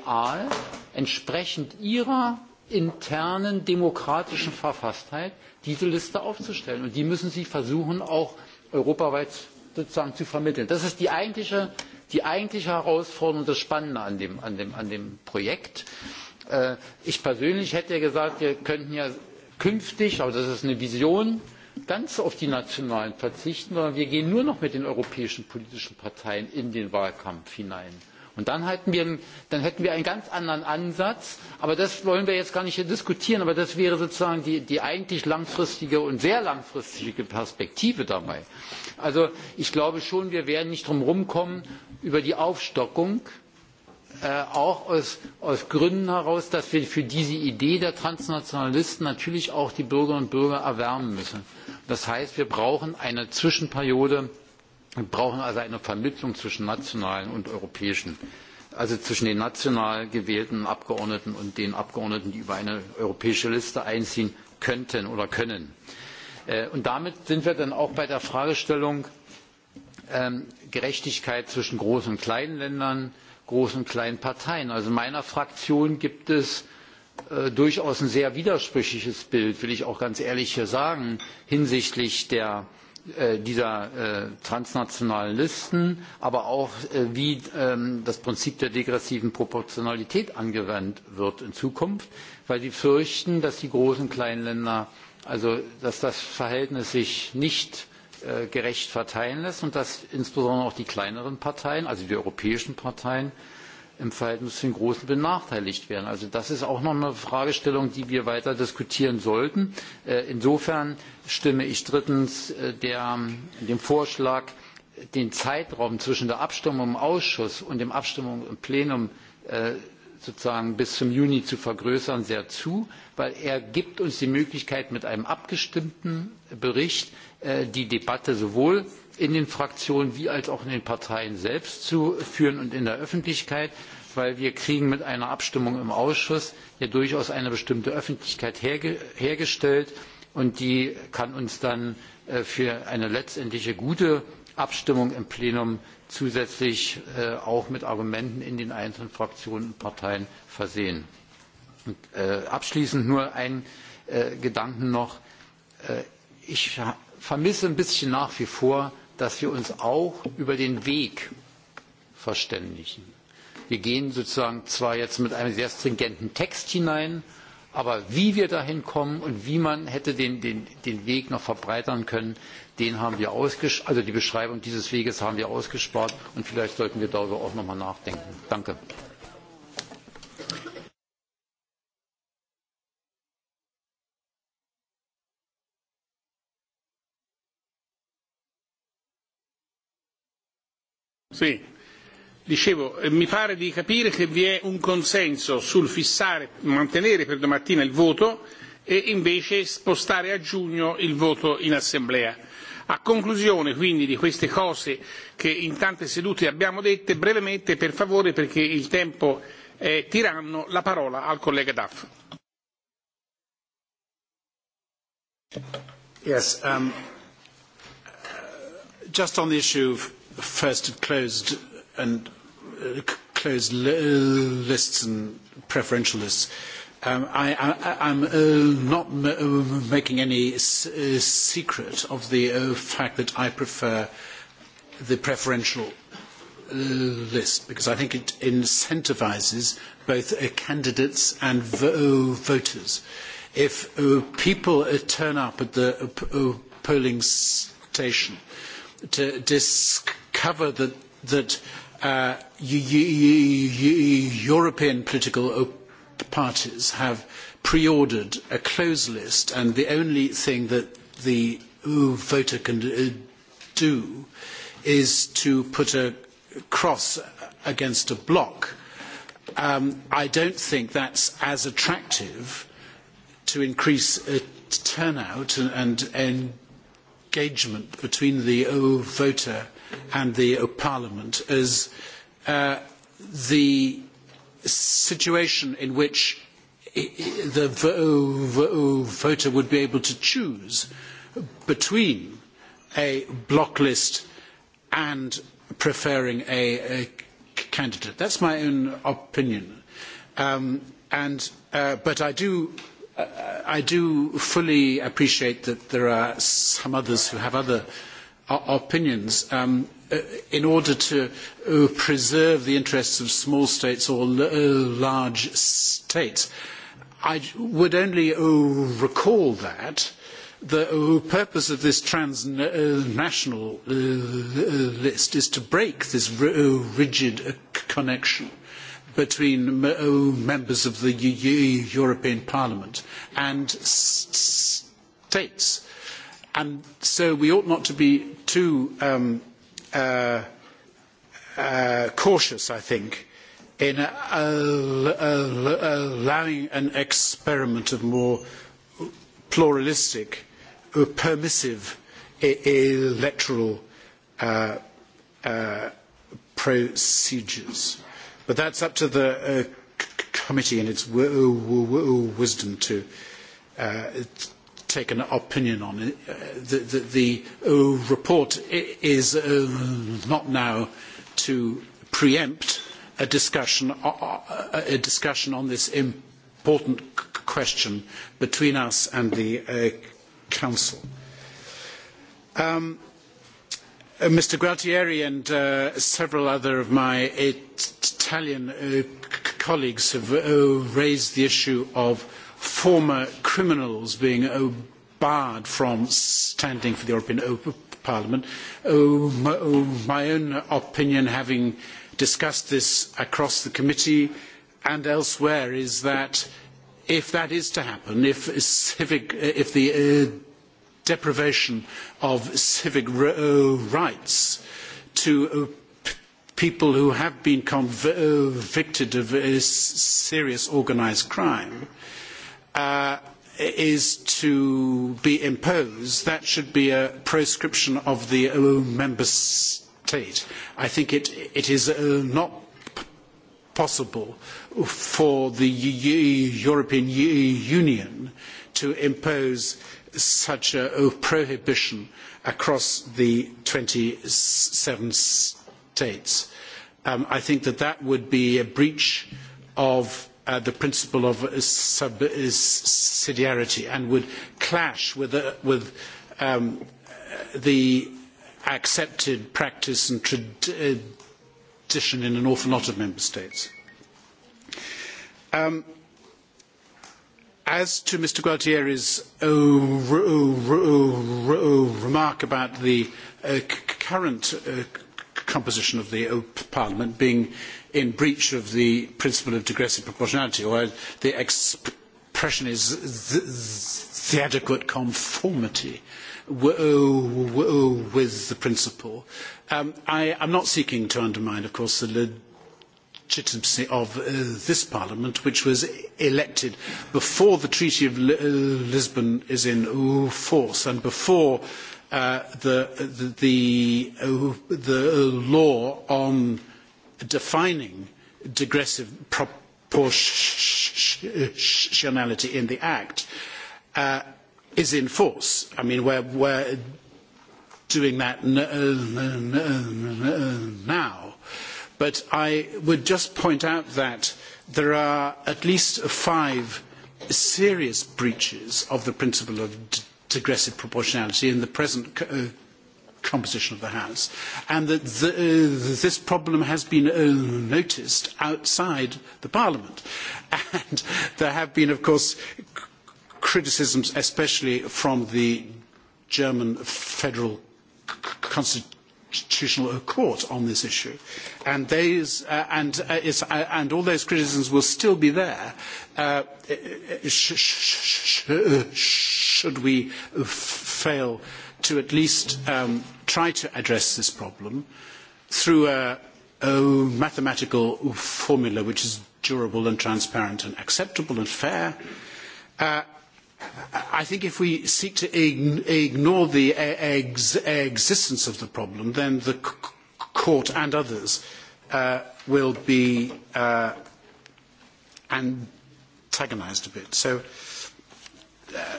entsprechend ihrer internen demokratischen Verfasstheit diese Liste aufzustellen. Und die müssen Sie versuchen, auch europaweit sozusagen zu vermitteln. Das ist die eigentliche, die eigentliche Herausforderung, das Spannende an dem, an dem, an dem Projekt. Äh, ich persönlich hätte ja gesagt, wir könnten ja künftig, aber das ist eine Vision, ganz auf die nationalen verzichten, sondern wir gehen nur noch mit den europäischen politischen Parteien in den Wahlkampf hinein Und dann hätten, wir, dann hätten wir einen ganz anderen ansatz aber das wollen wir jetzt gar nicht hier diskutieren aber das wäre sozusagen die, die eigentlich langfristige und sehr langfristige perspektive dabei. also ich glaube schon wir werden nicht drum herum kommen über die aufstockung äh, auch aus, aus gründen heraus dass wir für diese idee der transnationalisten natürlich auch die bürgerinnen und bürger erwärmen müssen. das heißt wir brauchen eine zwischenperiode wir brauchen also eine vermittlung zwischen nationalen und europäischen also zwischen den national gewählten abgeordneten und den abgeordneten die über eine europäische liste einziehen könnten oder können. Äh, und damit sind wir dann auch bei der fragestellung ähm, gerechtigkeit zwischen großen und kleinen ländern großen und kleinen parteien. also in meiner fraktion gibt es äh, durchaus ein sehr widersprüchliches bild will ich auch ganz ehrlich hier sagen hinsichtlich der Äh, dieser äh, transnationalen Listen, aber auch äh, wie ähm, das Prinzip der degressiven Proportionalität angewendet wird in Zukunft, weil sie fürchten, dass die großen kleinen Länder, also dass das Verhältnis sich nicht gerecht verteilen lässt und dass insbesondere auch die kleineren Parteien, also die europäischen Parteien, im Verhältnis zu den Großen benachteiligt werden. Also das ist auch noch eine Fragestellung, die wir weiter diskutieren sollten. Äh, insofern stimme ich drittens äh, der, dem Vorschlag, den Zeitraum zwischen der Abstimmung im Ausschuss und der Abstimmung im Plenum äh, sozusagen bis zum Juni zu vergrößern, sehr zu, weil er gibt uns die Möglichkeit, mit einem abgestimmten Bericht die Debatte sowohl in den fraktionen wie als auch in den parteien selbst zu führen und in der öffentlichkeit weil wir mit einer abstimmung im ausschuss ja durchaus eine bestimmte öffentlichkeit hergestellt hergestellt und die kann uns dann äh, für eine letztendliche gute abstimmung im plenum zusätzlich äh, auch mit argumenten in den einzelnen fraktionen und parteien versehen. Äh, abschließend nur ein gedanke noch ich vermisse ein bisschen nach wie vor dass wir uns auch über den Weg verständigen. Wir gehen sozusagen zwar jetzt mit einem sehr stringenten Text hinein, aber wie wir dahin kommen und wie man hätte den, den, den Weg noch verbreitern können, den haben wir also die Beschreibung dieses Weges haben wir ausgespart und vielleicht sollten wir darüber auch noch mal nachdenken. Danke. dicevo, eh, mi pare di capire che vi è un consenso sul fissare, mantenere per domattina il voto e invece spostare a giugno il voto in assemblea. A conclusione quindi di queste cose che in tante sedute abbiamo dette, brevemente per favore perché il tempo è tiranno, la parola al collega Duff. Yes, um, just on the issue of first closed and uh, closed uh, lists and preferential lists. Um, I, am uh, not uh, making any uh, secret of the uh, fact that I prefer the preferential list because I think it incentivizes both uh, candidates and voters. If uh, people uh, turn up at the polling station to discuss cover that, that uh, European political parties have pre-ordered a close list, and the only thing that the voter can uh, do is to put a cross against a block. Um, I don't think that's as attractive to increase uh, turnout and, and, engagement between the uh, voter and the uh, Parliament is uh, the situation in which the voter would be able to choose between a block list and preferring a, a candidate. That's my own opinion. Um, and, uh, but I do, uh, I do fully appreciate that there are some others who have other opinions um, uh, in order to uh, preserve the interests of small states or uh, large states. I would only recall that the purpose of this transnational list is to break this rigid connection between members of the European Parliament and states And so we ought not to be too um, uh, uh, cautious, I think, in al al allowing an experiment of more pluralistic, uh, permissive electoral uh, uh, procedures. But that's up to the uh, committee and its wisdom to take an opinion on it. Uh, the, the, the uh, report is uh, not now to preempt a discussion, uh, a discussion on this important question between us and the Council. Um, Uh, Mr. Gualtieri and uh, several other of my Italian uh, colleagues have raised the issue of former criminals being oh, barred from standing for the European Parliament. Oh, oh, my, own opinion, having discussed this across the committee and elsewhere, is that if that is to happen, if, civic, if the uh, deprivation of civic uh, rights to uh, people who have been convicted of serious organised crime uh, is to be imposed, that should be a proscription of the member state. I think it, it is uh, not possible for the European Union to impose such a prohibition across the 27 states. Um, I think that that would be a breach of uh, the principle of uh, subsidiarity and would clash with, uh, with um, the accepted practice and tradition in an awful lot of member states. Um, as to Mr Gualtieri's uh, uh, remark about the uh, current composition of the Parliament being in breach of the principle of digressive proportionality, or the expression is the, the adequate conformity with the principle. Um, I am not seeking to undermine, of course, the legitimacy of uh, this Parliament, which was elected before the Treaty of Lisbon is in force and before uh, the, the, the, uh, the law on defining digressive proportionality in the Act uh, is in force. I mean, we're, we're doing that now. But I would just point out that there are at least five serious breaches of the principle of digressive proportionality in the present uh, composition of the House, and that the, uh, this problem has been uh, noticed outside the Parliament. [laughs] And there have been, of course, criticisms, especially from the German Federal Constitutional Court on this issue. And, those, uh, and, uh, uh, and all those criticisms will still be there uh, sh sh sh should we fail to at least um, try to address this problem through a, a mathematical formula which is durable and transparent and acceptable and fair. Uh, I think if we seek to ignore the ex existence of the problem, then the court and others uh, will be uh, antagonised a bit. So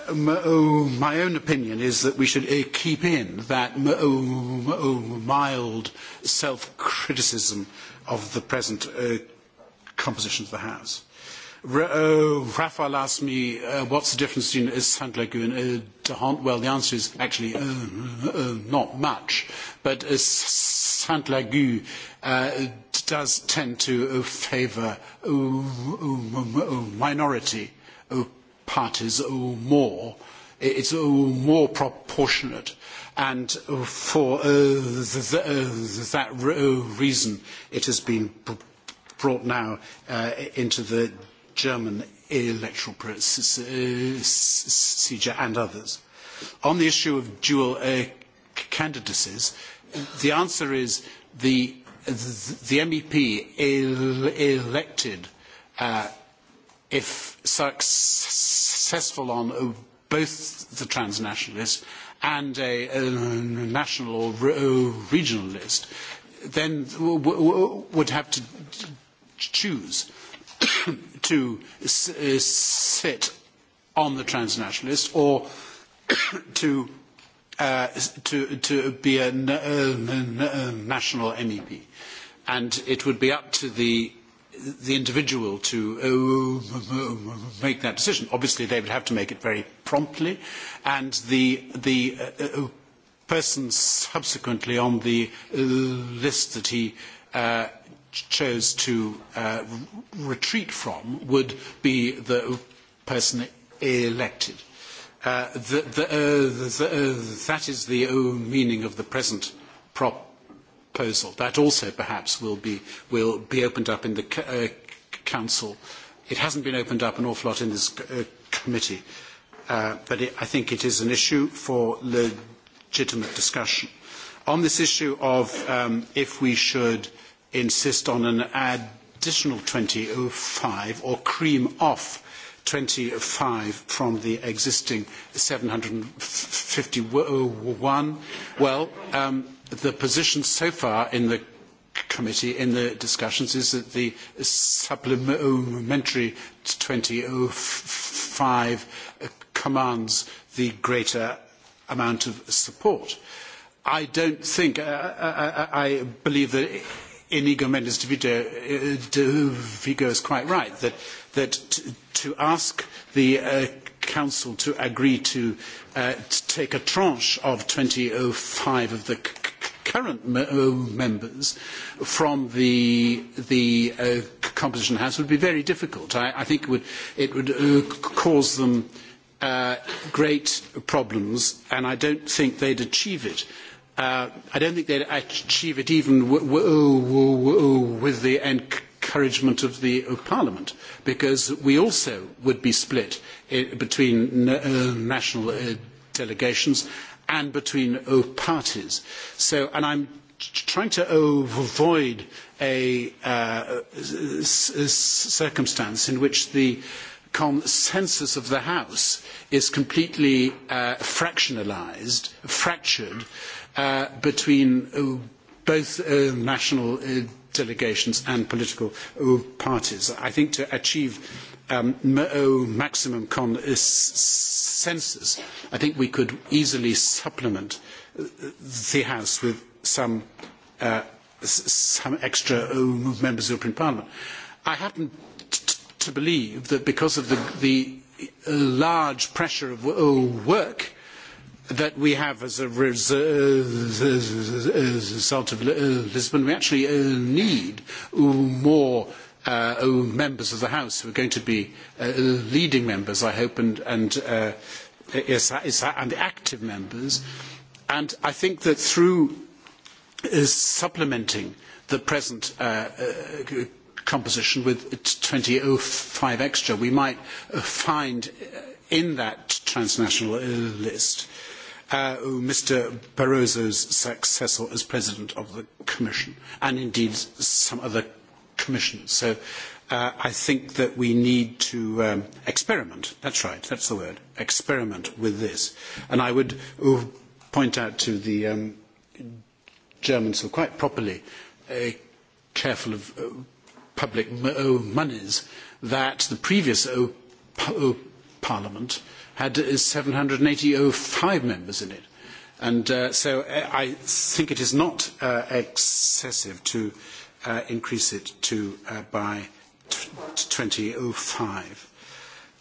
Uh, my own opinion is that we should uh, keep in that uh, mild self-criticism of the present composition of the House. Raphael asked me, uh, what's the difference between Saint Legu and Hont? Well, the answer is actually uh, uh, not much. But Saint Lagoon does tend to favour minority parties more. It's more proportionate. And for uh, uh, that uh, reason, it has been brought now into the German electoral procedure and others. On the issue of dual candidacies, the answer is the, the MEP elected uh, if successful on both the transnational list and a, a national or regional list, then would have to choose [coughs] to uh, sit on the transnational list or [coughs] to, uh, to, to be a, a national MEP. And it would be up to the the individual to uh, make that decision. Obviously, they would have to make it very promptly, and the, the uh, uh person subsequently on the uh, list that he uh, chose to uh, retreat from would be the person elected. The, the, that is the meaning of the present prop proposal. That also perhaps will be, will be opened up in the uh, Council. It hasn't been opened up an awful lot in this uh, committee, uh, but it, I think it is an issue for legitimate discussion. On this issue of um, if we should insist on an additional 2005 or cream off 25 from the existing 751, well, um, the position so far in the committee in the discussions is that the supplementary 2005 commands the greater amount of support. I don't think, uh, I, uh, uh, I believe that Inigo Mendes uh, de Vigo, de Vigo is quite right, that, that to ask the uh, Council to agree to uh, take a tranche of 2005 of the current uh, members from the, the uh, composition house would be very difficult. I, I think it would, it would uh, cause them uh, great problems, and I don't think they'd achieve it. Uh, I don't think they'd achieve it even with the encouragement of the of uh, Parliament, because we also would be split uh, between national delegations and between parties. So, and I'm trying to avoid a uh, circumstance in which the consensus of the House is completely uh, fractionalised, fractured uh, between uh, both uh, national uh, delegations and political parties. I think to achieve um, oh, maximum consensus, uh, I think we could easily supplement uh, the House with some, uh, some extra oh, members of the European Parliament. I happen to believe that because of the, the large pressure of oh, work that we have as a result of uh, Lisbon, we actually need more uh, members of the House who are going to be uh, leading members, I hope, and, and, uh, and active members. And I think that through uh, supplementing the present uh, uh, composition with 2005 extra, we might find in that transnational list uh, Mr Barroso's successor as President of the Commission, and indeed some other commission. So uh, I think that we need to um, experiment. That's right. That's the word. Experiment with this. And I would ooh, point out to the um, Germans who are quite properly uh, careful of uh, public oh, monies that the previous oh, oh, parliament had 785 uh, members in it. And uh, so uh, I think it is not uh, excessive to Uh, increase it to uh, by t- 2005.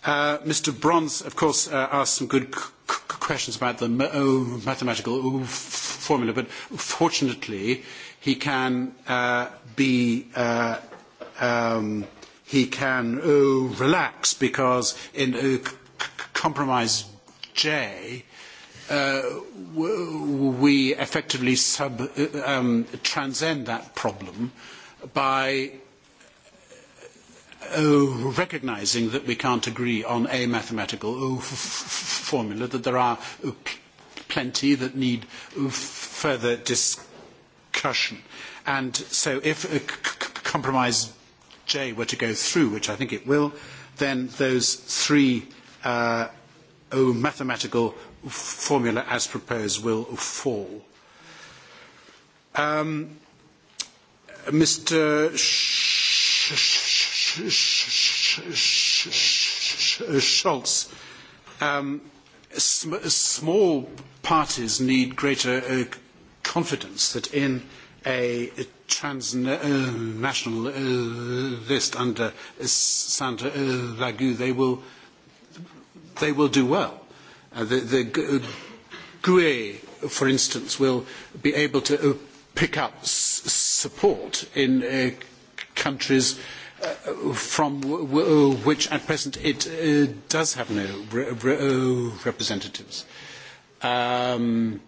Uh, Mr. Bronze, of course, uh, asked some good c- questions about the m- oh, mathematical oh, f- formula, but fortunately, he can uh, be uh, um, he can oh, relax because in oh, c- compromise J, uh, we effectively sub, uh, um, transcend that problem by recognising uh, recognizing that we can't agree on a mathematical uh, formula, that there are uh, plenty that need further discussion. And so if a compromise J were to go through, which I think it will, then those three uh, oh, mathematical formula as proposed will fall. Um, Mr. Schulz, um, small parties need greater uh, confidence that in a transnational uh, list under Santa Lagu, they will they will do well. Uh, the GUE, for instance, will be able to pick up support in uh, countries uh, from which at present it uh, does have no re re uh, representatives. Um,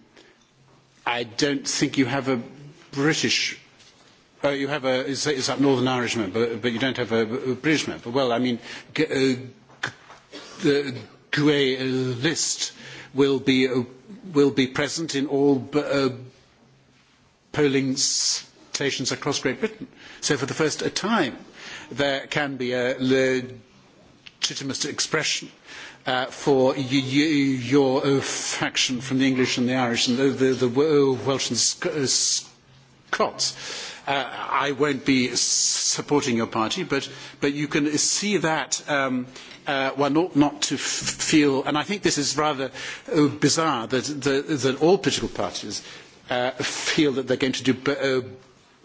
I don't think you have a British. Uh, you have a is, is that Northern Irish member, but you don't have a, a British member. Well, I mean, g- uh, the uh, GUE list will be uh, will be present in all. B- uh, polling stations across Great Britain. So for the first time, there can be a legitimate expression uh, for your uh, faction from the English and the Irish and the, the, the uh, Welsh and Sc uh, Scots. Uh, I won't be supporting your party, but, but you can see that um, uh, one ought not to feel, and I think this is rather bizarre, that, that, that all political parties Uh, feel that they're going to do uh,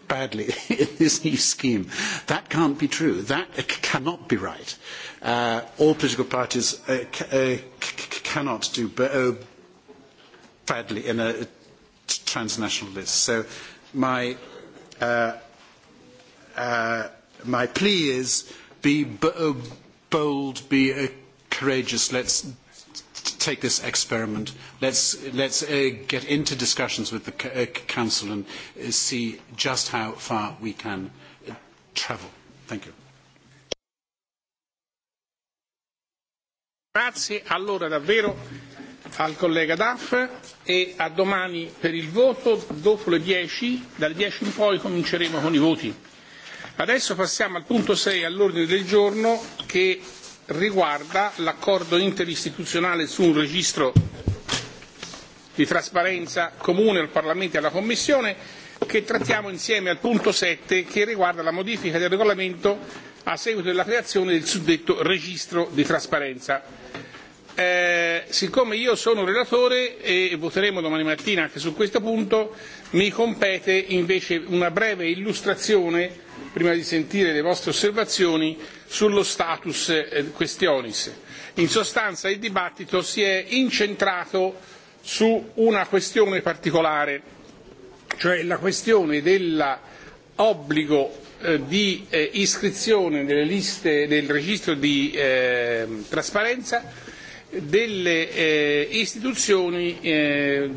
badly [laughs] in this new scheme. That can't be true. That uh, cannot be right. Uh, all political parties uh, cannot do badly in a transnational list. So my, my plea is be bold, be courageous. Let's take this experiment. Let's, let's uh, get into discussions with the uh, Council and uh, see just how far we can uh, travel. Thank you. Grazie allora davvero al collega Duff e a domani per il voto dopo le 10, dalle 10 in poi cominceremo con i voti. Adesso passiamo al punto 6 all'ordine del giorno che riguarda l'accordo interistituzionale su un registro di trasparenza comune al Parlamento e alla Commissione che trattiamo insieme al punto 7 che riguarda la modifica del regolamento a seguito della creazione del suddetto registro di trasparenza. Eh, siccome io sono un relatore e voteremo domani mattina anche su questo punto, mi compete invece una breve illustrazione, prima di sentire le vostre osservazioni, sullo status eh, questionis. In sostanza il dibattito si è incentrato su una questione particolare, cioè la questione dell'obbligo eh, di eh, iscrizione nelle liste del registro di eh, trasparenza delle eh, istituzioni eh,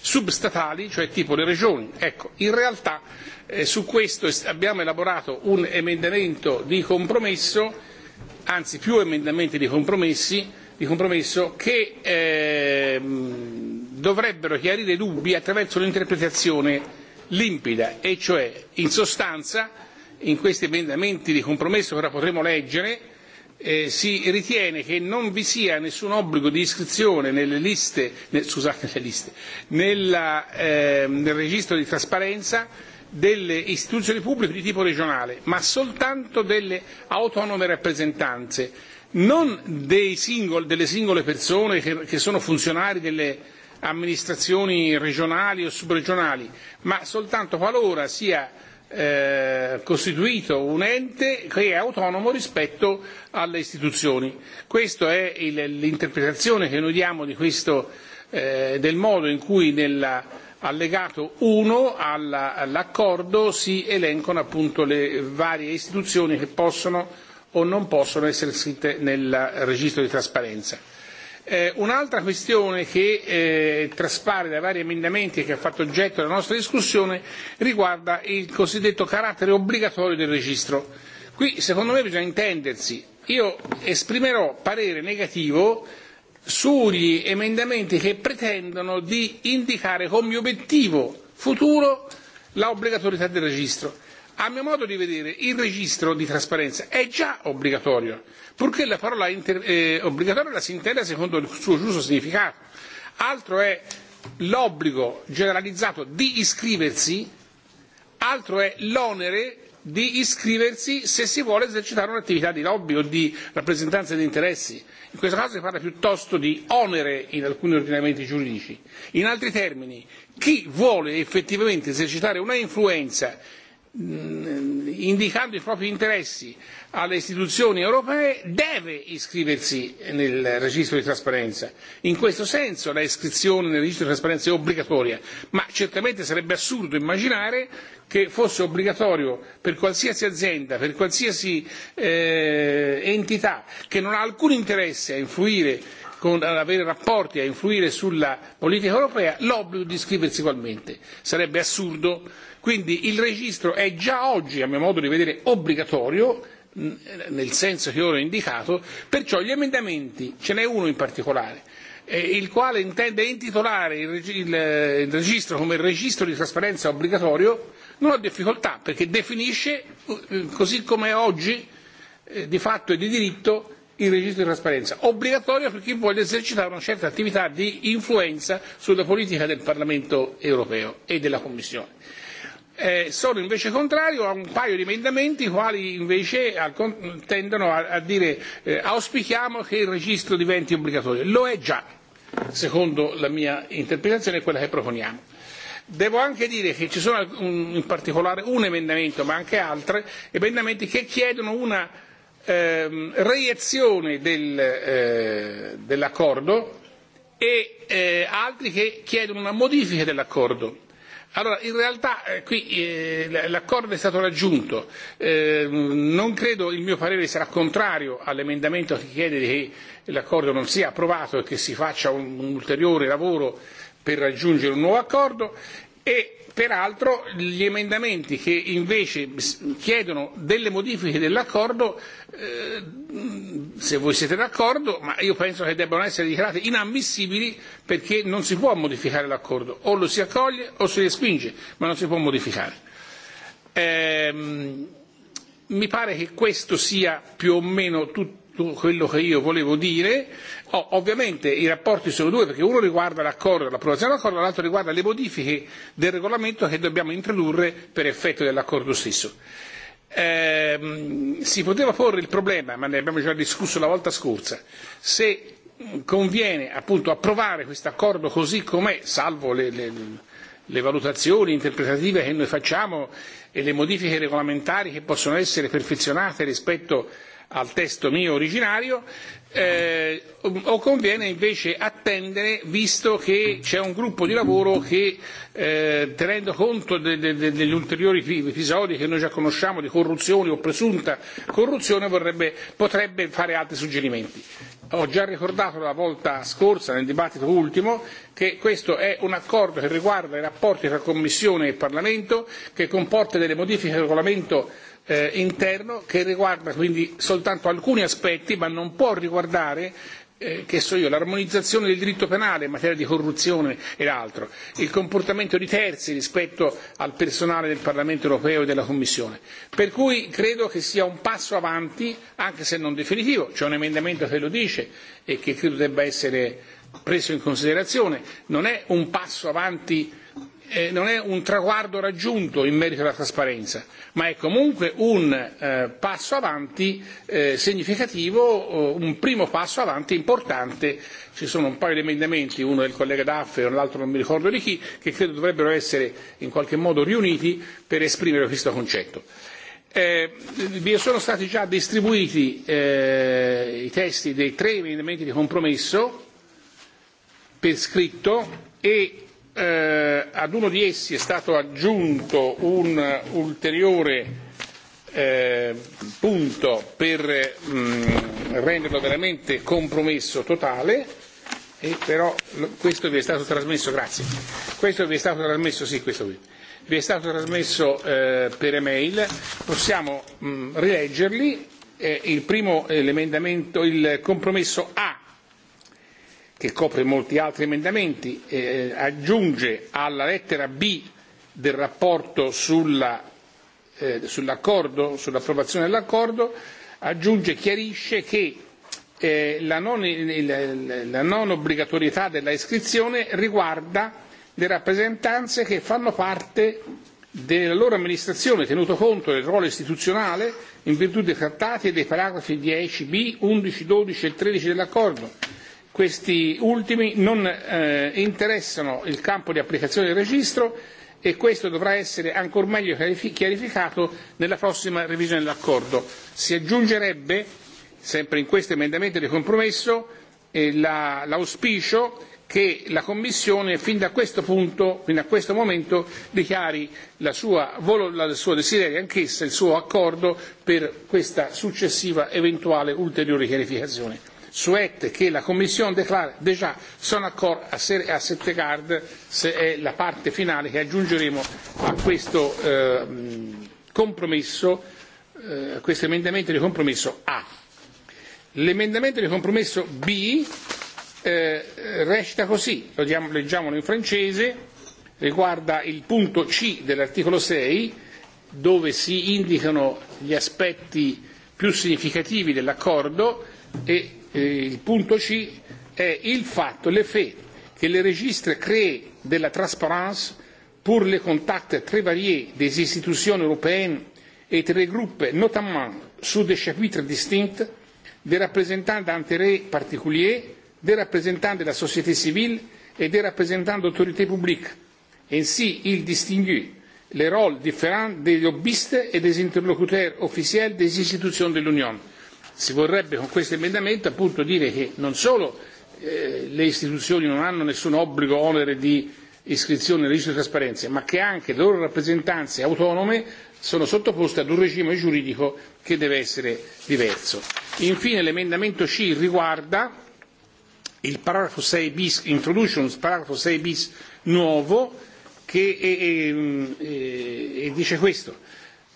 substatali, cioè tipo le regioni. Ecco, in realtà eh, su questo abbiamo elaborato un emendamento di compromesso, anzi più emendamenti di, compromessi, di compromesso, che eh, dovrebbero chiarire dubbi attraverso un'interpretazione limpida, e cioè in sostanza in questi emendamenti di compromesso che ora potremo leggere eh, si ritiene che non vi sia nessun obbligo di iscrizione nelle liste, nel, scusate, nelle liste, nella, eh, nel registro di trasparenza delle istituzioni pubbliche di tipo regionale, ma soltanto delle autonome rappresentanze, non dei singol, delle singole persone che, che sono funzionari delle amministrazioni regionali o subregionali, ma soltanto qualora sia Eh, costituito un ente che è autonomo rispetto alle istituzioni. Questa è il, l'interpretazione che noi diamo di questo, eh, del modo in cui nell'allegato allegato 1 alla, all'accordo si elencano appunto le varie istituzioni che possono o non possono essere scritte nel registro di trasparenza. Eh, un'altra questione che eh, traspare dai vari emendamenti che ha fatto oggetto della nostra discussione riguarda il cosiddetto carattere obbligatorio del registro. Qui secondo me bisogna intendersi. Io esprimerò parere negativo sugli emendamenti che pretendono di indicare come obiettivo futuro l'obbligatorietà del registro a mio modo di vedere il registro di trasparenza è già obbligatorio purché la parola inter- eh, obbligatorio la si intenda secondo il suo giusto significato altro è l'obbligo generalizzato di iscriversi altro è l'onere di iscriversi se si vuole esercitare un'attività di lobby o di rappresentanza di interessi. In questo caso si parla piuttosto di onere in alcuni ordinamenti giuridici. In altri termini, chi vuole effettivamente esercitare una influenza Mm, indicando i propri interessi alle istituzioni europee deve iscriversi nel registro di trasparenza. In questo senso la iscrizione nel registro di trasparenza è obbligatoria, ma certamente sarebbe assurdo immaginare che fosse obbligatorio per qualsiasi azienda, per qualsiasi eh, entità che non ha alcun interesse a influire ad avere rapporti e a influire sulla politica europea l'obbligo di iscriversi ugualmente. Sarebbe assurdo. Quindi il registro è già oggi, a mio modo di vedere, obbligatorio nel senso che ora ho indicato, perciò gli emendamenti, ce n'è uno in particolare, il quale intende intitolare il, registro come registro di trasparenza obbligatorio, non ho difficoltà perché definisce, eh, così come è oggi, eh, di fatto e di diritto, il registro di trasparenza, obbligatorio per chi voglia esercitare una certa attività di influenza sulla politica del Parlamento europeo e della Commissione. Eh, sono invece contrario a un paio di emendamenti quali invece tendono a, a dire eh, auspichiamo che il registro diventi obbligatorio. Lo è già, secondo la mia interpretazione e quella che proponiamo. Devo anche dire che ci sono un, in particolare un emendamento, ma anche altri emendamenti che chiedono una ehm, reiezione del, eh, dell'accordo e eh, altri che chiedono una modifica dell'accordo. Allora, in realtà eh, qui eh, l'accordo è stato raggiunto, eh, non credo il mio parere sarà contrario all'emendamento che chiede che l'accordo non sia approvato e che si faccia un, un ulteriore lavoro per raggiungere un nuovo accordo e peraltro gli emendamenti che invece chiedono delle modifiche dell'accordo, eh, se voi siete d'accordo, ma io penso che debbano essere dichiarati inammissibili perché non si può modificare l'accordo, o lo si accoglie o si respinge, ma non si può modificare. Ehm, mi pare che questo sia più o meno tutto quello che io volevo dire. Oh, ovviamente i rapporti sono due perché uno riguarda l'accordo, l'approvazione dell'accordo, l'altro riguarda le modifiche del regolamento che dobbiamo introdurre per effetto dell'accordo stesso. Eh, si poteva porre il problema, ma ne abbiamo già discusso la volta scorsa, se mm, conviene appunto approvare questo accordo così com'è, salvo le, le, le valutazioni interpretative che noi facciamo e le modifiche regolamentari che possono essere perfezionate rispetto al testo mio originario eh, o conviene invece attendere visto che c'è un gruppo di lavoro che eh, tenendo conto de, de, de, degli ulteriori episodi che noi già conosciamo di corruzione o presunta corruzione vorrebbe, potrebbe fare altri suggerimenti. Ho già ricordato la volta scorsa nel dibattito ultimo che questo è un accordo che riguarda i rapporti tra Commissione e Parlamento che comporta delle modifiche al regolamento eh, interno che riguarda quindi soltanto alcuni aspetti ma non può riguardare eh, che so io, l'armonizzazione del diritto penale in materia di corruzione e altro, il comportamento di terzi rispetto al personale del Parlamento europeo e della Commissione. Per cui credo che sia un passo avanti, anche se non definitivo, c'è un emendamento che lo dice e che credo debba essere preso in considerazione, non è un passo avanti eh, non è un traguardo raggiunto in merito alla trasparenza, ma è comunque un eh, passo avanti eh, significativo, eh, un primo passo avanti importante. Ci sono un paio di emendamenti, uno del collega Daff e l'altro non mi ricordo di chi, che credo dovrebbero essere in qualche modo riuniti per esprimere questo concetto. Eh, vi sono stati già distribuiti eh, i testi dei tre emendamenti di compromesso per scritto e eh, ad uno di essi è stato aggiunto un ulteriore eh, punto per mh, mm, renderlo veramente compromesso totale e però questo vi è stato trasmesso, grazie, questo vi è stato trasmesso, sì questo qui, vi è stato trasmesso eh, per email, possiamo mh, mm, rileggerli, eh, il primo eh, l'emendamento, il compromesso A che copre molti altri emendamenti, eh, aggiunge alla lettera B del rapporto sulla, eh, sull'accordo, sull'approvazione dell'accordo, aggiunge, chiarisce che eh, la, non, la, la non obbligatorietà della iscrizione riguarda le rappresentanze che fanno parte della loro amministrazione, tenuto conto del ruolo istituzionale in virtù dei trattati e dei paragrafi 10b, 11, 12 e 13 dell'accordo Questi ultimi non eh, interessano il campo di applicazione del registro e questo dovrà essere ancor meglio chiarificato nella prossima revisione dell'accordo. Si aggiungerebbe, sempre in questo emendamento di compromesso, eh, la, l'auspicio che la Commissione fin da questo punto, fin da questo momento, dichiari la sua, il suo desiderio anch'essa, il suo accordo per questa successiva eventuale ulteriore chiarificazione souhaite che la Commission déclare déjà son accord à cette égard, se la parte finale che aggiungeremo a questo eh, compromesso, eh, de questo emendamento di compromesso A. L'emendamento di compromesso B eh, recita così, lo diamo, leggiamolo in francese, riguarda il punto C dell'articolo 6, dove si indicano gli aspetti più significativi dell'accordo e eh, il punto C è il fatto, l'effet, che le registre crée de la transparence pour les contacts très variés des institutions européennes et regroupe notamment sous des chapitres distincts des représentants d'intérêts particuliers, des représentants de la société civile et des représentants d'autorités publiques. Ainsi, il distingue les rôles différents des lobbyistes et des interlocuteurs officiels des institutions de l'Union. Si vorrebbe con questo emendamento appunto dire che non solo eh, le istituzioni non hanno nessun obbligo o onere di iscrizione nel registro di trasparenza, ma che anche le loro rappresentanze autonome sono sottoposte ad un regime giuridico che deve essere diverso. Infine l'emendamento C riguarda il paragrafo 6 bis, introduce un paragrafo 6 bis nuovo che e, e, e, e dice questo.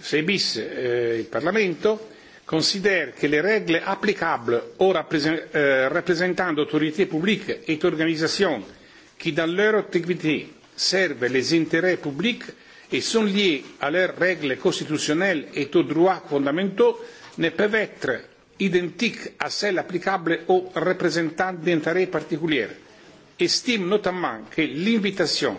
6 bis, eh, il Parlamento considère que les règles applicables aux eh, représentants d'autorités publiques et d'organisations qui, dans leur activité, servent les intérêts publics et sont liées à leurs règles constitutionnelles et aux droits fondamentaux ne peuvent être identiques à celles applicables aux représentants d'intérêts particuliers. Estime notamment que l'invitation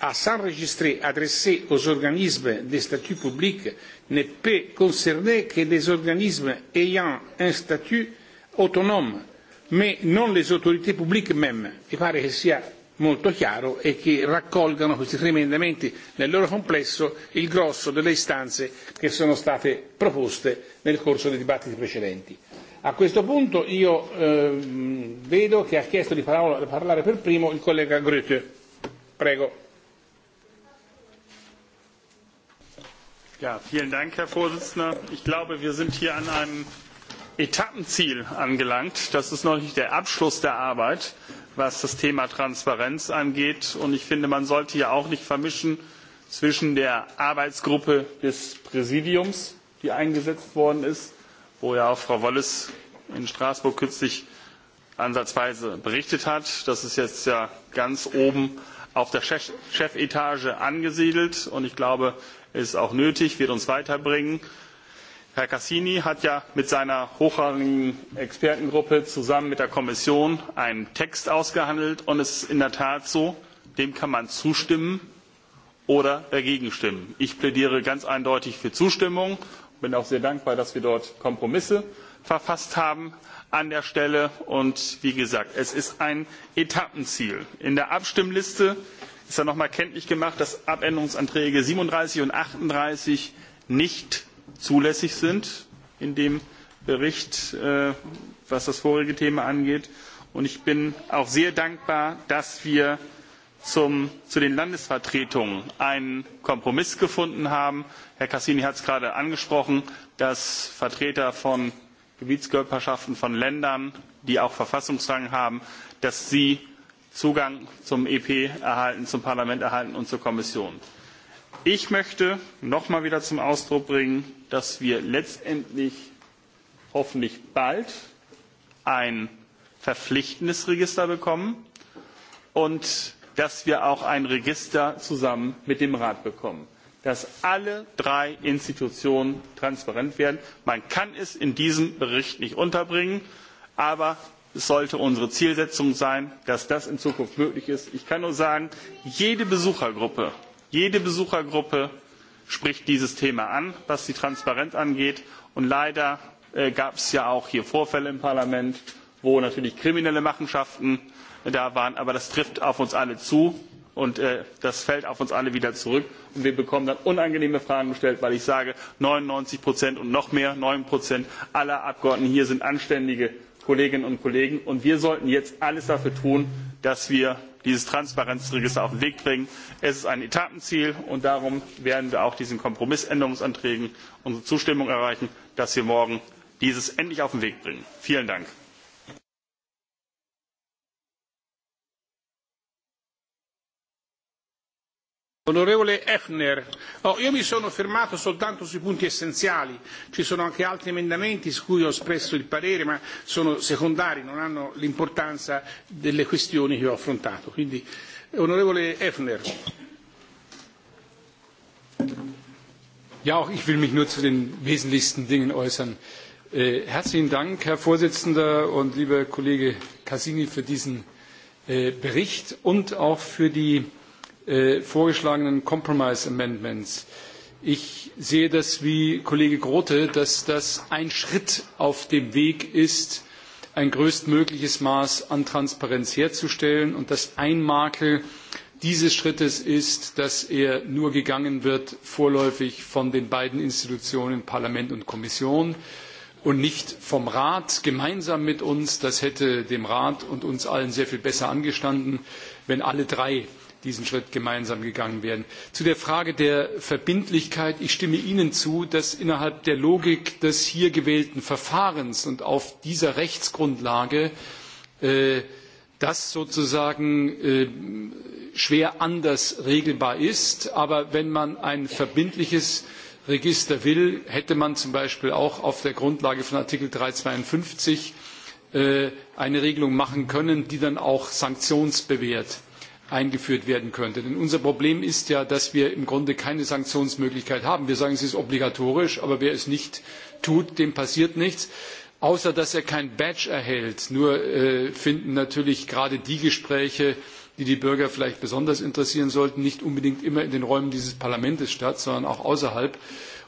à s'enregistrer adressée aux organismes de statut public ne peut concerner que les organismes ayant un statut autonome, mais non les autorités publiques mêmes. Mi pare che sia molto chiaro e che raccolgano questi tre emendamenti nel loro complesso il grosso delle istanze che sono state proposte nel corso dei dibattiti precedenti. A questo punto io ehm, vedo che ha chiesto di parola, parlare per primo il collega Goethe. Prego. Ja, vielen Dank, Herr Vorsitzender. Ich glaube, wir sind hier an einem Etappenziel angelangt. Das ist noch nicht der Abschluss der Arbeit, was das Thema Transparenz angeht. Und ich finde, man sollte hier auch nicht vermischen zwischen der Arbeitsgruppe des Präsidiums, die eingesetzt worden ist, wo ja auch Frau Wolles in Straßburg kürzlich ansatzweise berichtet hat. Das ist jetzt ja ganz oben auf der Chefetage angesiedelt. Und ich glaube, ist auch nötig wird uns weiterbringen. herr cassini hat ja mit seiner hochrangigen expertengruppe zusammen mit der kommission einen text ausgehandelt und es ist in der tat so dem kann man zustimmen oder dagegen stimmen. ich plädiere ganz eindeutig für zustimmung bin auch sehr dankbar dass wir dort kompromisse verfasst haben an der stelle und wie gesagt es ist ein etappenziel. in der abstimmliste ist dann nochmal kenntlich gemacht, dass Abänderungsanträge 37 und 38 nicht zulässig sind in dem Bericht, äh, was das vorige Thema angeht. Und ich bin auch sehr dankbar, dass wir zum, zu den Landesvertretungen einen Kompromiss gefunden haben. Herr Cassini hat es gerade angesprochen, dass Vertreter von Gebietskörperschaften von Ländern, die auch Verfassungsrang haben, dass sie Zugang zum EP erhalten, zum Parlament erhalten und zur Kommission. Ich möchte noch mal wieder zum Ausdruck bringen, dass wir letztendlich hoffentlich bald ein verpflichtendes Register bekommen und dass wir auch ein Register zusammen mit dem Rat bekommen dass alle drei Institutionen transparent werden. Man kann es in diesem Bericht nicht unterbringen, aber es sollte unsere zielsetzung sein dass das in zukunft möglich ist. ich kann nur sagen jede besuchergruppe, jede besuchergruppe spricht dieses thema an was die transparenz angeht und leider äh, gab es ja auch hier vorfälle im parlament wo natürlich kriminelle machenschaften äh, da waren aber das trifft auf uns alle zu und äh, das fällt auf uns alle wieder zurück und wir bekommen dann unangenehme Fragen gestellt, weil ich sage, 99 Prozent und noch mehr, 9 Prozent aller Abgeordneten hier sind anständige Kolleginnen und Kollegen. Und wir sollten jetzt alles dafür tun, dass wir dieses Transparenzregister auf den Weg bringen. Es ist ein Etappenziel und darum werden wir auch diesen Kompromissänderungsanträgen unsere Zustimmung erreichen, damit wir morgen dieses endlich auf den Weg bringen. Vielen Dank. Onorevole Efner, oh, io mi sono fermato soltanto sui punti essenziali, ci sono anche altri emendamenti su cui ho espresso il parere, ma sono secondari, non hanno l'importanza delle questioni che ho affrontato. Quindi, onorevole Efner. Ja, auch ich will mich nur zu den wesentlichsten Dingen äußern. Äh, herzlichen Dank, Herr Vorsitzender und lieber Kollege Cassini, für diesen äh, Bericht und auch für die Äh, vorgeschlagenen Compromise Amendments. Ich sehe das wie Kollege Grote, dass das ein Schritt auf dem Weg ist, ein größtmögliches Maß an Transparenz herzustellen und dass ein Makel dieses Schrittes ist, dass er nur gegangen wird vorläufig von den beiden Institutionen Parlament und Kommission und nicht vom Rat gemeinsam mit uns. Das hätte dem Rat und uns allen sehr viel besser angestanden, wenn alle drei diesen Schritt gemeinsam gegangen werden. Zu der Frage der Verbindlichkeit. Ich stimme Ihnen zu, dass innerhalb der Logik des hier gewählten Verfahrens und auf dieser Rechtsgrundlage äh, das sozusagen äh, schwer anders regelbar ist. Aber wenn man ein verbindliches Register will, hätte man zum Beispiel auch auf der Grundlage von Artikel 352 äh, eine Regelung machen können, die dann auch sanktionsbewährt eingeführt werden könnte. Denn unser Problem ist ja, dass wir im Grunde keine Sanktionsmöglichkeit haben. Wir sagen, es ist obligatorisch, aber wer es nicht tut, dem passiert nichts. Außer dass er kein Badge erhält. Nur äh, finden natürlich gerade die Gespräche, die die Bürger vielleicht besonders interessieren sollten, nicht unbedingt immer in den Räumen dieses Parlaments statt, sondern auch außerhalb.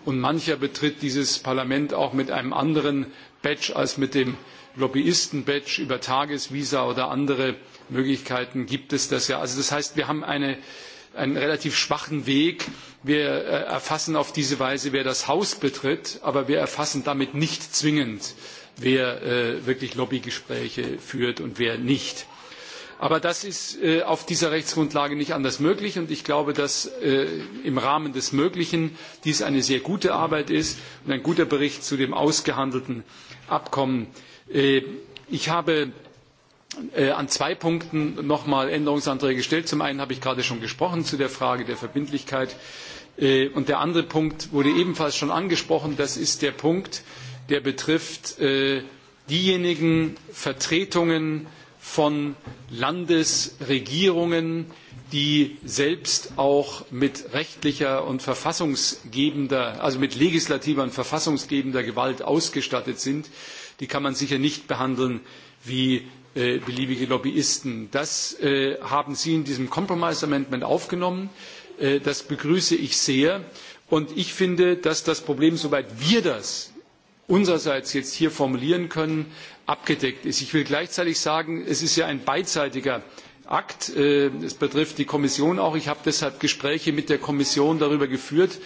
Und mancher betritt dieses Parlament auch mit einem anderen Badge als mit dem Lobbyisten-Badge über Tagesvisa oder andere Möglichkeiten gibt es das ja. Also das heißt, wir haben eine, einen relativ schwachen Weg. Wir äh, erfassen auf diese Weise, wer das Haus betritt, aber wir erfassen damit nicht zwingend, wer äh, wirklich Lobbygespräche führt und wer nicht. Aber das ist äh, auf dieser Rechtsgrundlage nicht anders möglich. Und ich glaube, dass äh, im Rahmen des Möglichen dies eine sehr gute Arbeit ist und ein guter Bericht zu dem ausgehandelten Abkommen. Äh, ich habe Äh, an zwei Punkten nochmal Änderungsanträge gestellt. Zum einen habe ich gerade schon gesprochen zu der Frage der Verbindlichkeit. Äh, und der andere Punkt wurde ebenfalls schon angesprochen. Das ist der Punkt, der betrifft äh, diejenigen Vertretungen von Landesregierungen, die selbst auch mit rechtlicher und verfassungsgebender, also mit legislativer und verfassungsgebender Gewalt ausgestattet sind. Die kann man sicher nicht behandeln wie Äh, beliebige Lobbyisten. Das äh, haben Sie in diesem Compromise Amendment aufgenommen. Äh, das begrüße ich sehr. Und ich finde, dass das Problem, soweit wir das unsererseits jetzt hier formulieren können, abgedeckt ist. Ich will gleichzeitig sagen, es ist ja ein beidseitiger Akt. Es betrifft die Kommission auch. Ich habe deshalb Gespräche mit der Kommission darüber geführt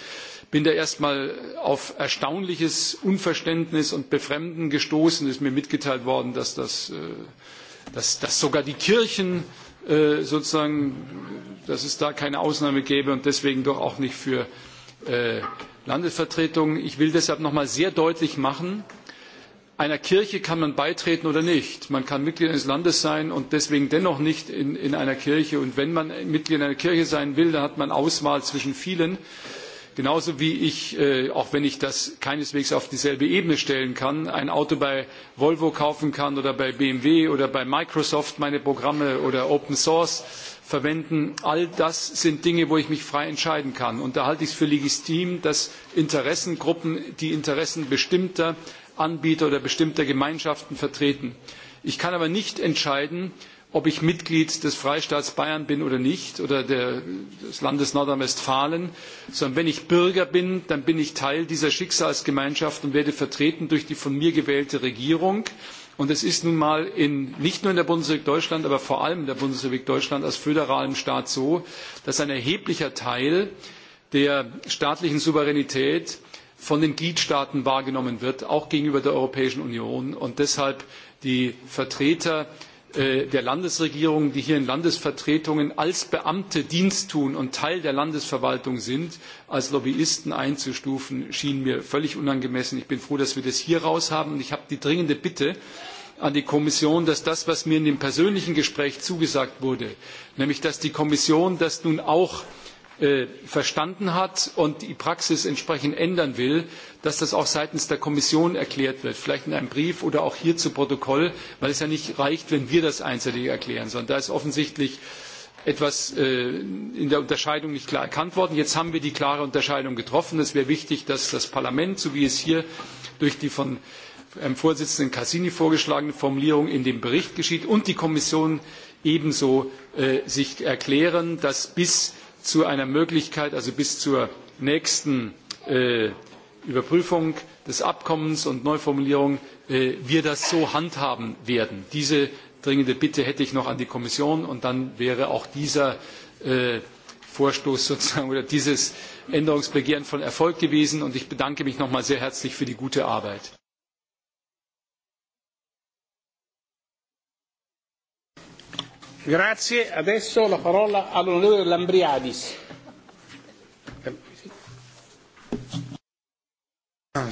bin da erst mal auf erstaunliches Unverständnis und Befremden gestoßen. Es ist mir mitgeteilt worden, dass das dass, dass sogar die Kirchen äh, sozusagen, dass es da keine Ausnahme gäbe und deswegen doch auch nicht für äh, Landesvertretungen. Ich will deshalb nochmal sehr deutlich machen, einer Kirche kann man beitreten oder nicht. Man kann Mitglied eines Landes sein und deswegen dennoch nicht in, in einer Kirche. Und wenn man Mitglied einer Kirche sein will, dann hat man Auswahl zwischen vielen. Äh, Genauso wie ich, äh, auch wenn ich das keineswegs auf dieselbe Ebene stellen kann, ein Auto bei Volvo kaufen kann oder bei BMW oder bei Microsoft meine Programme oder Open Source verwenden. All das sind Dinge, wo ich mich frei entscheiden kann. Und da halte ich es für legitim, dass Interessengruppen die Interessen bestimmter Anbieter oder bestimmter Gemeinschaften vertreten. Ich kann aber nicht entscheiden, ob ich Mitglied des Freistaats Bayern bin oder nicht oder der, des Landes Nordrhein-Westfalen, sondern wenn ich Bürger bin, dann bin ich Teil dieser Schicksalsgemeinschaft und werde vertreten durch die von mir gewählte Regierung. Und es ist nun mal in, nicht nur in der Bundesrepublik Deutschland, aber vor allem in der Bundesrepublik Deutschland als föderalem Staat so, dass ein erheblicher Teil der staatlichen Souveränität von den Gliedstaaten wahrgenommen wird, auch gegenüber der Europäischen Union. Und deshalb die Vertreter Äh, der landesregierungen die hier in landesvertretungen als beamte dienst tun und teil der landesverwaltung sind als lobbyisten einzustufen schien mir völlig unangemessen. ich bin froh dass wir das hier raus haben und ich habe die dringende bitte an die kommission dass das was mir in dem persönlichen gespräch zugesagt wurde nämlich dass die kommission das nun auch Äh, verstanden hat und die Praxis entsprechend ändern will, dass das auch seitens der Kommission erklärt wird, vielleicht in einem Brief oder auch hier zu Protokoll, weil es ja nicht reicht, wenn wir das einseitig erklären, sondern da ist offensichtlich etwas äh, in der Unterscheidung nicht klar erkannt worden. Jetzt haben wir die klare Unterscheidung getroffen. Es wäre wichtig, dass das Parlament, so wie es hier durch die von Herrn ähm, Vorsitzenden Cassini vorgeschlagene Formulierung in dem Bericht geschieht und die Kommission ebenso äh, sich erklären, dass bis zu einer Möglichkeit, also bis zur nächsten äh, Überprüfung des Abkommens und Neuformulierung, äh, wir das so handhaben werden. Diese dringende Bitte hätte ich noch an die Kommission und dann wäre auch dieser äh, Vorstoß sozusagen oder dieses Änderungsbegehren von Erfolg gewesen und ich bedanke mich nochmal sehr herzlich für die gute Arbeit. Grazie, adesso la parola all'onorevole Lambriadis.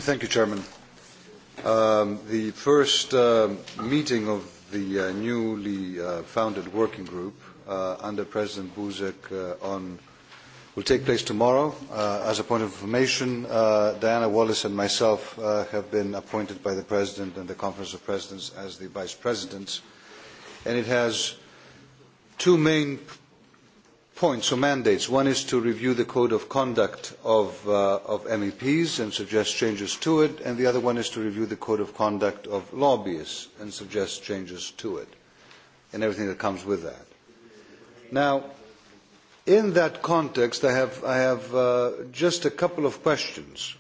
Thank you, Chairman. Um, the first uh, meeting of the uh, newly uh, founded working group uh, under President Buzek uh, on will take place tomorrow. Uh, as a point of information, uh, Diana Wallace and myself uh, have been appointed by the President and the Conference of Presidents as the Vice Presidents, and it has two main points or mandates. One is to review the code of conduct of, uh, of, MEPs and suggest changes to it, and the other one is to review the code of conduct of lobbyists and suggest changes to it, and everything that comes with that. Now, in that context, I have, I have uh, just a couple of questions.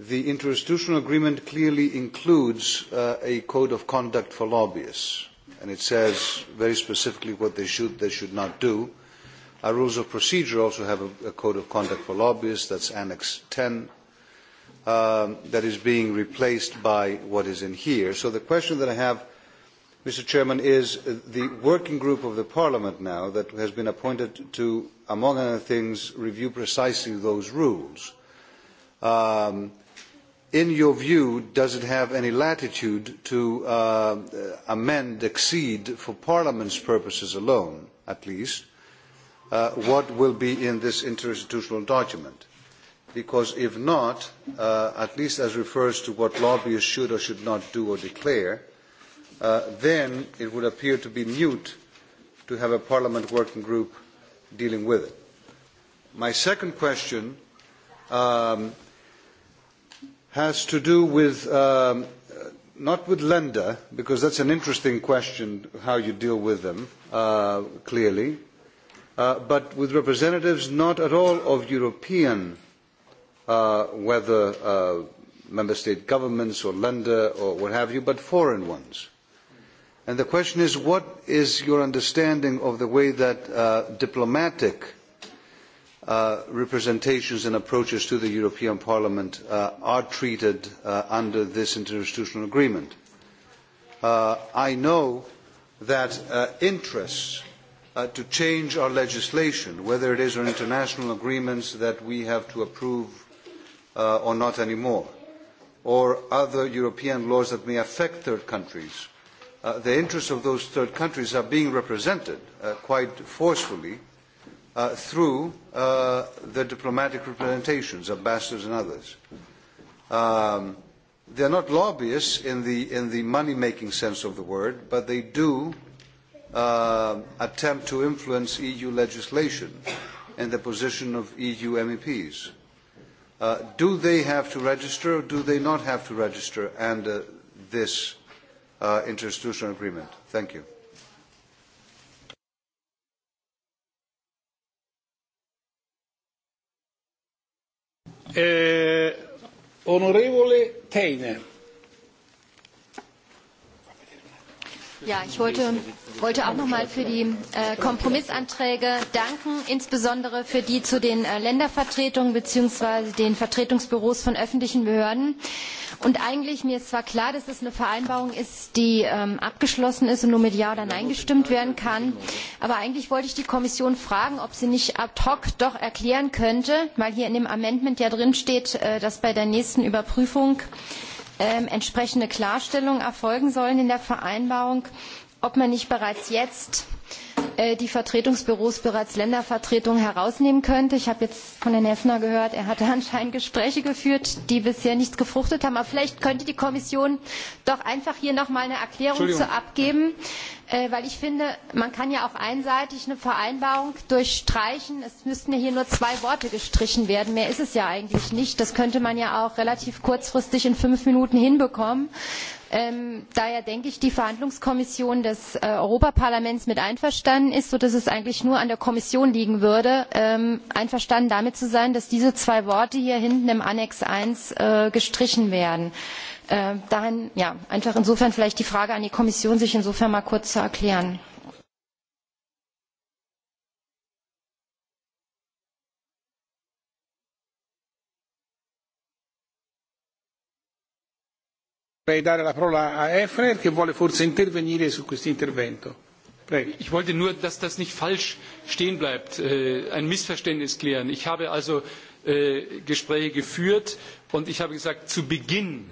The interinstitutional agreement clearly includes uh, a code of conduct for lobbyists and it says very specifically what they should they should not do. Our rules of procedure also have a, a code of conduct for lobbyists, that's Annex 10, um, that is being replaced by what is in here. So the question that I have, Mr. Chairman, is the working group of the Parliament now that has been appointed to, among other things, review precisely those rules. Um, in your view, does it have any latitude to uh, amend, exceed, for Parliament's purposes alone, at least, uh, what will be in this interinstitutional document? Because if not, uh, at least as refers to what lobbyists should or should not do or declare, uh, then it would appear to be mute to have a Parliament working group dealing with it. My second question um, has to do with um, not with lender, because that's an interesting question, how you deal with them, uh, clearly, uh, but with representatives not at all of European, uh, whether uh, member state governments or lender or what have you, but foreign ones. And the question is, what is your understanding of the way that uh, diplomatic Uh, representations and approaches to the European Parliament uh, are treated uh, under this interinstitutional agreement. Uh, I know that uh, interests to change our legislation, whether it is on international agreements that we have to approve or not anymore, or other European laws that may affect third countries, the interests of those third countries are being represented quite forcefully Uh, through uh, the diplomatic representations, ambassadors and others. Um, they are not lobbyists in the, in the money-making sense of the word, but they do uh, attempt to influence EU legislation and the position of EU MEPs. Uh, do they have to register or do they not have to register under this uh, interinstitutional agreement? Thank you. Eh, onorevole Teiner. Ja, ich wollte, wollte auch nochmal für die äh, Kompromissanträge danken, insbesondere für die zu den äh, Ländervertretungen bzw. den Vertretungsbüros von öffentlichen Behörden. Und eigentlich, mir ist zwar klar, dass es eine Vereinbarung ist, die ähm, abgeschlossen ist und nur mit Ja oder Nein gestimmt werden kann, aber eigentlich wollte ich die Kommission fragen, ob sie nicht ad hoc doch erklären könnte, weil hier in dem Amendment ja drin steht, äh, dass bei der nächsten Überprüfung äh, ähm, entsprechende Klarstellungen erfolgen sollen in der Vereinbarung, ob man nicht bereits jetzt Äh, die Vertretungsbüros bereits Ländervertretungen herausnehmen könnte. Ich habe jetzt von Herrn Heffner gehört, er hatte [laughs] anscheinend Gespräche geführt, die bisher nichts gefruchtet haben. Aber vielleicht könnte die Kommission doch einfach hier noch nochmal eine Erklärung zu abgeben, äh, weil ich finde, man kann ja auch einseitig eine Vereinbarung durchstreichen. Es müssten ja hier nur zwei Worte gestrichen werden. Mehr ist es ja eigentlich nicht. Das könnte man ja auch relativ kurzfristig in fünf Minuten hinbekommen. Ähm, daher denke ich die verhandlungskommission des äh, europäischen parlaments mit einverstanden ist sodass es eigentlich nur an der kommission liegen würde ähm, einverstanden damit zu sein dass diese zwei worte hier hinten im anhang äh, i gestrichen werden. Äh, insofern vielleicht die frage an die kommission sich insofern mal kurz zu erklären. Vorrei dare la parola a Efner che vuole forse intervenire su questo intervento. Prego. Ich wollte nur, dass das nicht falsch stehen bleibt, äh, ein Missverständnis klären. Ich habe also äh, Gespräche geführt und ich habe gesagt, zu Beginn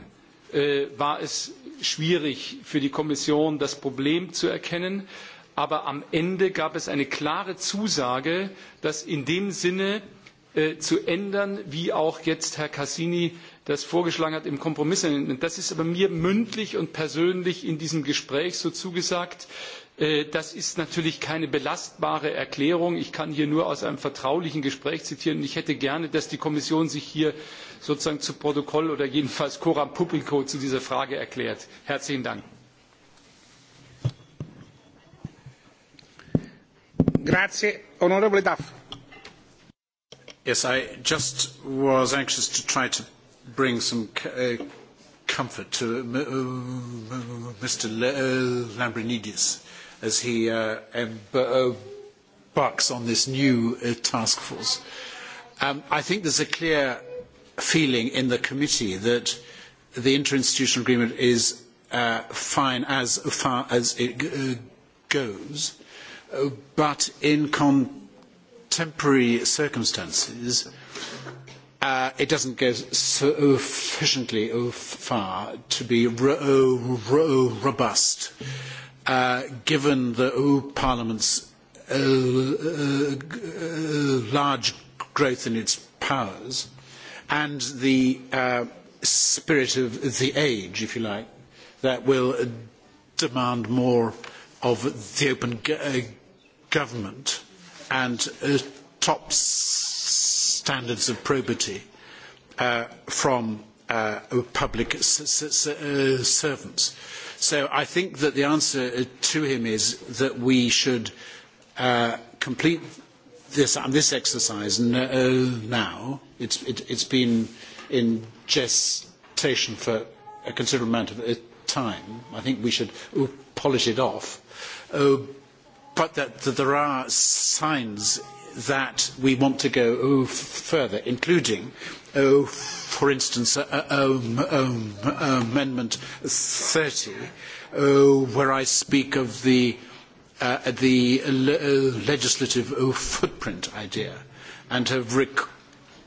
äh, war es schwierig für die Kommission, das Problem zu erkennen. Aber am Ende gab es eine klare Zusage, das in dem Sinne zu ändern, wie auch jetzt Herr Cassini äh, das vorgeschlagen hat, im Kompromiss endet. Das ist aber mir mündlich und persönlich in diesem Gespräch so zugesagt. Äh, das ist natürlich keine belastbare Erklärung. Ich kann hier nur aus einem vertraulichen Gespräch zitieren. Ich hätte gerne, dass die Kommission sich hier sozusagen zu Protokoll oder jedenfalls Coram Publico zu dieser Frage erklärt. Herzlichen Dank. Grazie, onorevole Duff. Yes, I just was anxious to try to bring some uh, comfort to uh, Mr. Uh, uh, Lambrinidis as he uh, embarks on this new uh, task force. Um, I think there's a clear feeling in the committee that the interinstitutional agreement is uh, fine as far as it goes, but in contemporary circumstances, Uh, it doesn't go sufficiently far to be robust, uh, given the Parliament's uh, uh, large growth in its powers and the uh, spirit of the age, if you like, that will demand more of the open government and top standards of probity uh, from uh, public uh, servants. So I think that the answer to him is that we should uh, complete this, this exercise uh, now. It's, it, it's been in gestation for a considerable amount of uh, time. I think we should polish it off. Uh, but that, that there are signs that we want to go oh, further, including, oh, for instance, uh, um, um, Amendment 30, oh, where I speak of the, uh, the le uh, legislative oh, footprint idea and have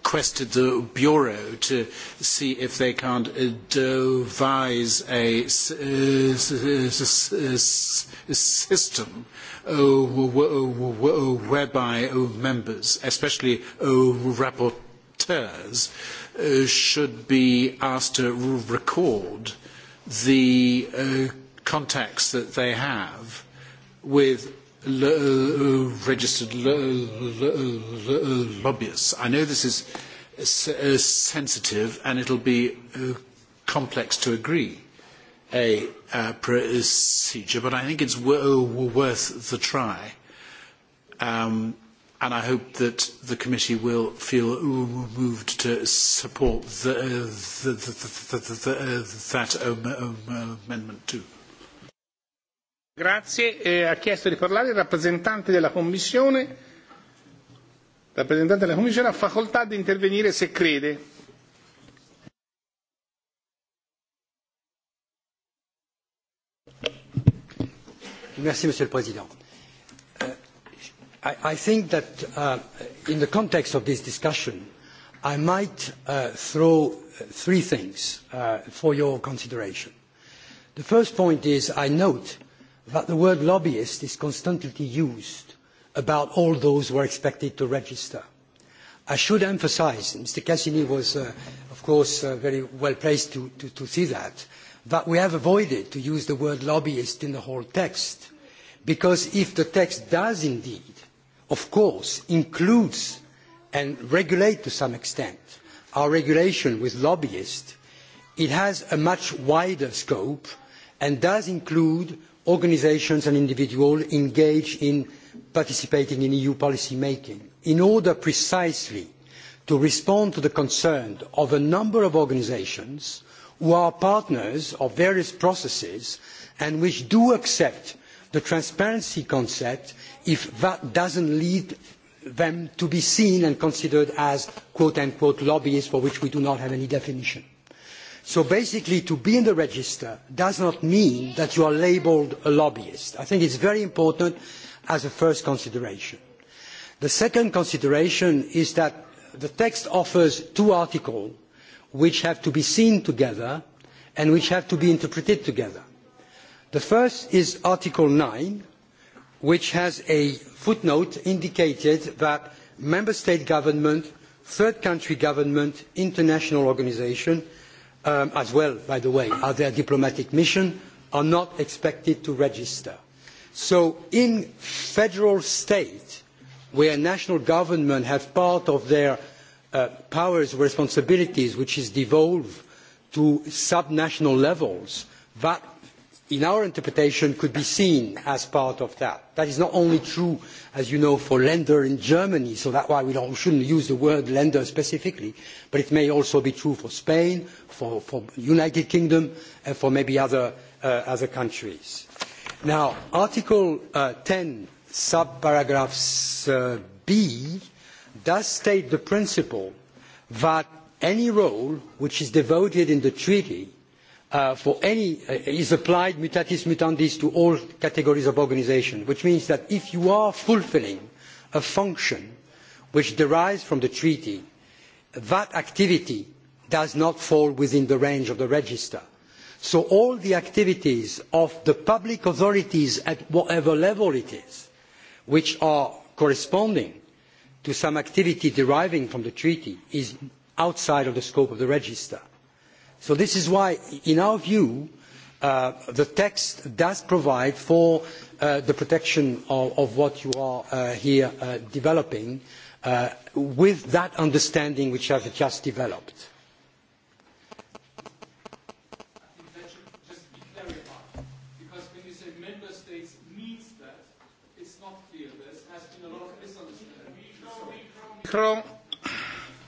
requested the Bureau to see if they can't devise a system whereby members, especially uh, rapporteurs, uh, should be asked to record the uh, contacts that they have with Uh, uh, registered lobbyists. I know this is uh, sensitive and it'll be complex to agree a procedure, but I think it's worth the try. Um, and I hope that the committee will feel moved to support the, the, the, that um, um, amendment too. Grazie. Eh, ha chiesto di parlare il rappresentante della Commissione. Il rappresentante della Commissione ha facoltà di intervenire se crede. Merci, Monsieur le Président. Uh, I, I think that uh, in the context of this discussion, I might uh, throw uh, three things uh, for your consideration. The first point is I note that the word lobbyist is constantly used about all those who are expected to register. I should emphasise, and Mr Cassini was uh, of course uh, very well placed to, to, to, see that, that we have avoided to use the word lobbyist in the whole text, because if the text does indeed, of course, includes and regulate to some extent our regulation with lobbyists, it has a much wider scope and does include organisations and individuals engaged in participating in EU policy making in order precisely to respond to the concerns of a number of organisations who are partners of various processes and which do accept the transparency concept if that does not lead them to be seen and considered as quote unquote lobbyists for which we do not have any definition. So basically, to be in the register does not mean that you are labelled a lobbyist. I think it's very important as a first consideration. The second consideration is that the text offers two articles which have to be seen together and which have to be interpreted together. The first is Article 9, which has a footnote indicated that member state government, third country government, international organisations um, as well, by the way, are their diplomatic mission, are not expected to register. So in federal state, where national government have part of their uh, powers, responsibilities, which is devolved to sub-national levels, that in our interpretation could be seen as part of that. That is not only true, as you know, for lender in Germany, so that's why we, should not shouldn't use the word lender specifically, but it may also be true for Spain, for, the United Kingdom, and for maybe other, uh, other countries. Now, Article uh, ten 10, subparagraphs uh, B, does state the principle that any role which is devoted in the treaty Uh, for any uh, is applied mutatis mutandis to all categories of organisation, which means that if you are fulfilling a function which derives from the treaty, that activity does not fall within the range of the register. So all the activities of the public authorities at whatever level it is, which are corresponding to some activity deriving from the treaty, is outside of the scope of the register. So this is why, in our view, uh, the text does provide for uh, the protection of, of, what you are uh, here uh, developing uh, with that understanding which I've just developed.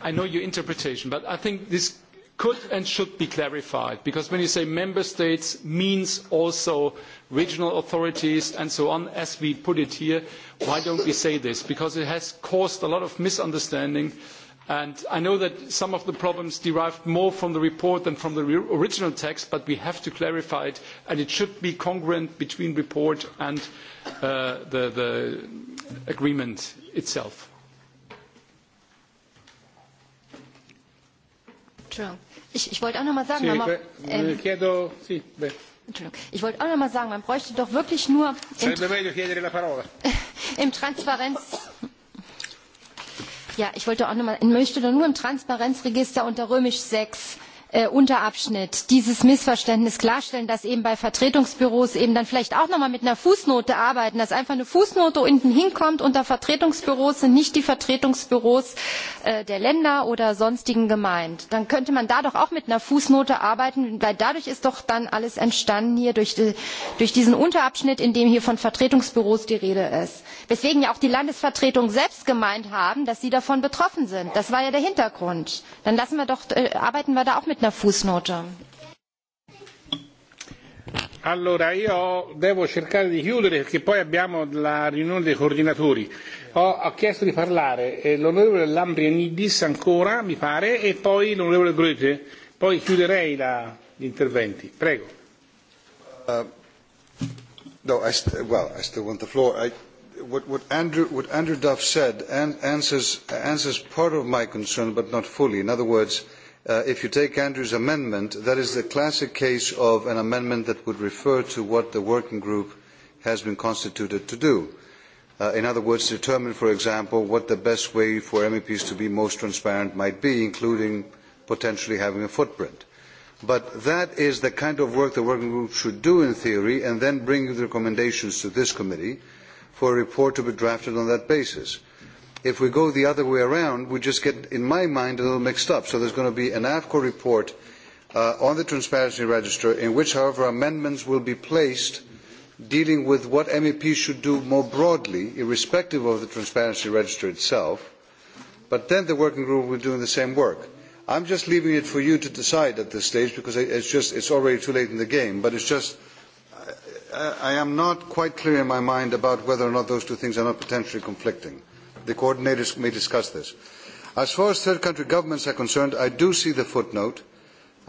I know your interpretation, but I think this could and should be clarified because when you say member states means also regional authorities and so on as we put it here why don't we say this because it has caused a lot of misunderstanding and I know that some of the problems derived more from the report than from the original text but we have to clarify it and it should be congruent between report and uh, the, the agreement itself. Entschuldigung. Ich, ich wollte auch noch mal sagen, nochmal, ähm, chiedo, sì, beh. Entschuldigung. Ich wollte auch noch mal sagen, man bräuchte doch wirklich nur im, [laughs] im Transparenz. Ja, ich wollte auch noch mal, möchte doch nur im Transparenzregister unter Römisch 6 Äh, unterabschnitt dieses missverständnis klarstellen dass eben bei vertretungsbüros dann vielleicht auch noch einmal mit einer fußnote arbeiten dass einfach eine fußnote unten hinkommt unter da vertretungsbüros sind nicht die vertretungsbüros äh, der länder oder sonstigen gemeint. dann könnte man da doch auch mit einer fußnote arbeiten denn dadurch ist doch dann alles entstanden hier durch, diesen unterabschnitt in dem hier von vertretungsbüros die rede ist weswegen ja auch die landesvertretungen selbst gemeint haben dass sie davon betroffen sind. das war ja der hintergrund. dann wir doch, äh, arbeiten wir da auch einer Fußnote. Allora io devo cercare di chiudere perché poi abbiamo la riunione dei coordinatori. Ho, chiesto di parlare eh, l'onorevole Lambrianidis ancora, mi pare, e poi l'onorevole Grote. Poi chiuderei la, gli interventi. Prego. Uh, no, I st- well, I still want the floor. I, what, what, Andrew, what Andrew Duff said an- answers, answers part of my concern, but not fully. In other words, uh, Uh, if you take Andrew's amendment, that is the classic case of an amendment that would refer to what the working group has been constituted to do. Uh, in other words, determine, for example, what the best way for MEPs to be most transparent might be, including potentially having a footprint. But that is the kind of work the working group should do in theory and then bring the recommendations to this committee for a report to be drafted on that basis If we go the other way around, we just get, in my mind, a little mixed up. So there's going to be an AFCO report uh, on the transparency register in which, however, amendments will be placed dealing with what MEPs should do more broadly, irrespective of the transparency register itself. But then the working group will be doing the same work. I'm just leaving it for you to decide at this stage because it's just it's already too late in the game. But it's just I, I am not quite clear in my mind about whether or not those two things are not potentially conflicting. The coordinators may discuss this. As far as third country governments are concerned, I do see the footnote,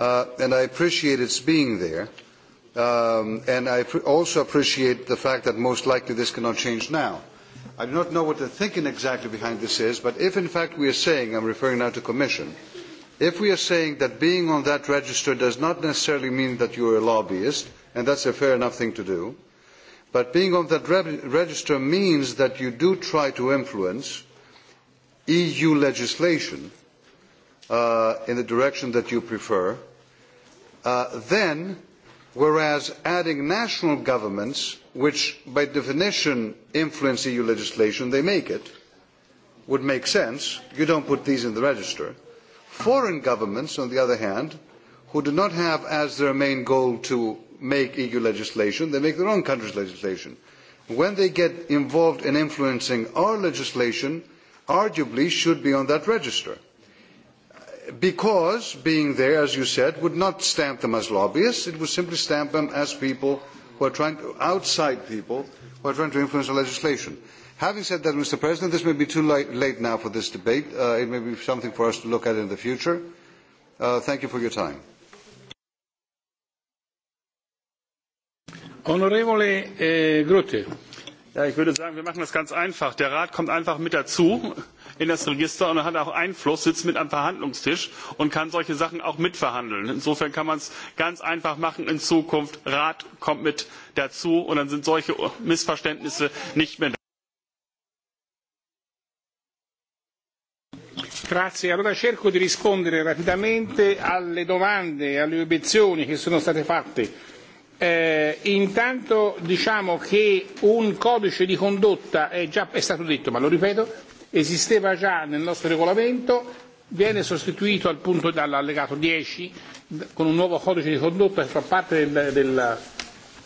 uh, and I appreciate its being there. Um, and I also appreciate the fact that most likely this cannot change now. I do not know what the thinking exactly behind this is, but if in fact we are saying, I'm referring now to Commission, if we are saying that being on that register does not necessarily mean that you are a lobbyist, and that's a fair enough thing to do, But being on that register means that you do try to influence EU legislation uh, in the direction that you prefer. Uh, then, whereas adding national governments, which by definition influence EU legislation, they make it, would make sense. You don't put these in the register. Foreign governments, on the other hand, who do not have as their main goal to make EU legislation, they make their own country's legislation. When they get involved in influencing our legislation, arguably should be on that register. Because being there, as you said, would not stamp them as lobbyists, it would simply stamp them as people who are trying to, outside people, who are trying to influence the legislation. Having said that, Mr. President, this may be too late, late now for this debate. Uh, it may be something for us to look at in the future. Uh, thank you for your time. Eh, ich würde sagen, wir machen das ganz einfach. Der Rat kommt einfach mit dazu in das Register und hat auch Einfluss, sitzt mit am Verhandlungstisch und kann solche Sachen auch mitverhandeln. Insofern kann man es ganz einfach machen in Zukunft. Rat kommt mit dazu und dann sind solche Missverständnisse nicht mehr da. Grazie. Allora cerco di rispondere rapidamente alle domande e alle obiezioni che sono state fatte Eh, intanto diciamo che un codice di condotta è già è stato detto, ma lo ripeto, esisteva già nel nostro regolamento, viene sostituito al punto dall'allegato 10 con un nuovo codice di condotta che fa parte del, del,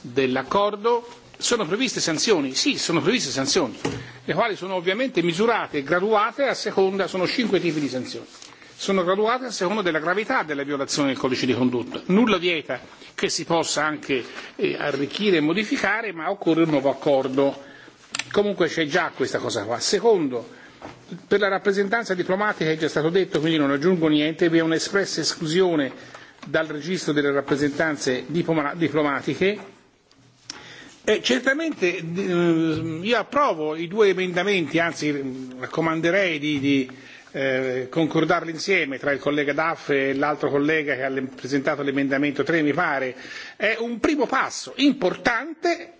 dell'accordo. Sono previste sanzioni? Sì, sono previste sanzioni, le quali sono ovviamente misurate e graduate a seconda, sono cinque tipi di sanzioni sono graduate a seconda della gravità delle violazioni del codice di condotta. Nulla vieta che si possa anche eh, arricchire e modificare, ma occorre un nuovo accordo. Comunque c'è già questa cosa qua. Secondo, per la rappresentanza diplomatica è già stato detto, quindi non aggiungo niente, vi è un'espressa esclusione dal registro delle rappresentanze diplomatiche. E certamente eh, io approvo i due emendamenti, anzi mm, raccomanderei di, di Eh, concordarlo insieme tra il collega Daff e l'altro collega che ha presentato l'emendamento 3 mi pare, è un primo passo importante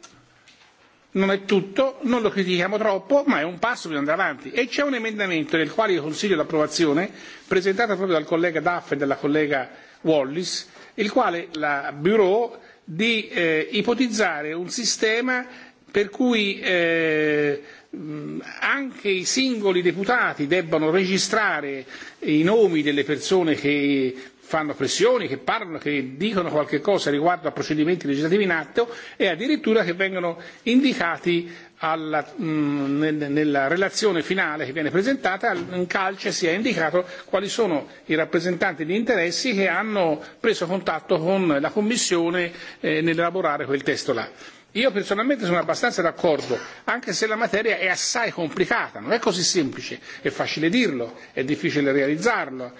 non è tutto, non lo critichiamo troppo, ma è un passo che andrà avanti. E c'è un emendamento del quale io consiglio l'approvazione, presentato proprio dal collega Duff e dalla collega Wallis, il quale la Bureau di eh, ipotizzare un sistema per cui eh, Mm, anche i singoli deputati debbano registrare i nomi delle persone che fanno pressioni, che parlano, che dicono qualche cosa riguardo a procedimenti legislativi in atto e addirittura che vengono indicati alla, mh, mm, nel, nella relazione finale che viene presentata, in calce sia indicato quali sono i rappresentanti di interessi che hanno preso contatto con la Commissione eh, nell'elaborare quel testo là Io personalmente sono abbastanza d'accordo, anche se la materia è assai complicata, non è così semplice, è facile dirlo, è difficile realizzarlo.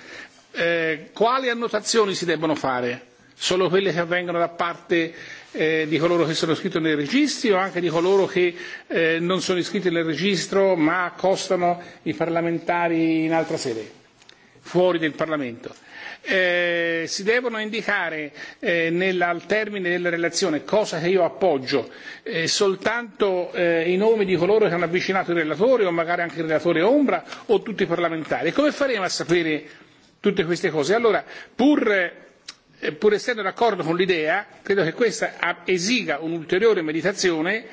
Eh, quali annotazioni si debbono fare? Solo quelle che avvengono da parte eh, di coloro che sono iscritti nei registri o anche di coloro che eh, non sono iscritti nel registro ma accostano i parlamentari in altra sede, fuori del Parlamento? Eh, si devono indicare eh, nel, al termine della relazione, cosa che io appoggio, eh, soltanto eh, i nomi di coloro che hanno avvicinato il relatore o magari anche il relatore ombra o tutti i parlamentari. Come faremo a sapere tutte queste cose? Allora, pur eh, pur essendo d'accordo con l'idea, credo che questa esiga un'ulteriore meditazione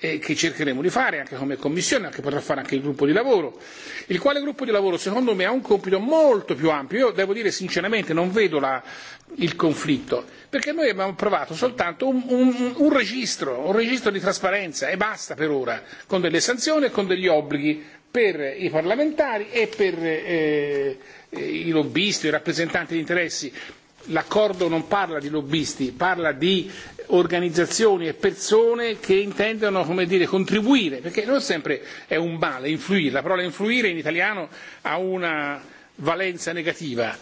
e che cercheremo di fare anche come commissione, anche potrà fare anche il gruppo di lavoro, il quale gruppo di lavoro secondo me ha un compito molto più ampio. Io devo dire sinceramente non vedo la, il conflitto, perché noi abbiamo approvato soltanto un, un, un registro, un registro di trasparenza e basta per ora, con delle sanzioni e con degli obblighi per i parlamentari e per eh, eh i lobbisti, i rappresentanti di interessi l'accordo non parla di lobbisti, parla di organizzazioni e persone che intendono come dire, contribuire, perché non sempre è un male influire, la parola influire in italiano ha una valenza negativa,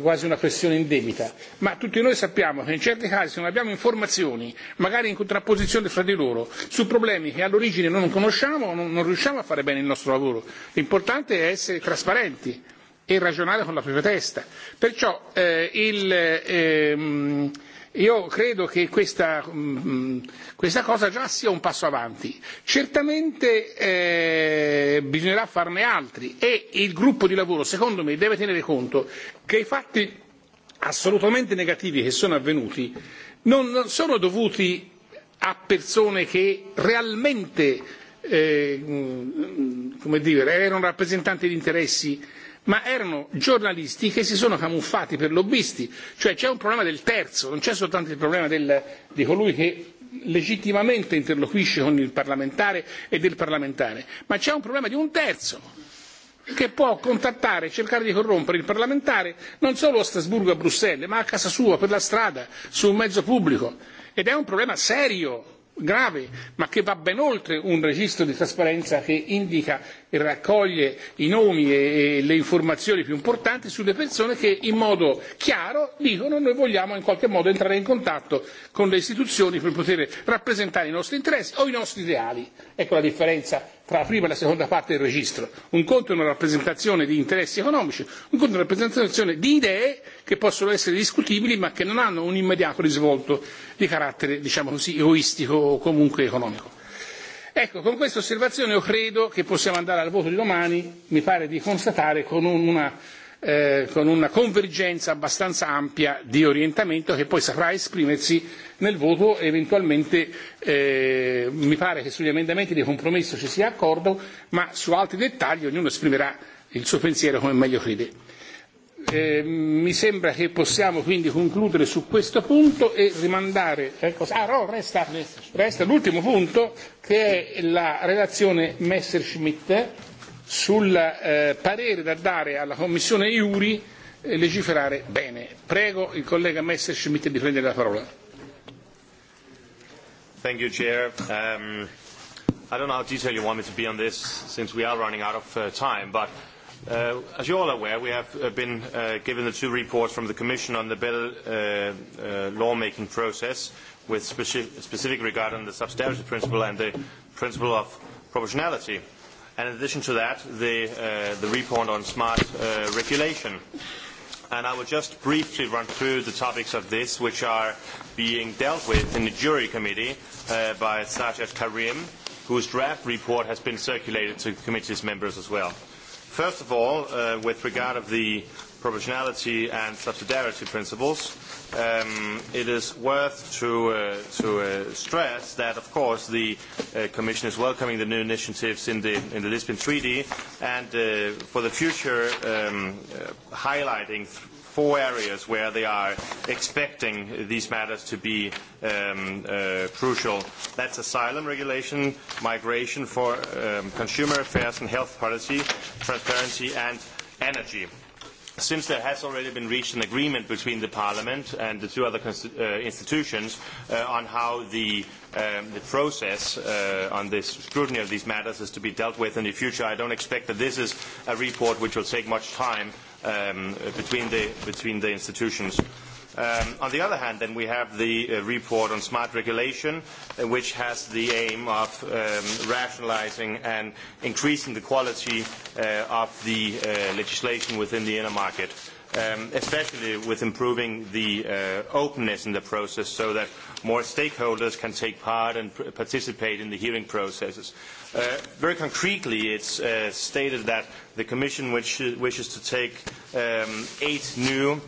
quasi una pressione indebita, ma tutti noi sappiamo che in certi casi se non abbiamo informazioni, magari in contrapposizione fra di loro, su problemi che all'origine non conosciamo non, non riusciamo a fare bene il nostro lavoro. L'importante è essere trasparenti e ragionare con la propria testa. Perciò eh, il, ehm, io credo che questa, mh, mm, questa cosa già sia un passo avanti. Certamente eh, bisognerà farne altri e il gruppo di lavoro, secondo me, deve tenere conto che i fatti assolutamente negativi che sono avvenuti non, non sono dovuti a persone che realmente eh, mm, come dire, erano rappresentanti di interessi ma erano giornalisti che si sono camuffati per lobbisti, cioè c'è un problema del terzo, non c'è soltanto il problema del, di colui che legittimamente interloquisce con il parlamentare e del parlamentare, ma c'è un problema di un terzo che può contattare e cercare di corrompere il parlamentare non solo a Strasburgo e a Bruxelles, ma a casa sua, per la strada, su un mezzo pubblico. Ed è un problema serio, grave, ma che va ben oltre un registro di trasparenza che indica raccoglie i nomi e le informazioni più importanti sulle persone che in modo chiaro dicono noi vogliamo in qualche modo entrare in contatto con le istituzioni per poter rappresentare i nostri interessi o i nostri ideali. Ecco la differenza tra la prima e la seconda parte del registro. Un conto è una rappresentazione di interessi economici, un conto è una rappresentazione di idee che possono essere discutibili ma che non hanno un immediato risvolto di carattere, diciamo così, egoistico o comunque economico. Ecco, con questa osservazione io credo che possiamo andare al voto di domani, mi pare di constatare, con una, eh, con una convergenza abbastanza ampia di orientamento che poi saprà esprimersi nel voto eventualmente eh, mi pare che sugli emendamenti di compromesso ci sia accordo, ma su altri dettagli ognuno esprimerà il suo pensiero come meglio crede eh, mi sembra che possiamo quindi concludere su questo punto e rimandare eh, ah, no, resta, resta l'ultimo punto che è la relazione Messerschmitt sul eh, parere da dare alla Commissione Iuri eh, legiferare bene. Prego il collega Messerschmitt di prendere la parola. Thank you, Chair. Um, I don't know how detailed you want me to be on this since we are running out of uh, time, but Uh, as you all aware, we have uh, been uh, given the two reports from the Commission on the bill uh, uh lawmaking process, with speci specific regard on the subsidiarity principle and the principle of proportionality. And in addition to that, the, the report on smart regulation. And I will just briefly run through the topics of this, which are being dealt with in the jury committee by Sajid Karim, whose draft report has been circulated to the committee's members as well. First of all, uh, with regard of the proportionality and subsidiarity principles, um, it is worth to, uh, to uh, stress that, of course, the uh, Commission is welcoming the new initiatives in the, in the Lisbon Treaty and uh, for the future um, uh, highlighting th four areas where they are expecting these matters to be um, uh, crucial. That's asylum regulation, migration for um, consumer affairs and health policy, transparency and energy since there has already been reached an agreement between the Parliament and the two other uh, institutions uh, on how the, um, the process uh, on this scrutiny of these matters is to be dealt with in the future, I don't expect that this is a report which will take much time um, between, the, between the institutions. Um, on the other hand, then we have the uh, report on smart regulation, uh, which has the aim of um, rationalizing and increasing the quality uh, of the uh, legislation within the inner market, um, especially with improving the uh, openness in the process so that more stakeholders can take part and participate in the hearing processes. Uh, very concretely, it's uh, stated that the Commission wishes to take um, eight new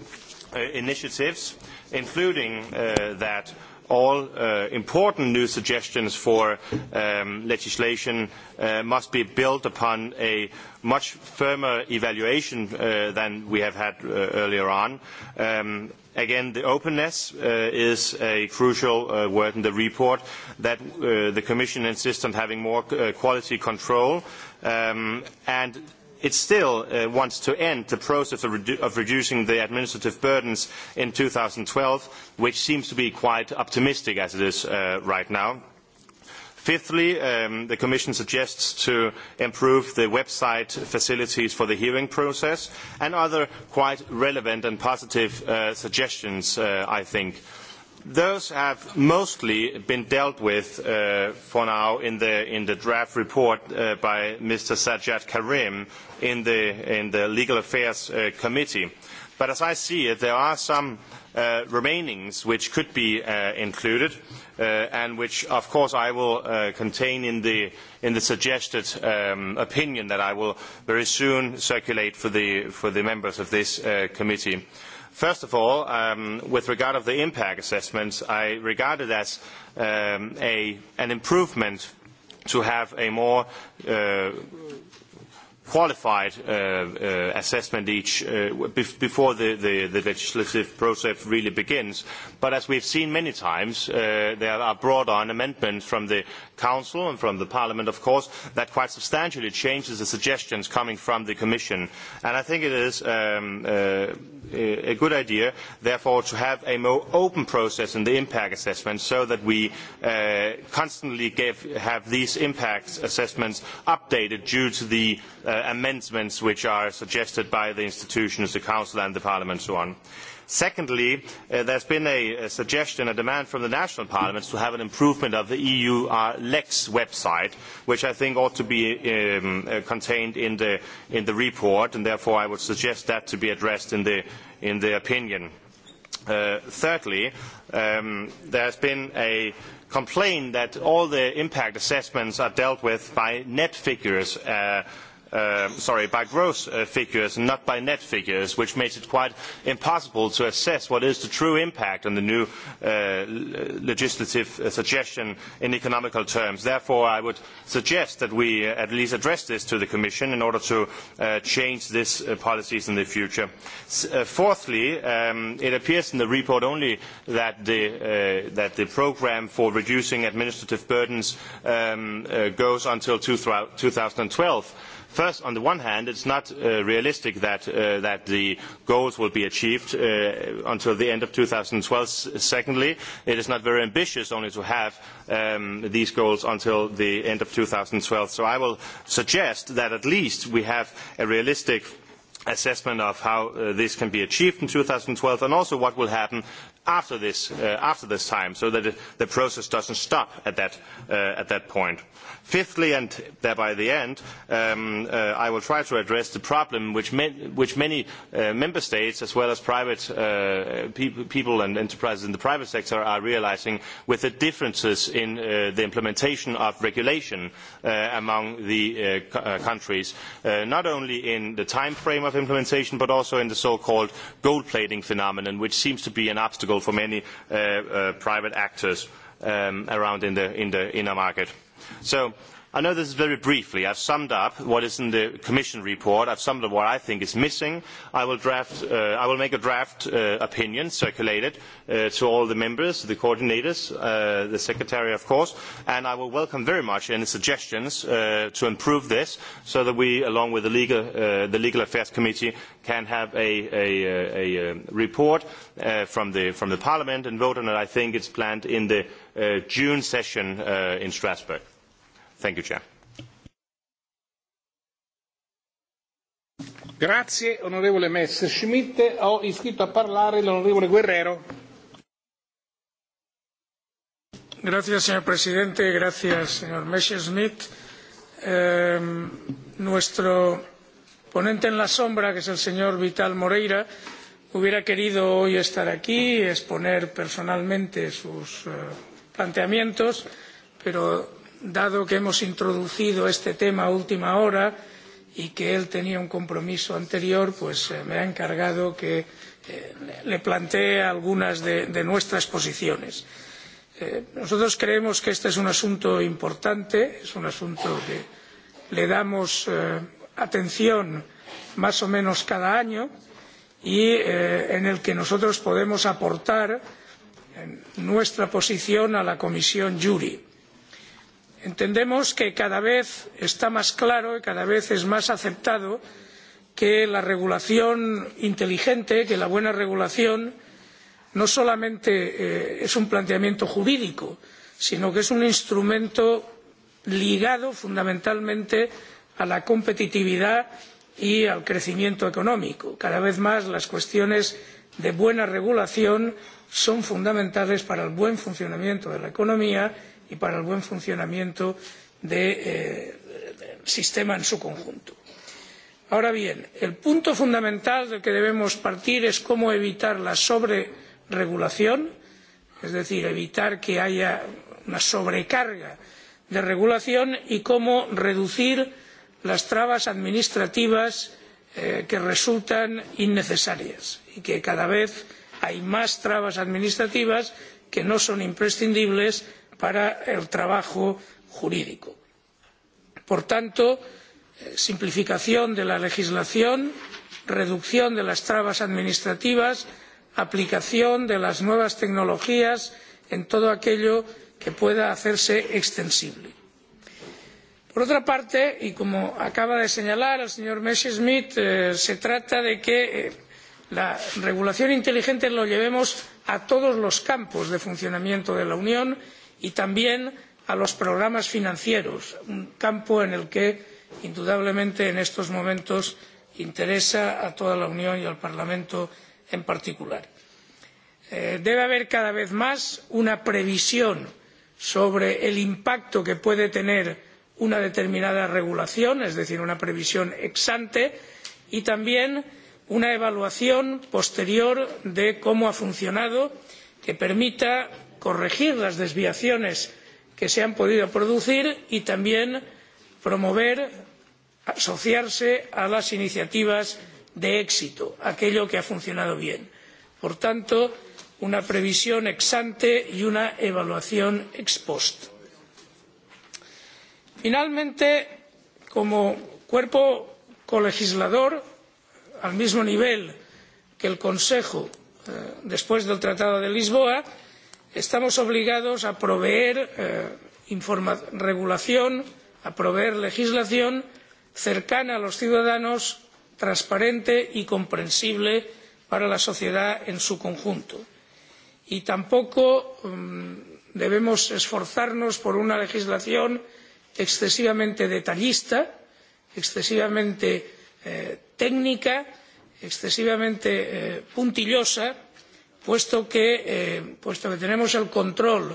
uh, initiatives, including uh, that all uh, important new suggestions for um, legislation uh, must be built upon a much firmer evaluation uh, than we have had uh, earlier on. Um, Again, the openness uh, is a crucial uh, word in the report that uh, the Commission insists on having more quality control um, and it still uh, wants to end the process of, redu of, reducing the administrative burdens in 2012, which seems to be quite optimistic as it is uh, right now fifthly um, the commission suggests improving the website facilities for the hearing process and other quite relevant and positive uh, suggestions uh, i think those have mostly been dealt with uh, for now in the, in the draft report by Mr. Sajjad Karim in the, in the Legal Affairs Committee. But as I see it, there are some uh, remainings which could be uh, included. Uh, and which of course I will uh, contain in the, in the suggested um, opinion that I will very soon circulate for the, for the members of this uh, committee. First of all, um, with regard of the impact assessments, I regard it as um, a, an improvement to have a more uh, qualified uh, uh, assessment each uh, before the, the, the legislative process really begins but as we have seen many times uh, there are brought on amendments from the council and from parliament of course that quite substantially change the suggestions coming from the commission and i think it is um, uh, a good idea therefore to have a more open process in the impact assessment so that we uh, constantly have these impact assessments updated due to the amendments which are suggested by the institutions the council and parliament and so on secondly uh, there has been a, suggestion a demand from the national parliaments to have an improvement of the eu uh, lex website which i think ought to be um, uh, contained in the, report and therefore i would suggest that to be addressed in the, opinion. thirdly um, there has been a complaint that all the impact assessments are dealt with by net figures Um, sorry, by gross uh, figures and not by net figures, which makes it quite impossible to assess what is the true impact on the new uh, legislative uh, suggestion in economical terms. Therefore, I would suggest that we at least address this to the Commission in order to change these policies in the future. fourthly, um, it appears in the report only that the, that the programme for reducing administrative burdens um, goes until two 2012 first on the one hand it is not uh, realistic uh, that, the goals will be achieved uh, until the end of two thousand and twelve secondly it is not very ambitious only to have um, these goals until the end of two thousand and twelve so i will suggest that at least we have a realistic assessment of how this can be achieved in two thousand and twelve and also what will happen after this, time so that the process does not stop at that point fifthly and thereby the end um, uh, i will try to address the problem which, many uh, member states as well as private uh, people and enterprises in the private sector are realising with the differences in the implementation of regulation among the countries not only in the time frame of implementation but also in the so called gold plating phenomenon which seems to be an obstacle for many private actors um, around in the inner market. So i know this is very briefly i have summed up what is in the commission report i have summed up what i think is missing i will, draft, uh, I will make a draft uh, opinion circulate it uh, to all the members the coordinators uh, the secretary of course and i will welcome very much any suggestions uh, to improve this so that we along with the legal, uh, the legal affairs committee can have a, a, a, a report from, the, from the parliament and vote on it i think it is planned in the june session in strasbourg. Grazie onorevole Messerschmidt. Ho iscritto a parlare l'onorevole Guerrero. Gracias, señor presidente. Gracias, señor Messerschmidt. nuestro ponente en la sombra, que es el señor Vital Moreira, hubiera querido hoy estar aquí y exponer personalmente sus eh, planteamientos, pero dado que hemos introducido este tema a última hora y que él tenía un compromiso anterior pues eh, me ha encargado que eh, le plantee algunas de, de nuestras posiciones. Eh, nosotros creemos que este es un asunto importante es un asunto que le damos eh, atención más o menos cada año y en el que nosotros podemos aportar nuestra posición a la comisión juri entendemos que cada vez está más claro y cada vez es más aceptado que la regulación inteligente que la buena regulación no solamente eh, es un planteamiento jurídico sino que es un instrumento ligado fundamentalmente a la competitividad y al crecimiento económico. cada vez más las cuestiones de buena regulación son fundamentales para el buen funcionamiento de la economía y y para el buen funcionamiento eh, del eh, sistema en su conjunto. ahora bien el punto fundamental del que debemos partir es cómo evitar la sobreregulación es decir evitar que haya una sobrecarga de regulación y cómo reducir las trabas administrativas eh, que resultan innecesarias y que cada vez hay más trabas administrativas que no son imprescindibles para el trabajo jurídico. por tanto eh, simplificación de la legislación reducción de las trabas administrativas aplicación de las nuevas tecnologías en todo aquello que pueda hacerse extensible. por otra parte y como acaba de señalar el señor messerschmidt eh, se trata de que eh, la regulación inteligente la llevemos a todos los campos de funcionamiento de la unión y también a los programas financieros un campo en el que indudablemente en estos momentos interesa a toda la unión y al parlamento en particular. Eh, debe haber cada vez más una previsión sobre el impacto que puede tener una determinada regulación es decir una previsión ex ante y también una evaluación posterior de cómo ha funcionado que permita corregir las desviaciones que se han podido producir y también promover asociarse a las iniciativas de éxito aquello que ha funcionado bien. por tanto una previsión ex ante y una evaluación ex post. finalmente como cuerpo colegislador al mismo nivel que el consejo eh, después del tratado de lisboa estamos obligados a proveer eh, regulación a proveer legislación cercana a los ciudadanos transparente y comprensible para la sociedad en su conjunto y tampoco mm, debemos esforzarnos por una legislación excesivamente detallista excesivamente eh, técnica excesivamente eh, puntillosa puesto que, eh, puesto que tenemos el control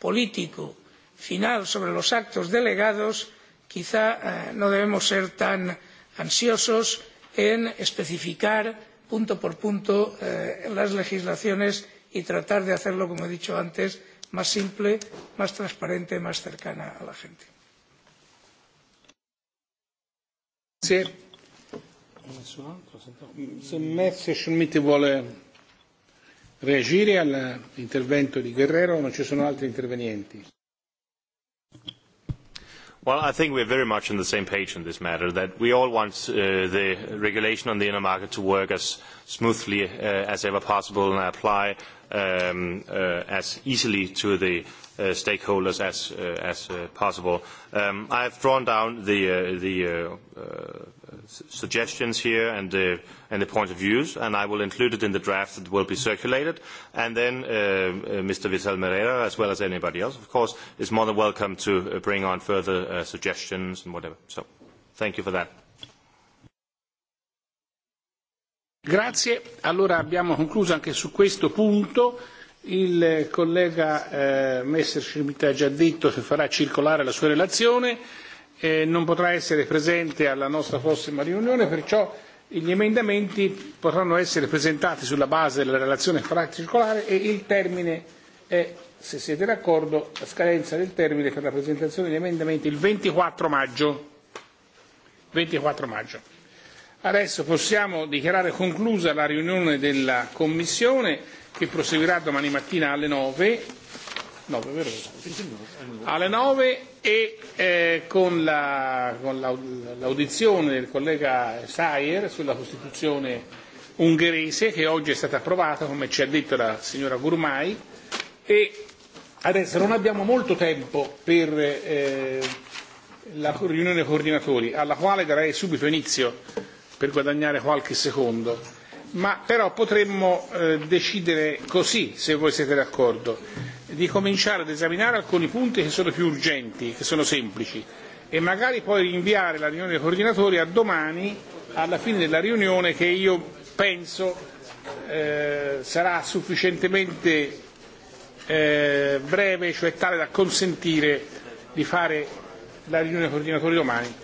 político final sobre los actos delegados quizá eh, no debemos ser tan ansiosos en especificar punto por punto eh, las legislaciones y tratar de hacerlo como he dicho antes más simple más transparente más cercana a la gente. Se reagire all'intervento di Guerrero? Non ci sono altri intervenienti. Well, I think we're very much on the same page on this matter, that we all want uh, the regulation on the inner market to work as smoothly uh, as ever possible and apply um, uh, as easily to the Uh, stakeholders as, uh, as uh, possible. Um, I have drawn down the, uh, the uh, uh, suggestions here and the, and the point of views, and I will include it in the draft that will be circulated. And then uh, uh Mr. Vital Moreira, as well as anybody else, of course, is more than welcome to uh, bring on further uh, suggestions and whatever. So thank you for that. Grazie. Allora abbiamo concluso anche su questo punto. Il collega eh, Messerschmidt ha già detto che farà circolare la sua relazione non potrà essere presente alla nostra prossima riunione, perciò gli emendamenti potranno essere presentati sulla base della relazione particolare e il termine è, se siete d'accordo, la scadenza del termine per la presentazione degli emendamenti il 24 maggio. 24 maggio. Adesso possiamo dichiarare conclusa la riunione della Commissione che proseguirà domani mattina alle 9 9, vero? Alle 9 e eh, con, la, con la, l'audizione del collega Sayer sulla Costituzione ungherese che oggi è stata approvata, come ci ha detto la signora Gurmai, e adesso non abbiamo molto tempo per eh, la riunione coordinatori, alla quale darei subito inizio per guadagnare qualche secondo ma però potremmo eh, decidere così, se voi siete d'accordo, di cominciare ad esaminare alcuni punti che sono più urgenti, che sono semplici, e magari poi rinviare la riunione dei coordinatori a domani, alla fine della riunione, che io penso eh, sarà sufficientemente eh, breve, cioè tale da consentire di fare la riunione dei coordinatori domani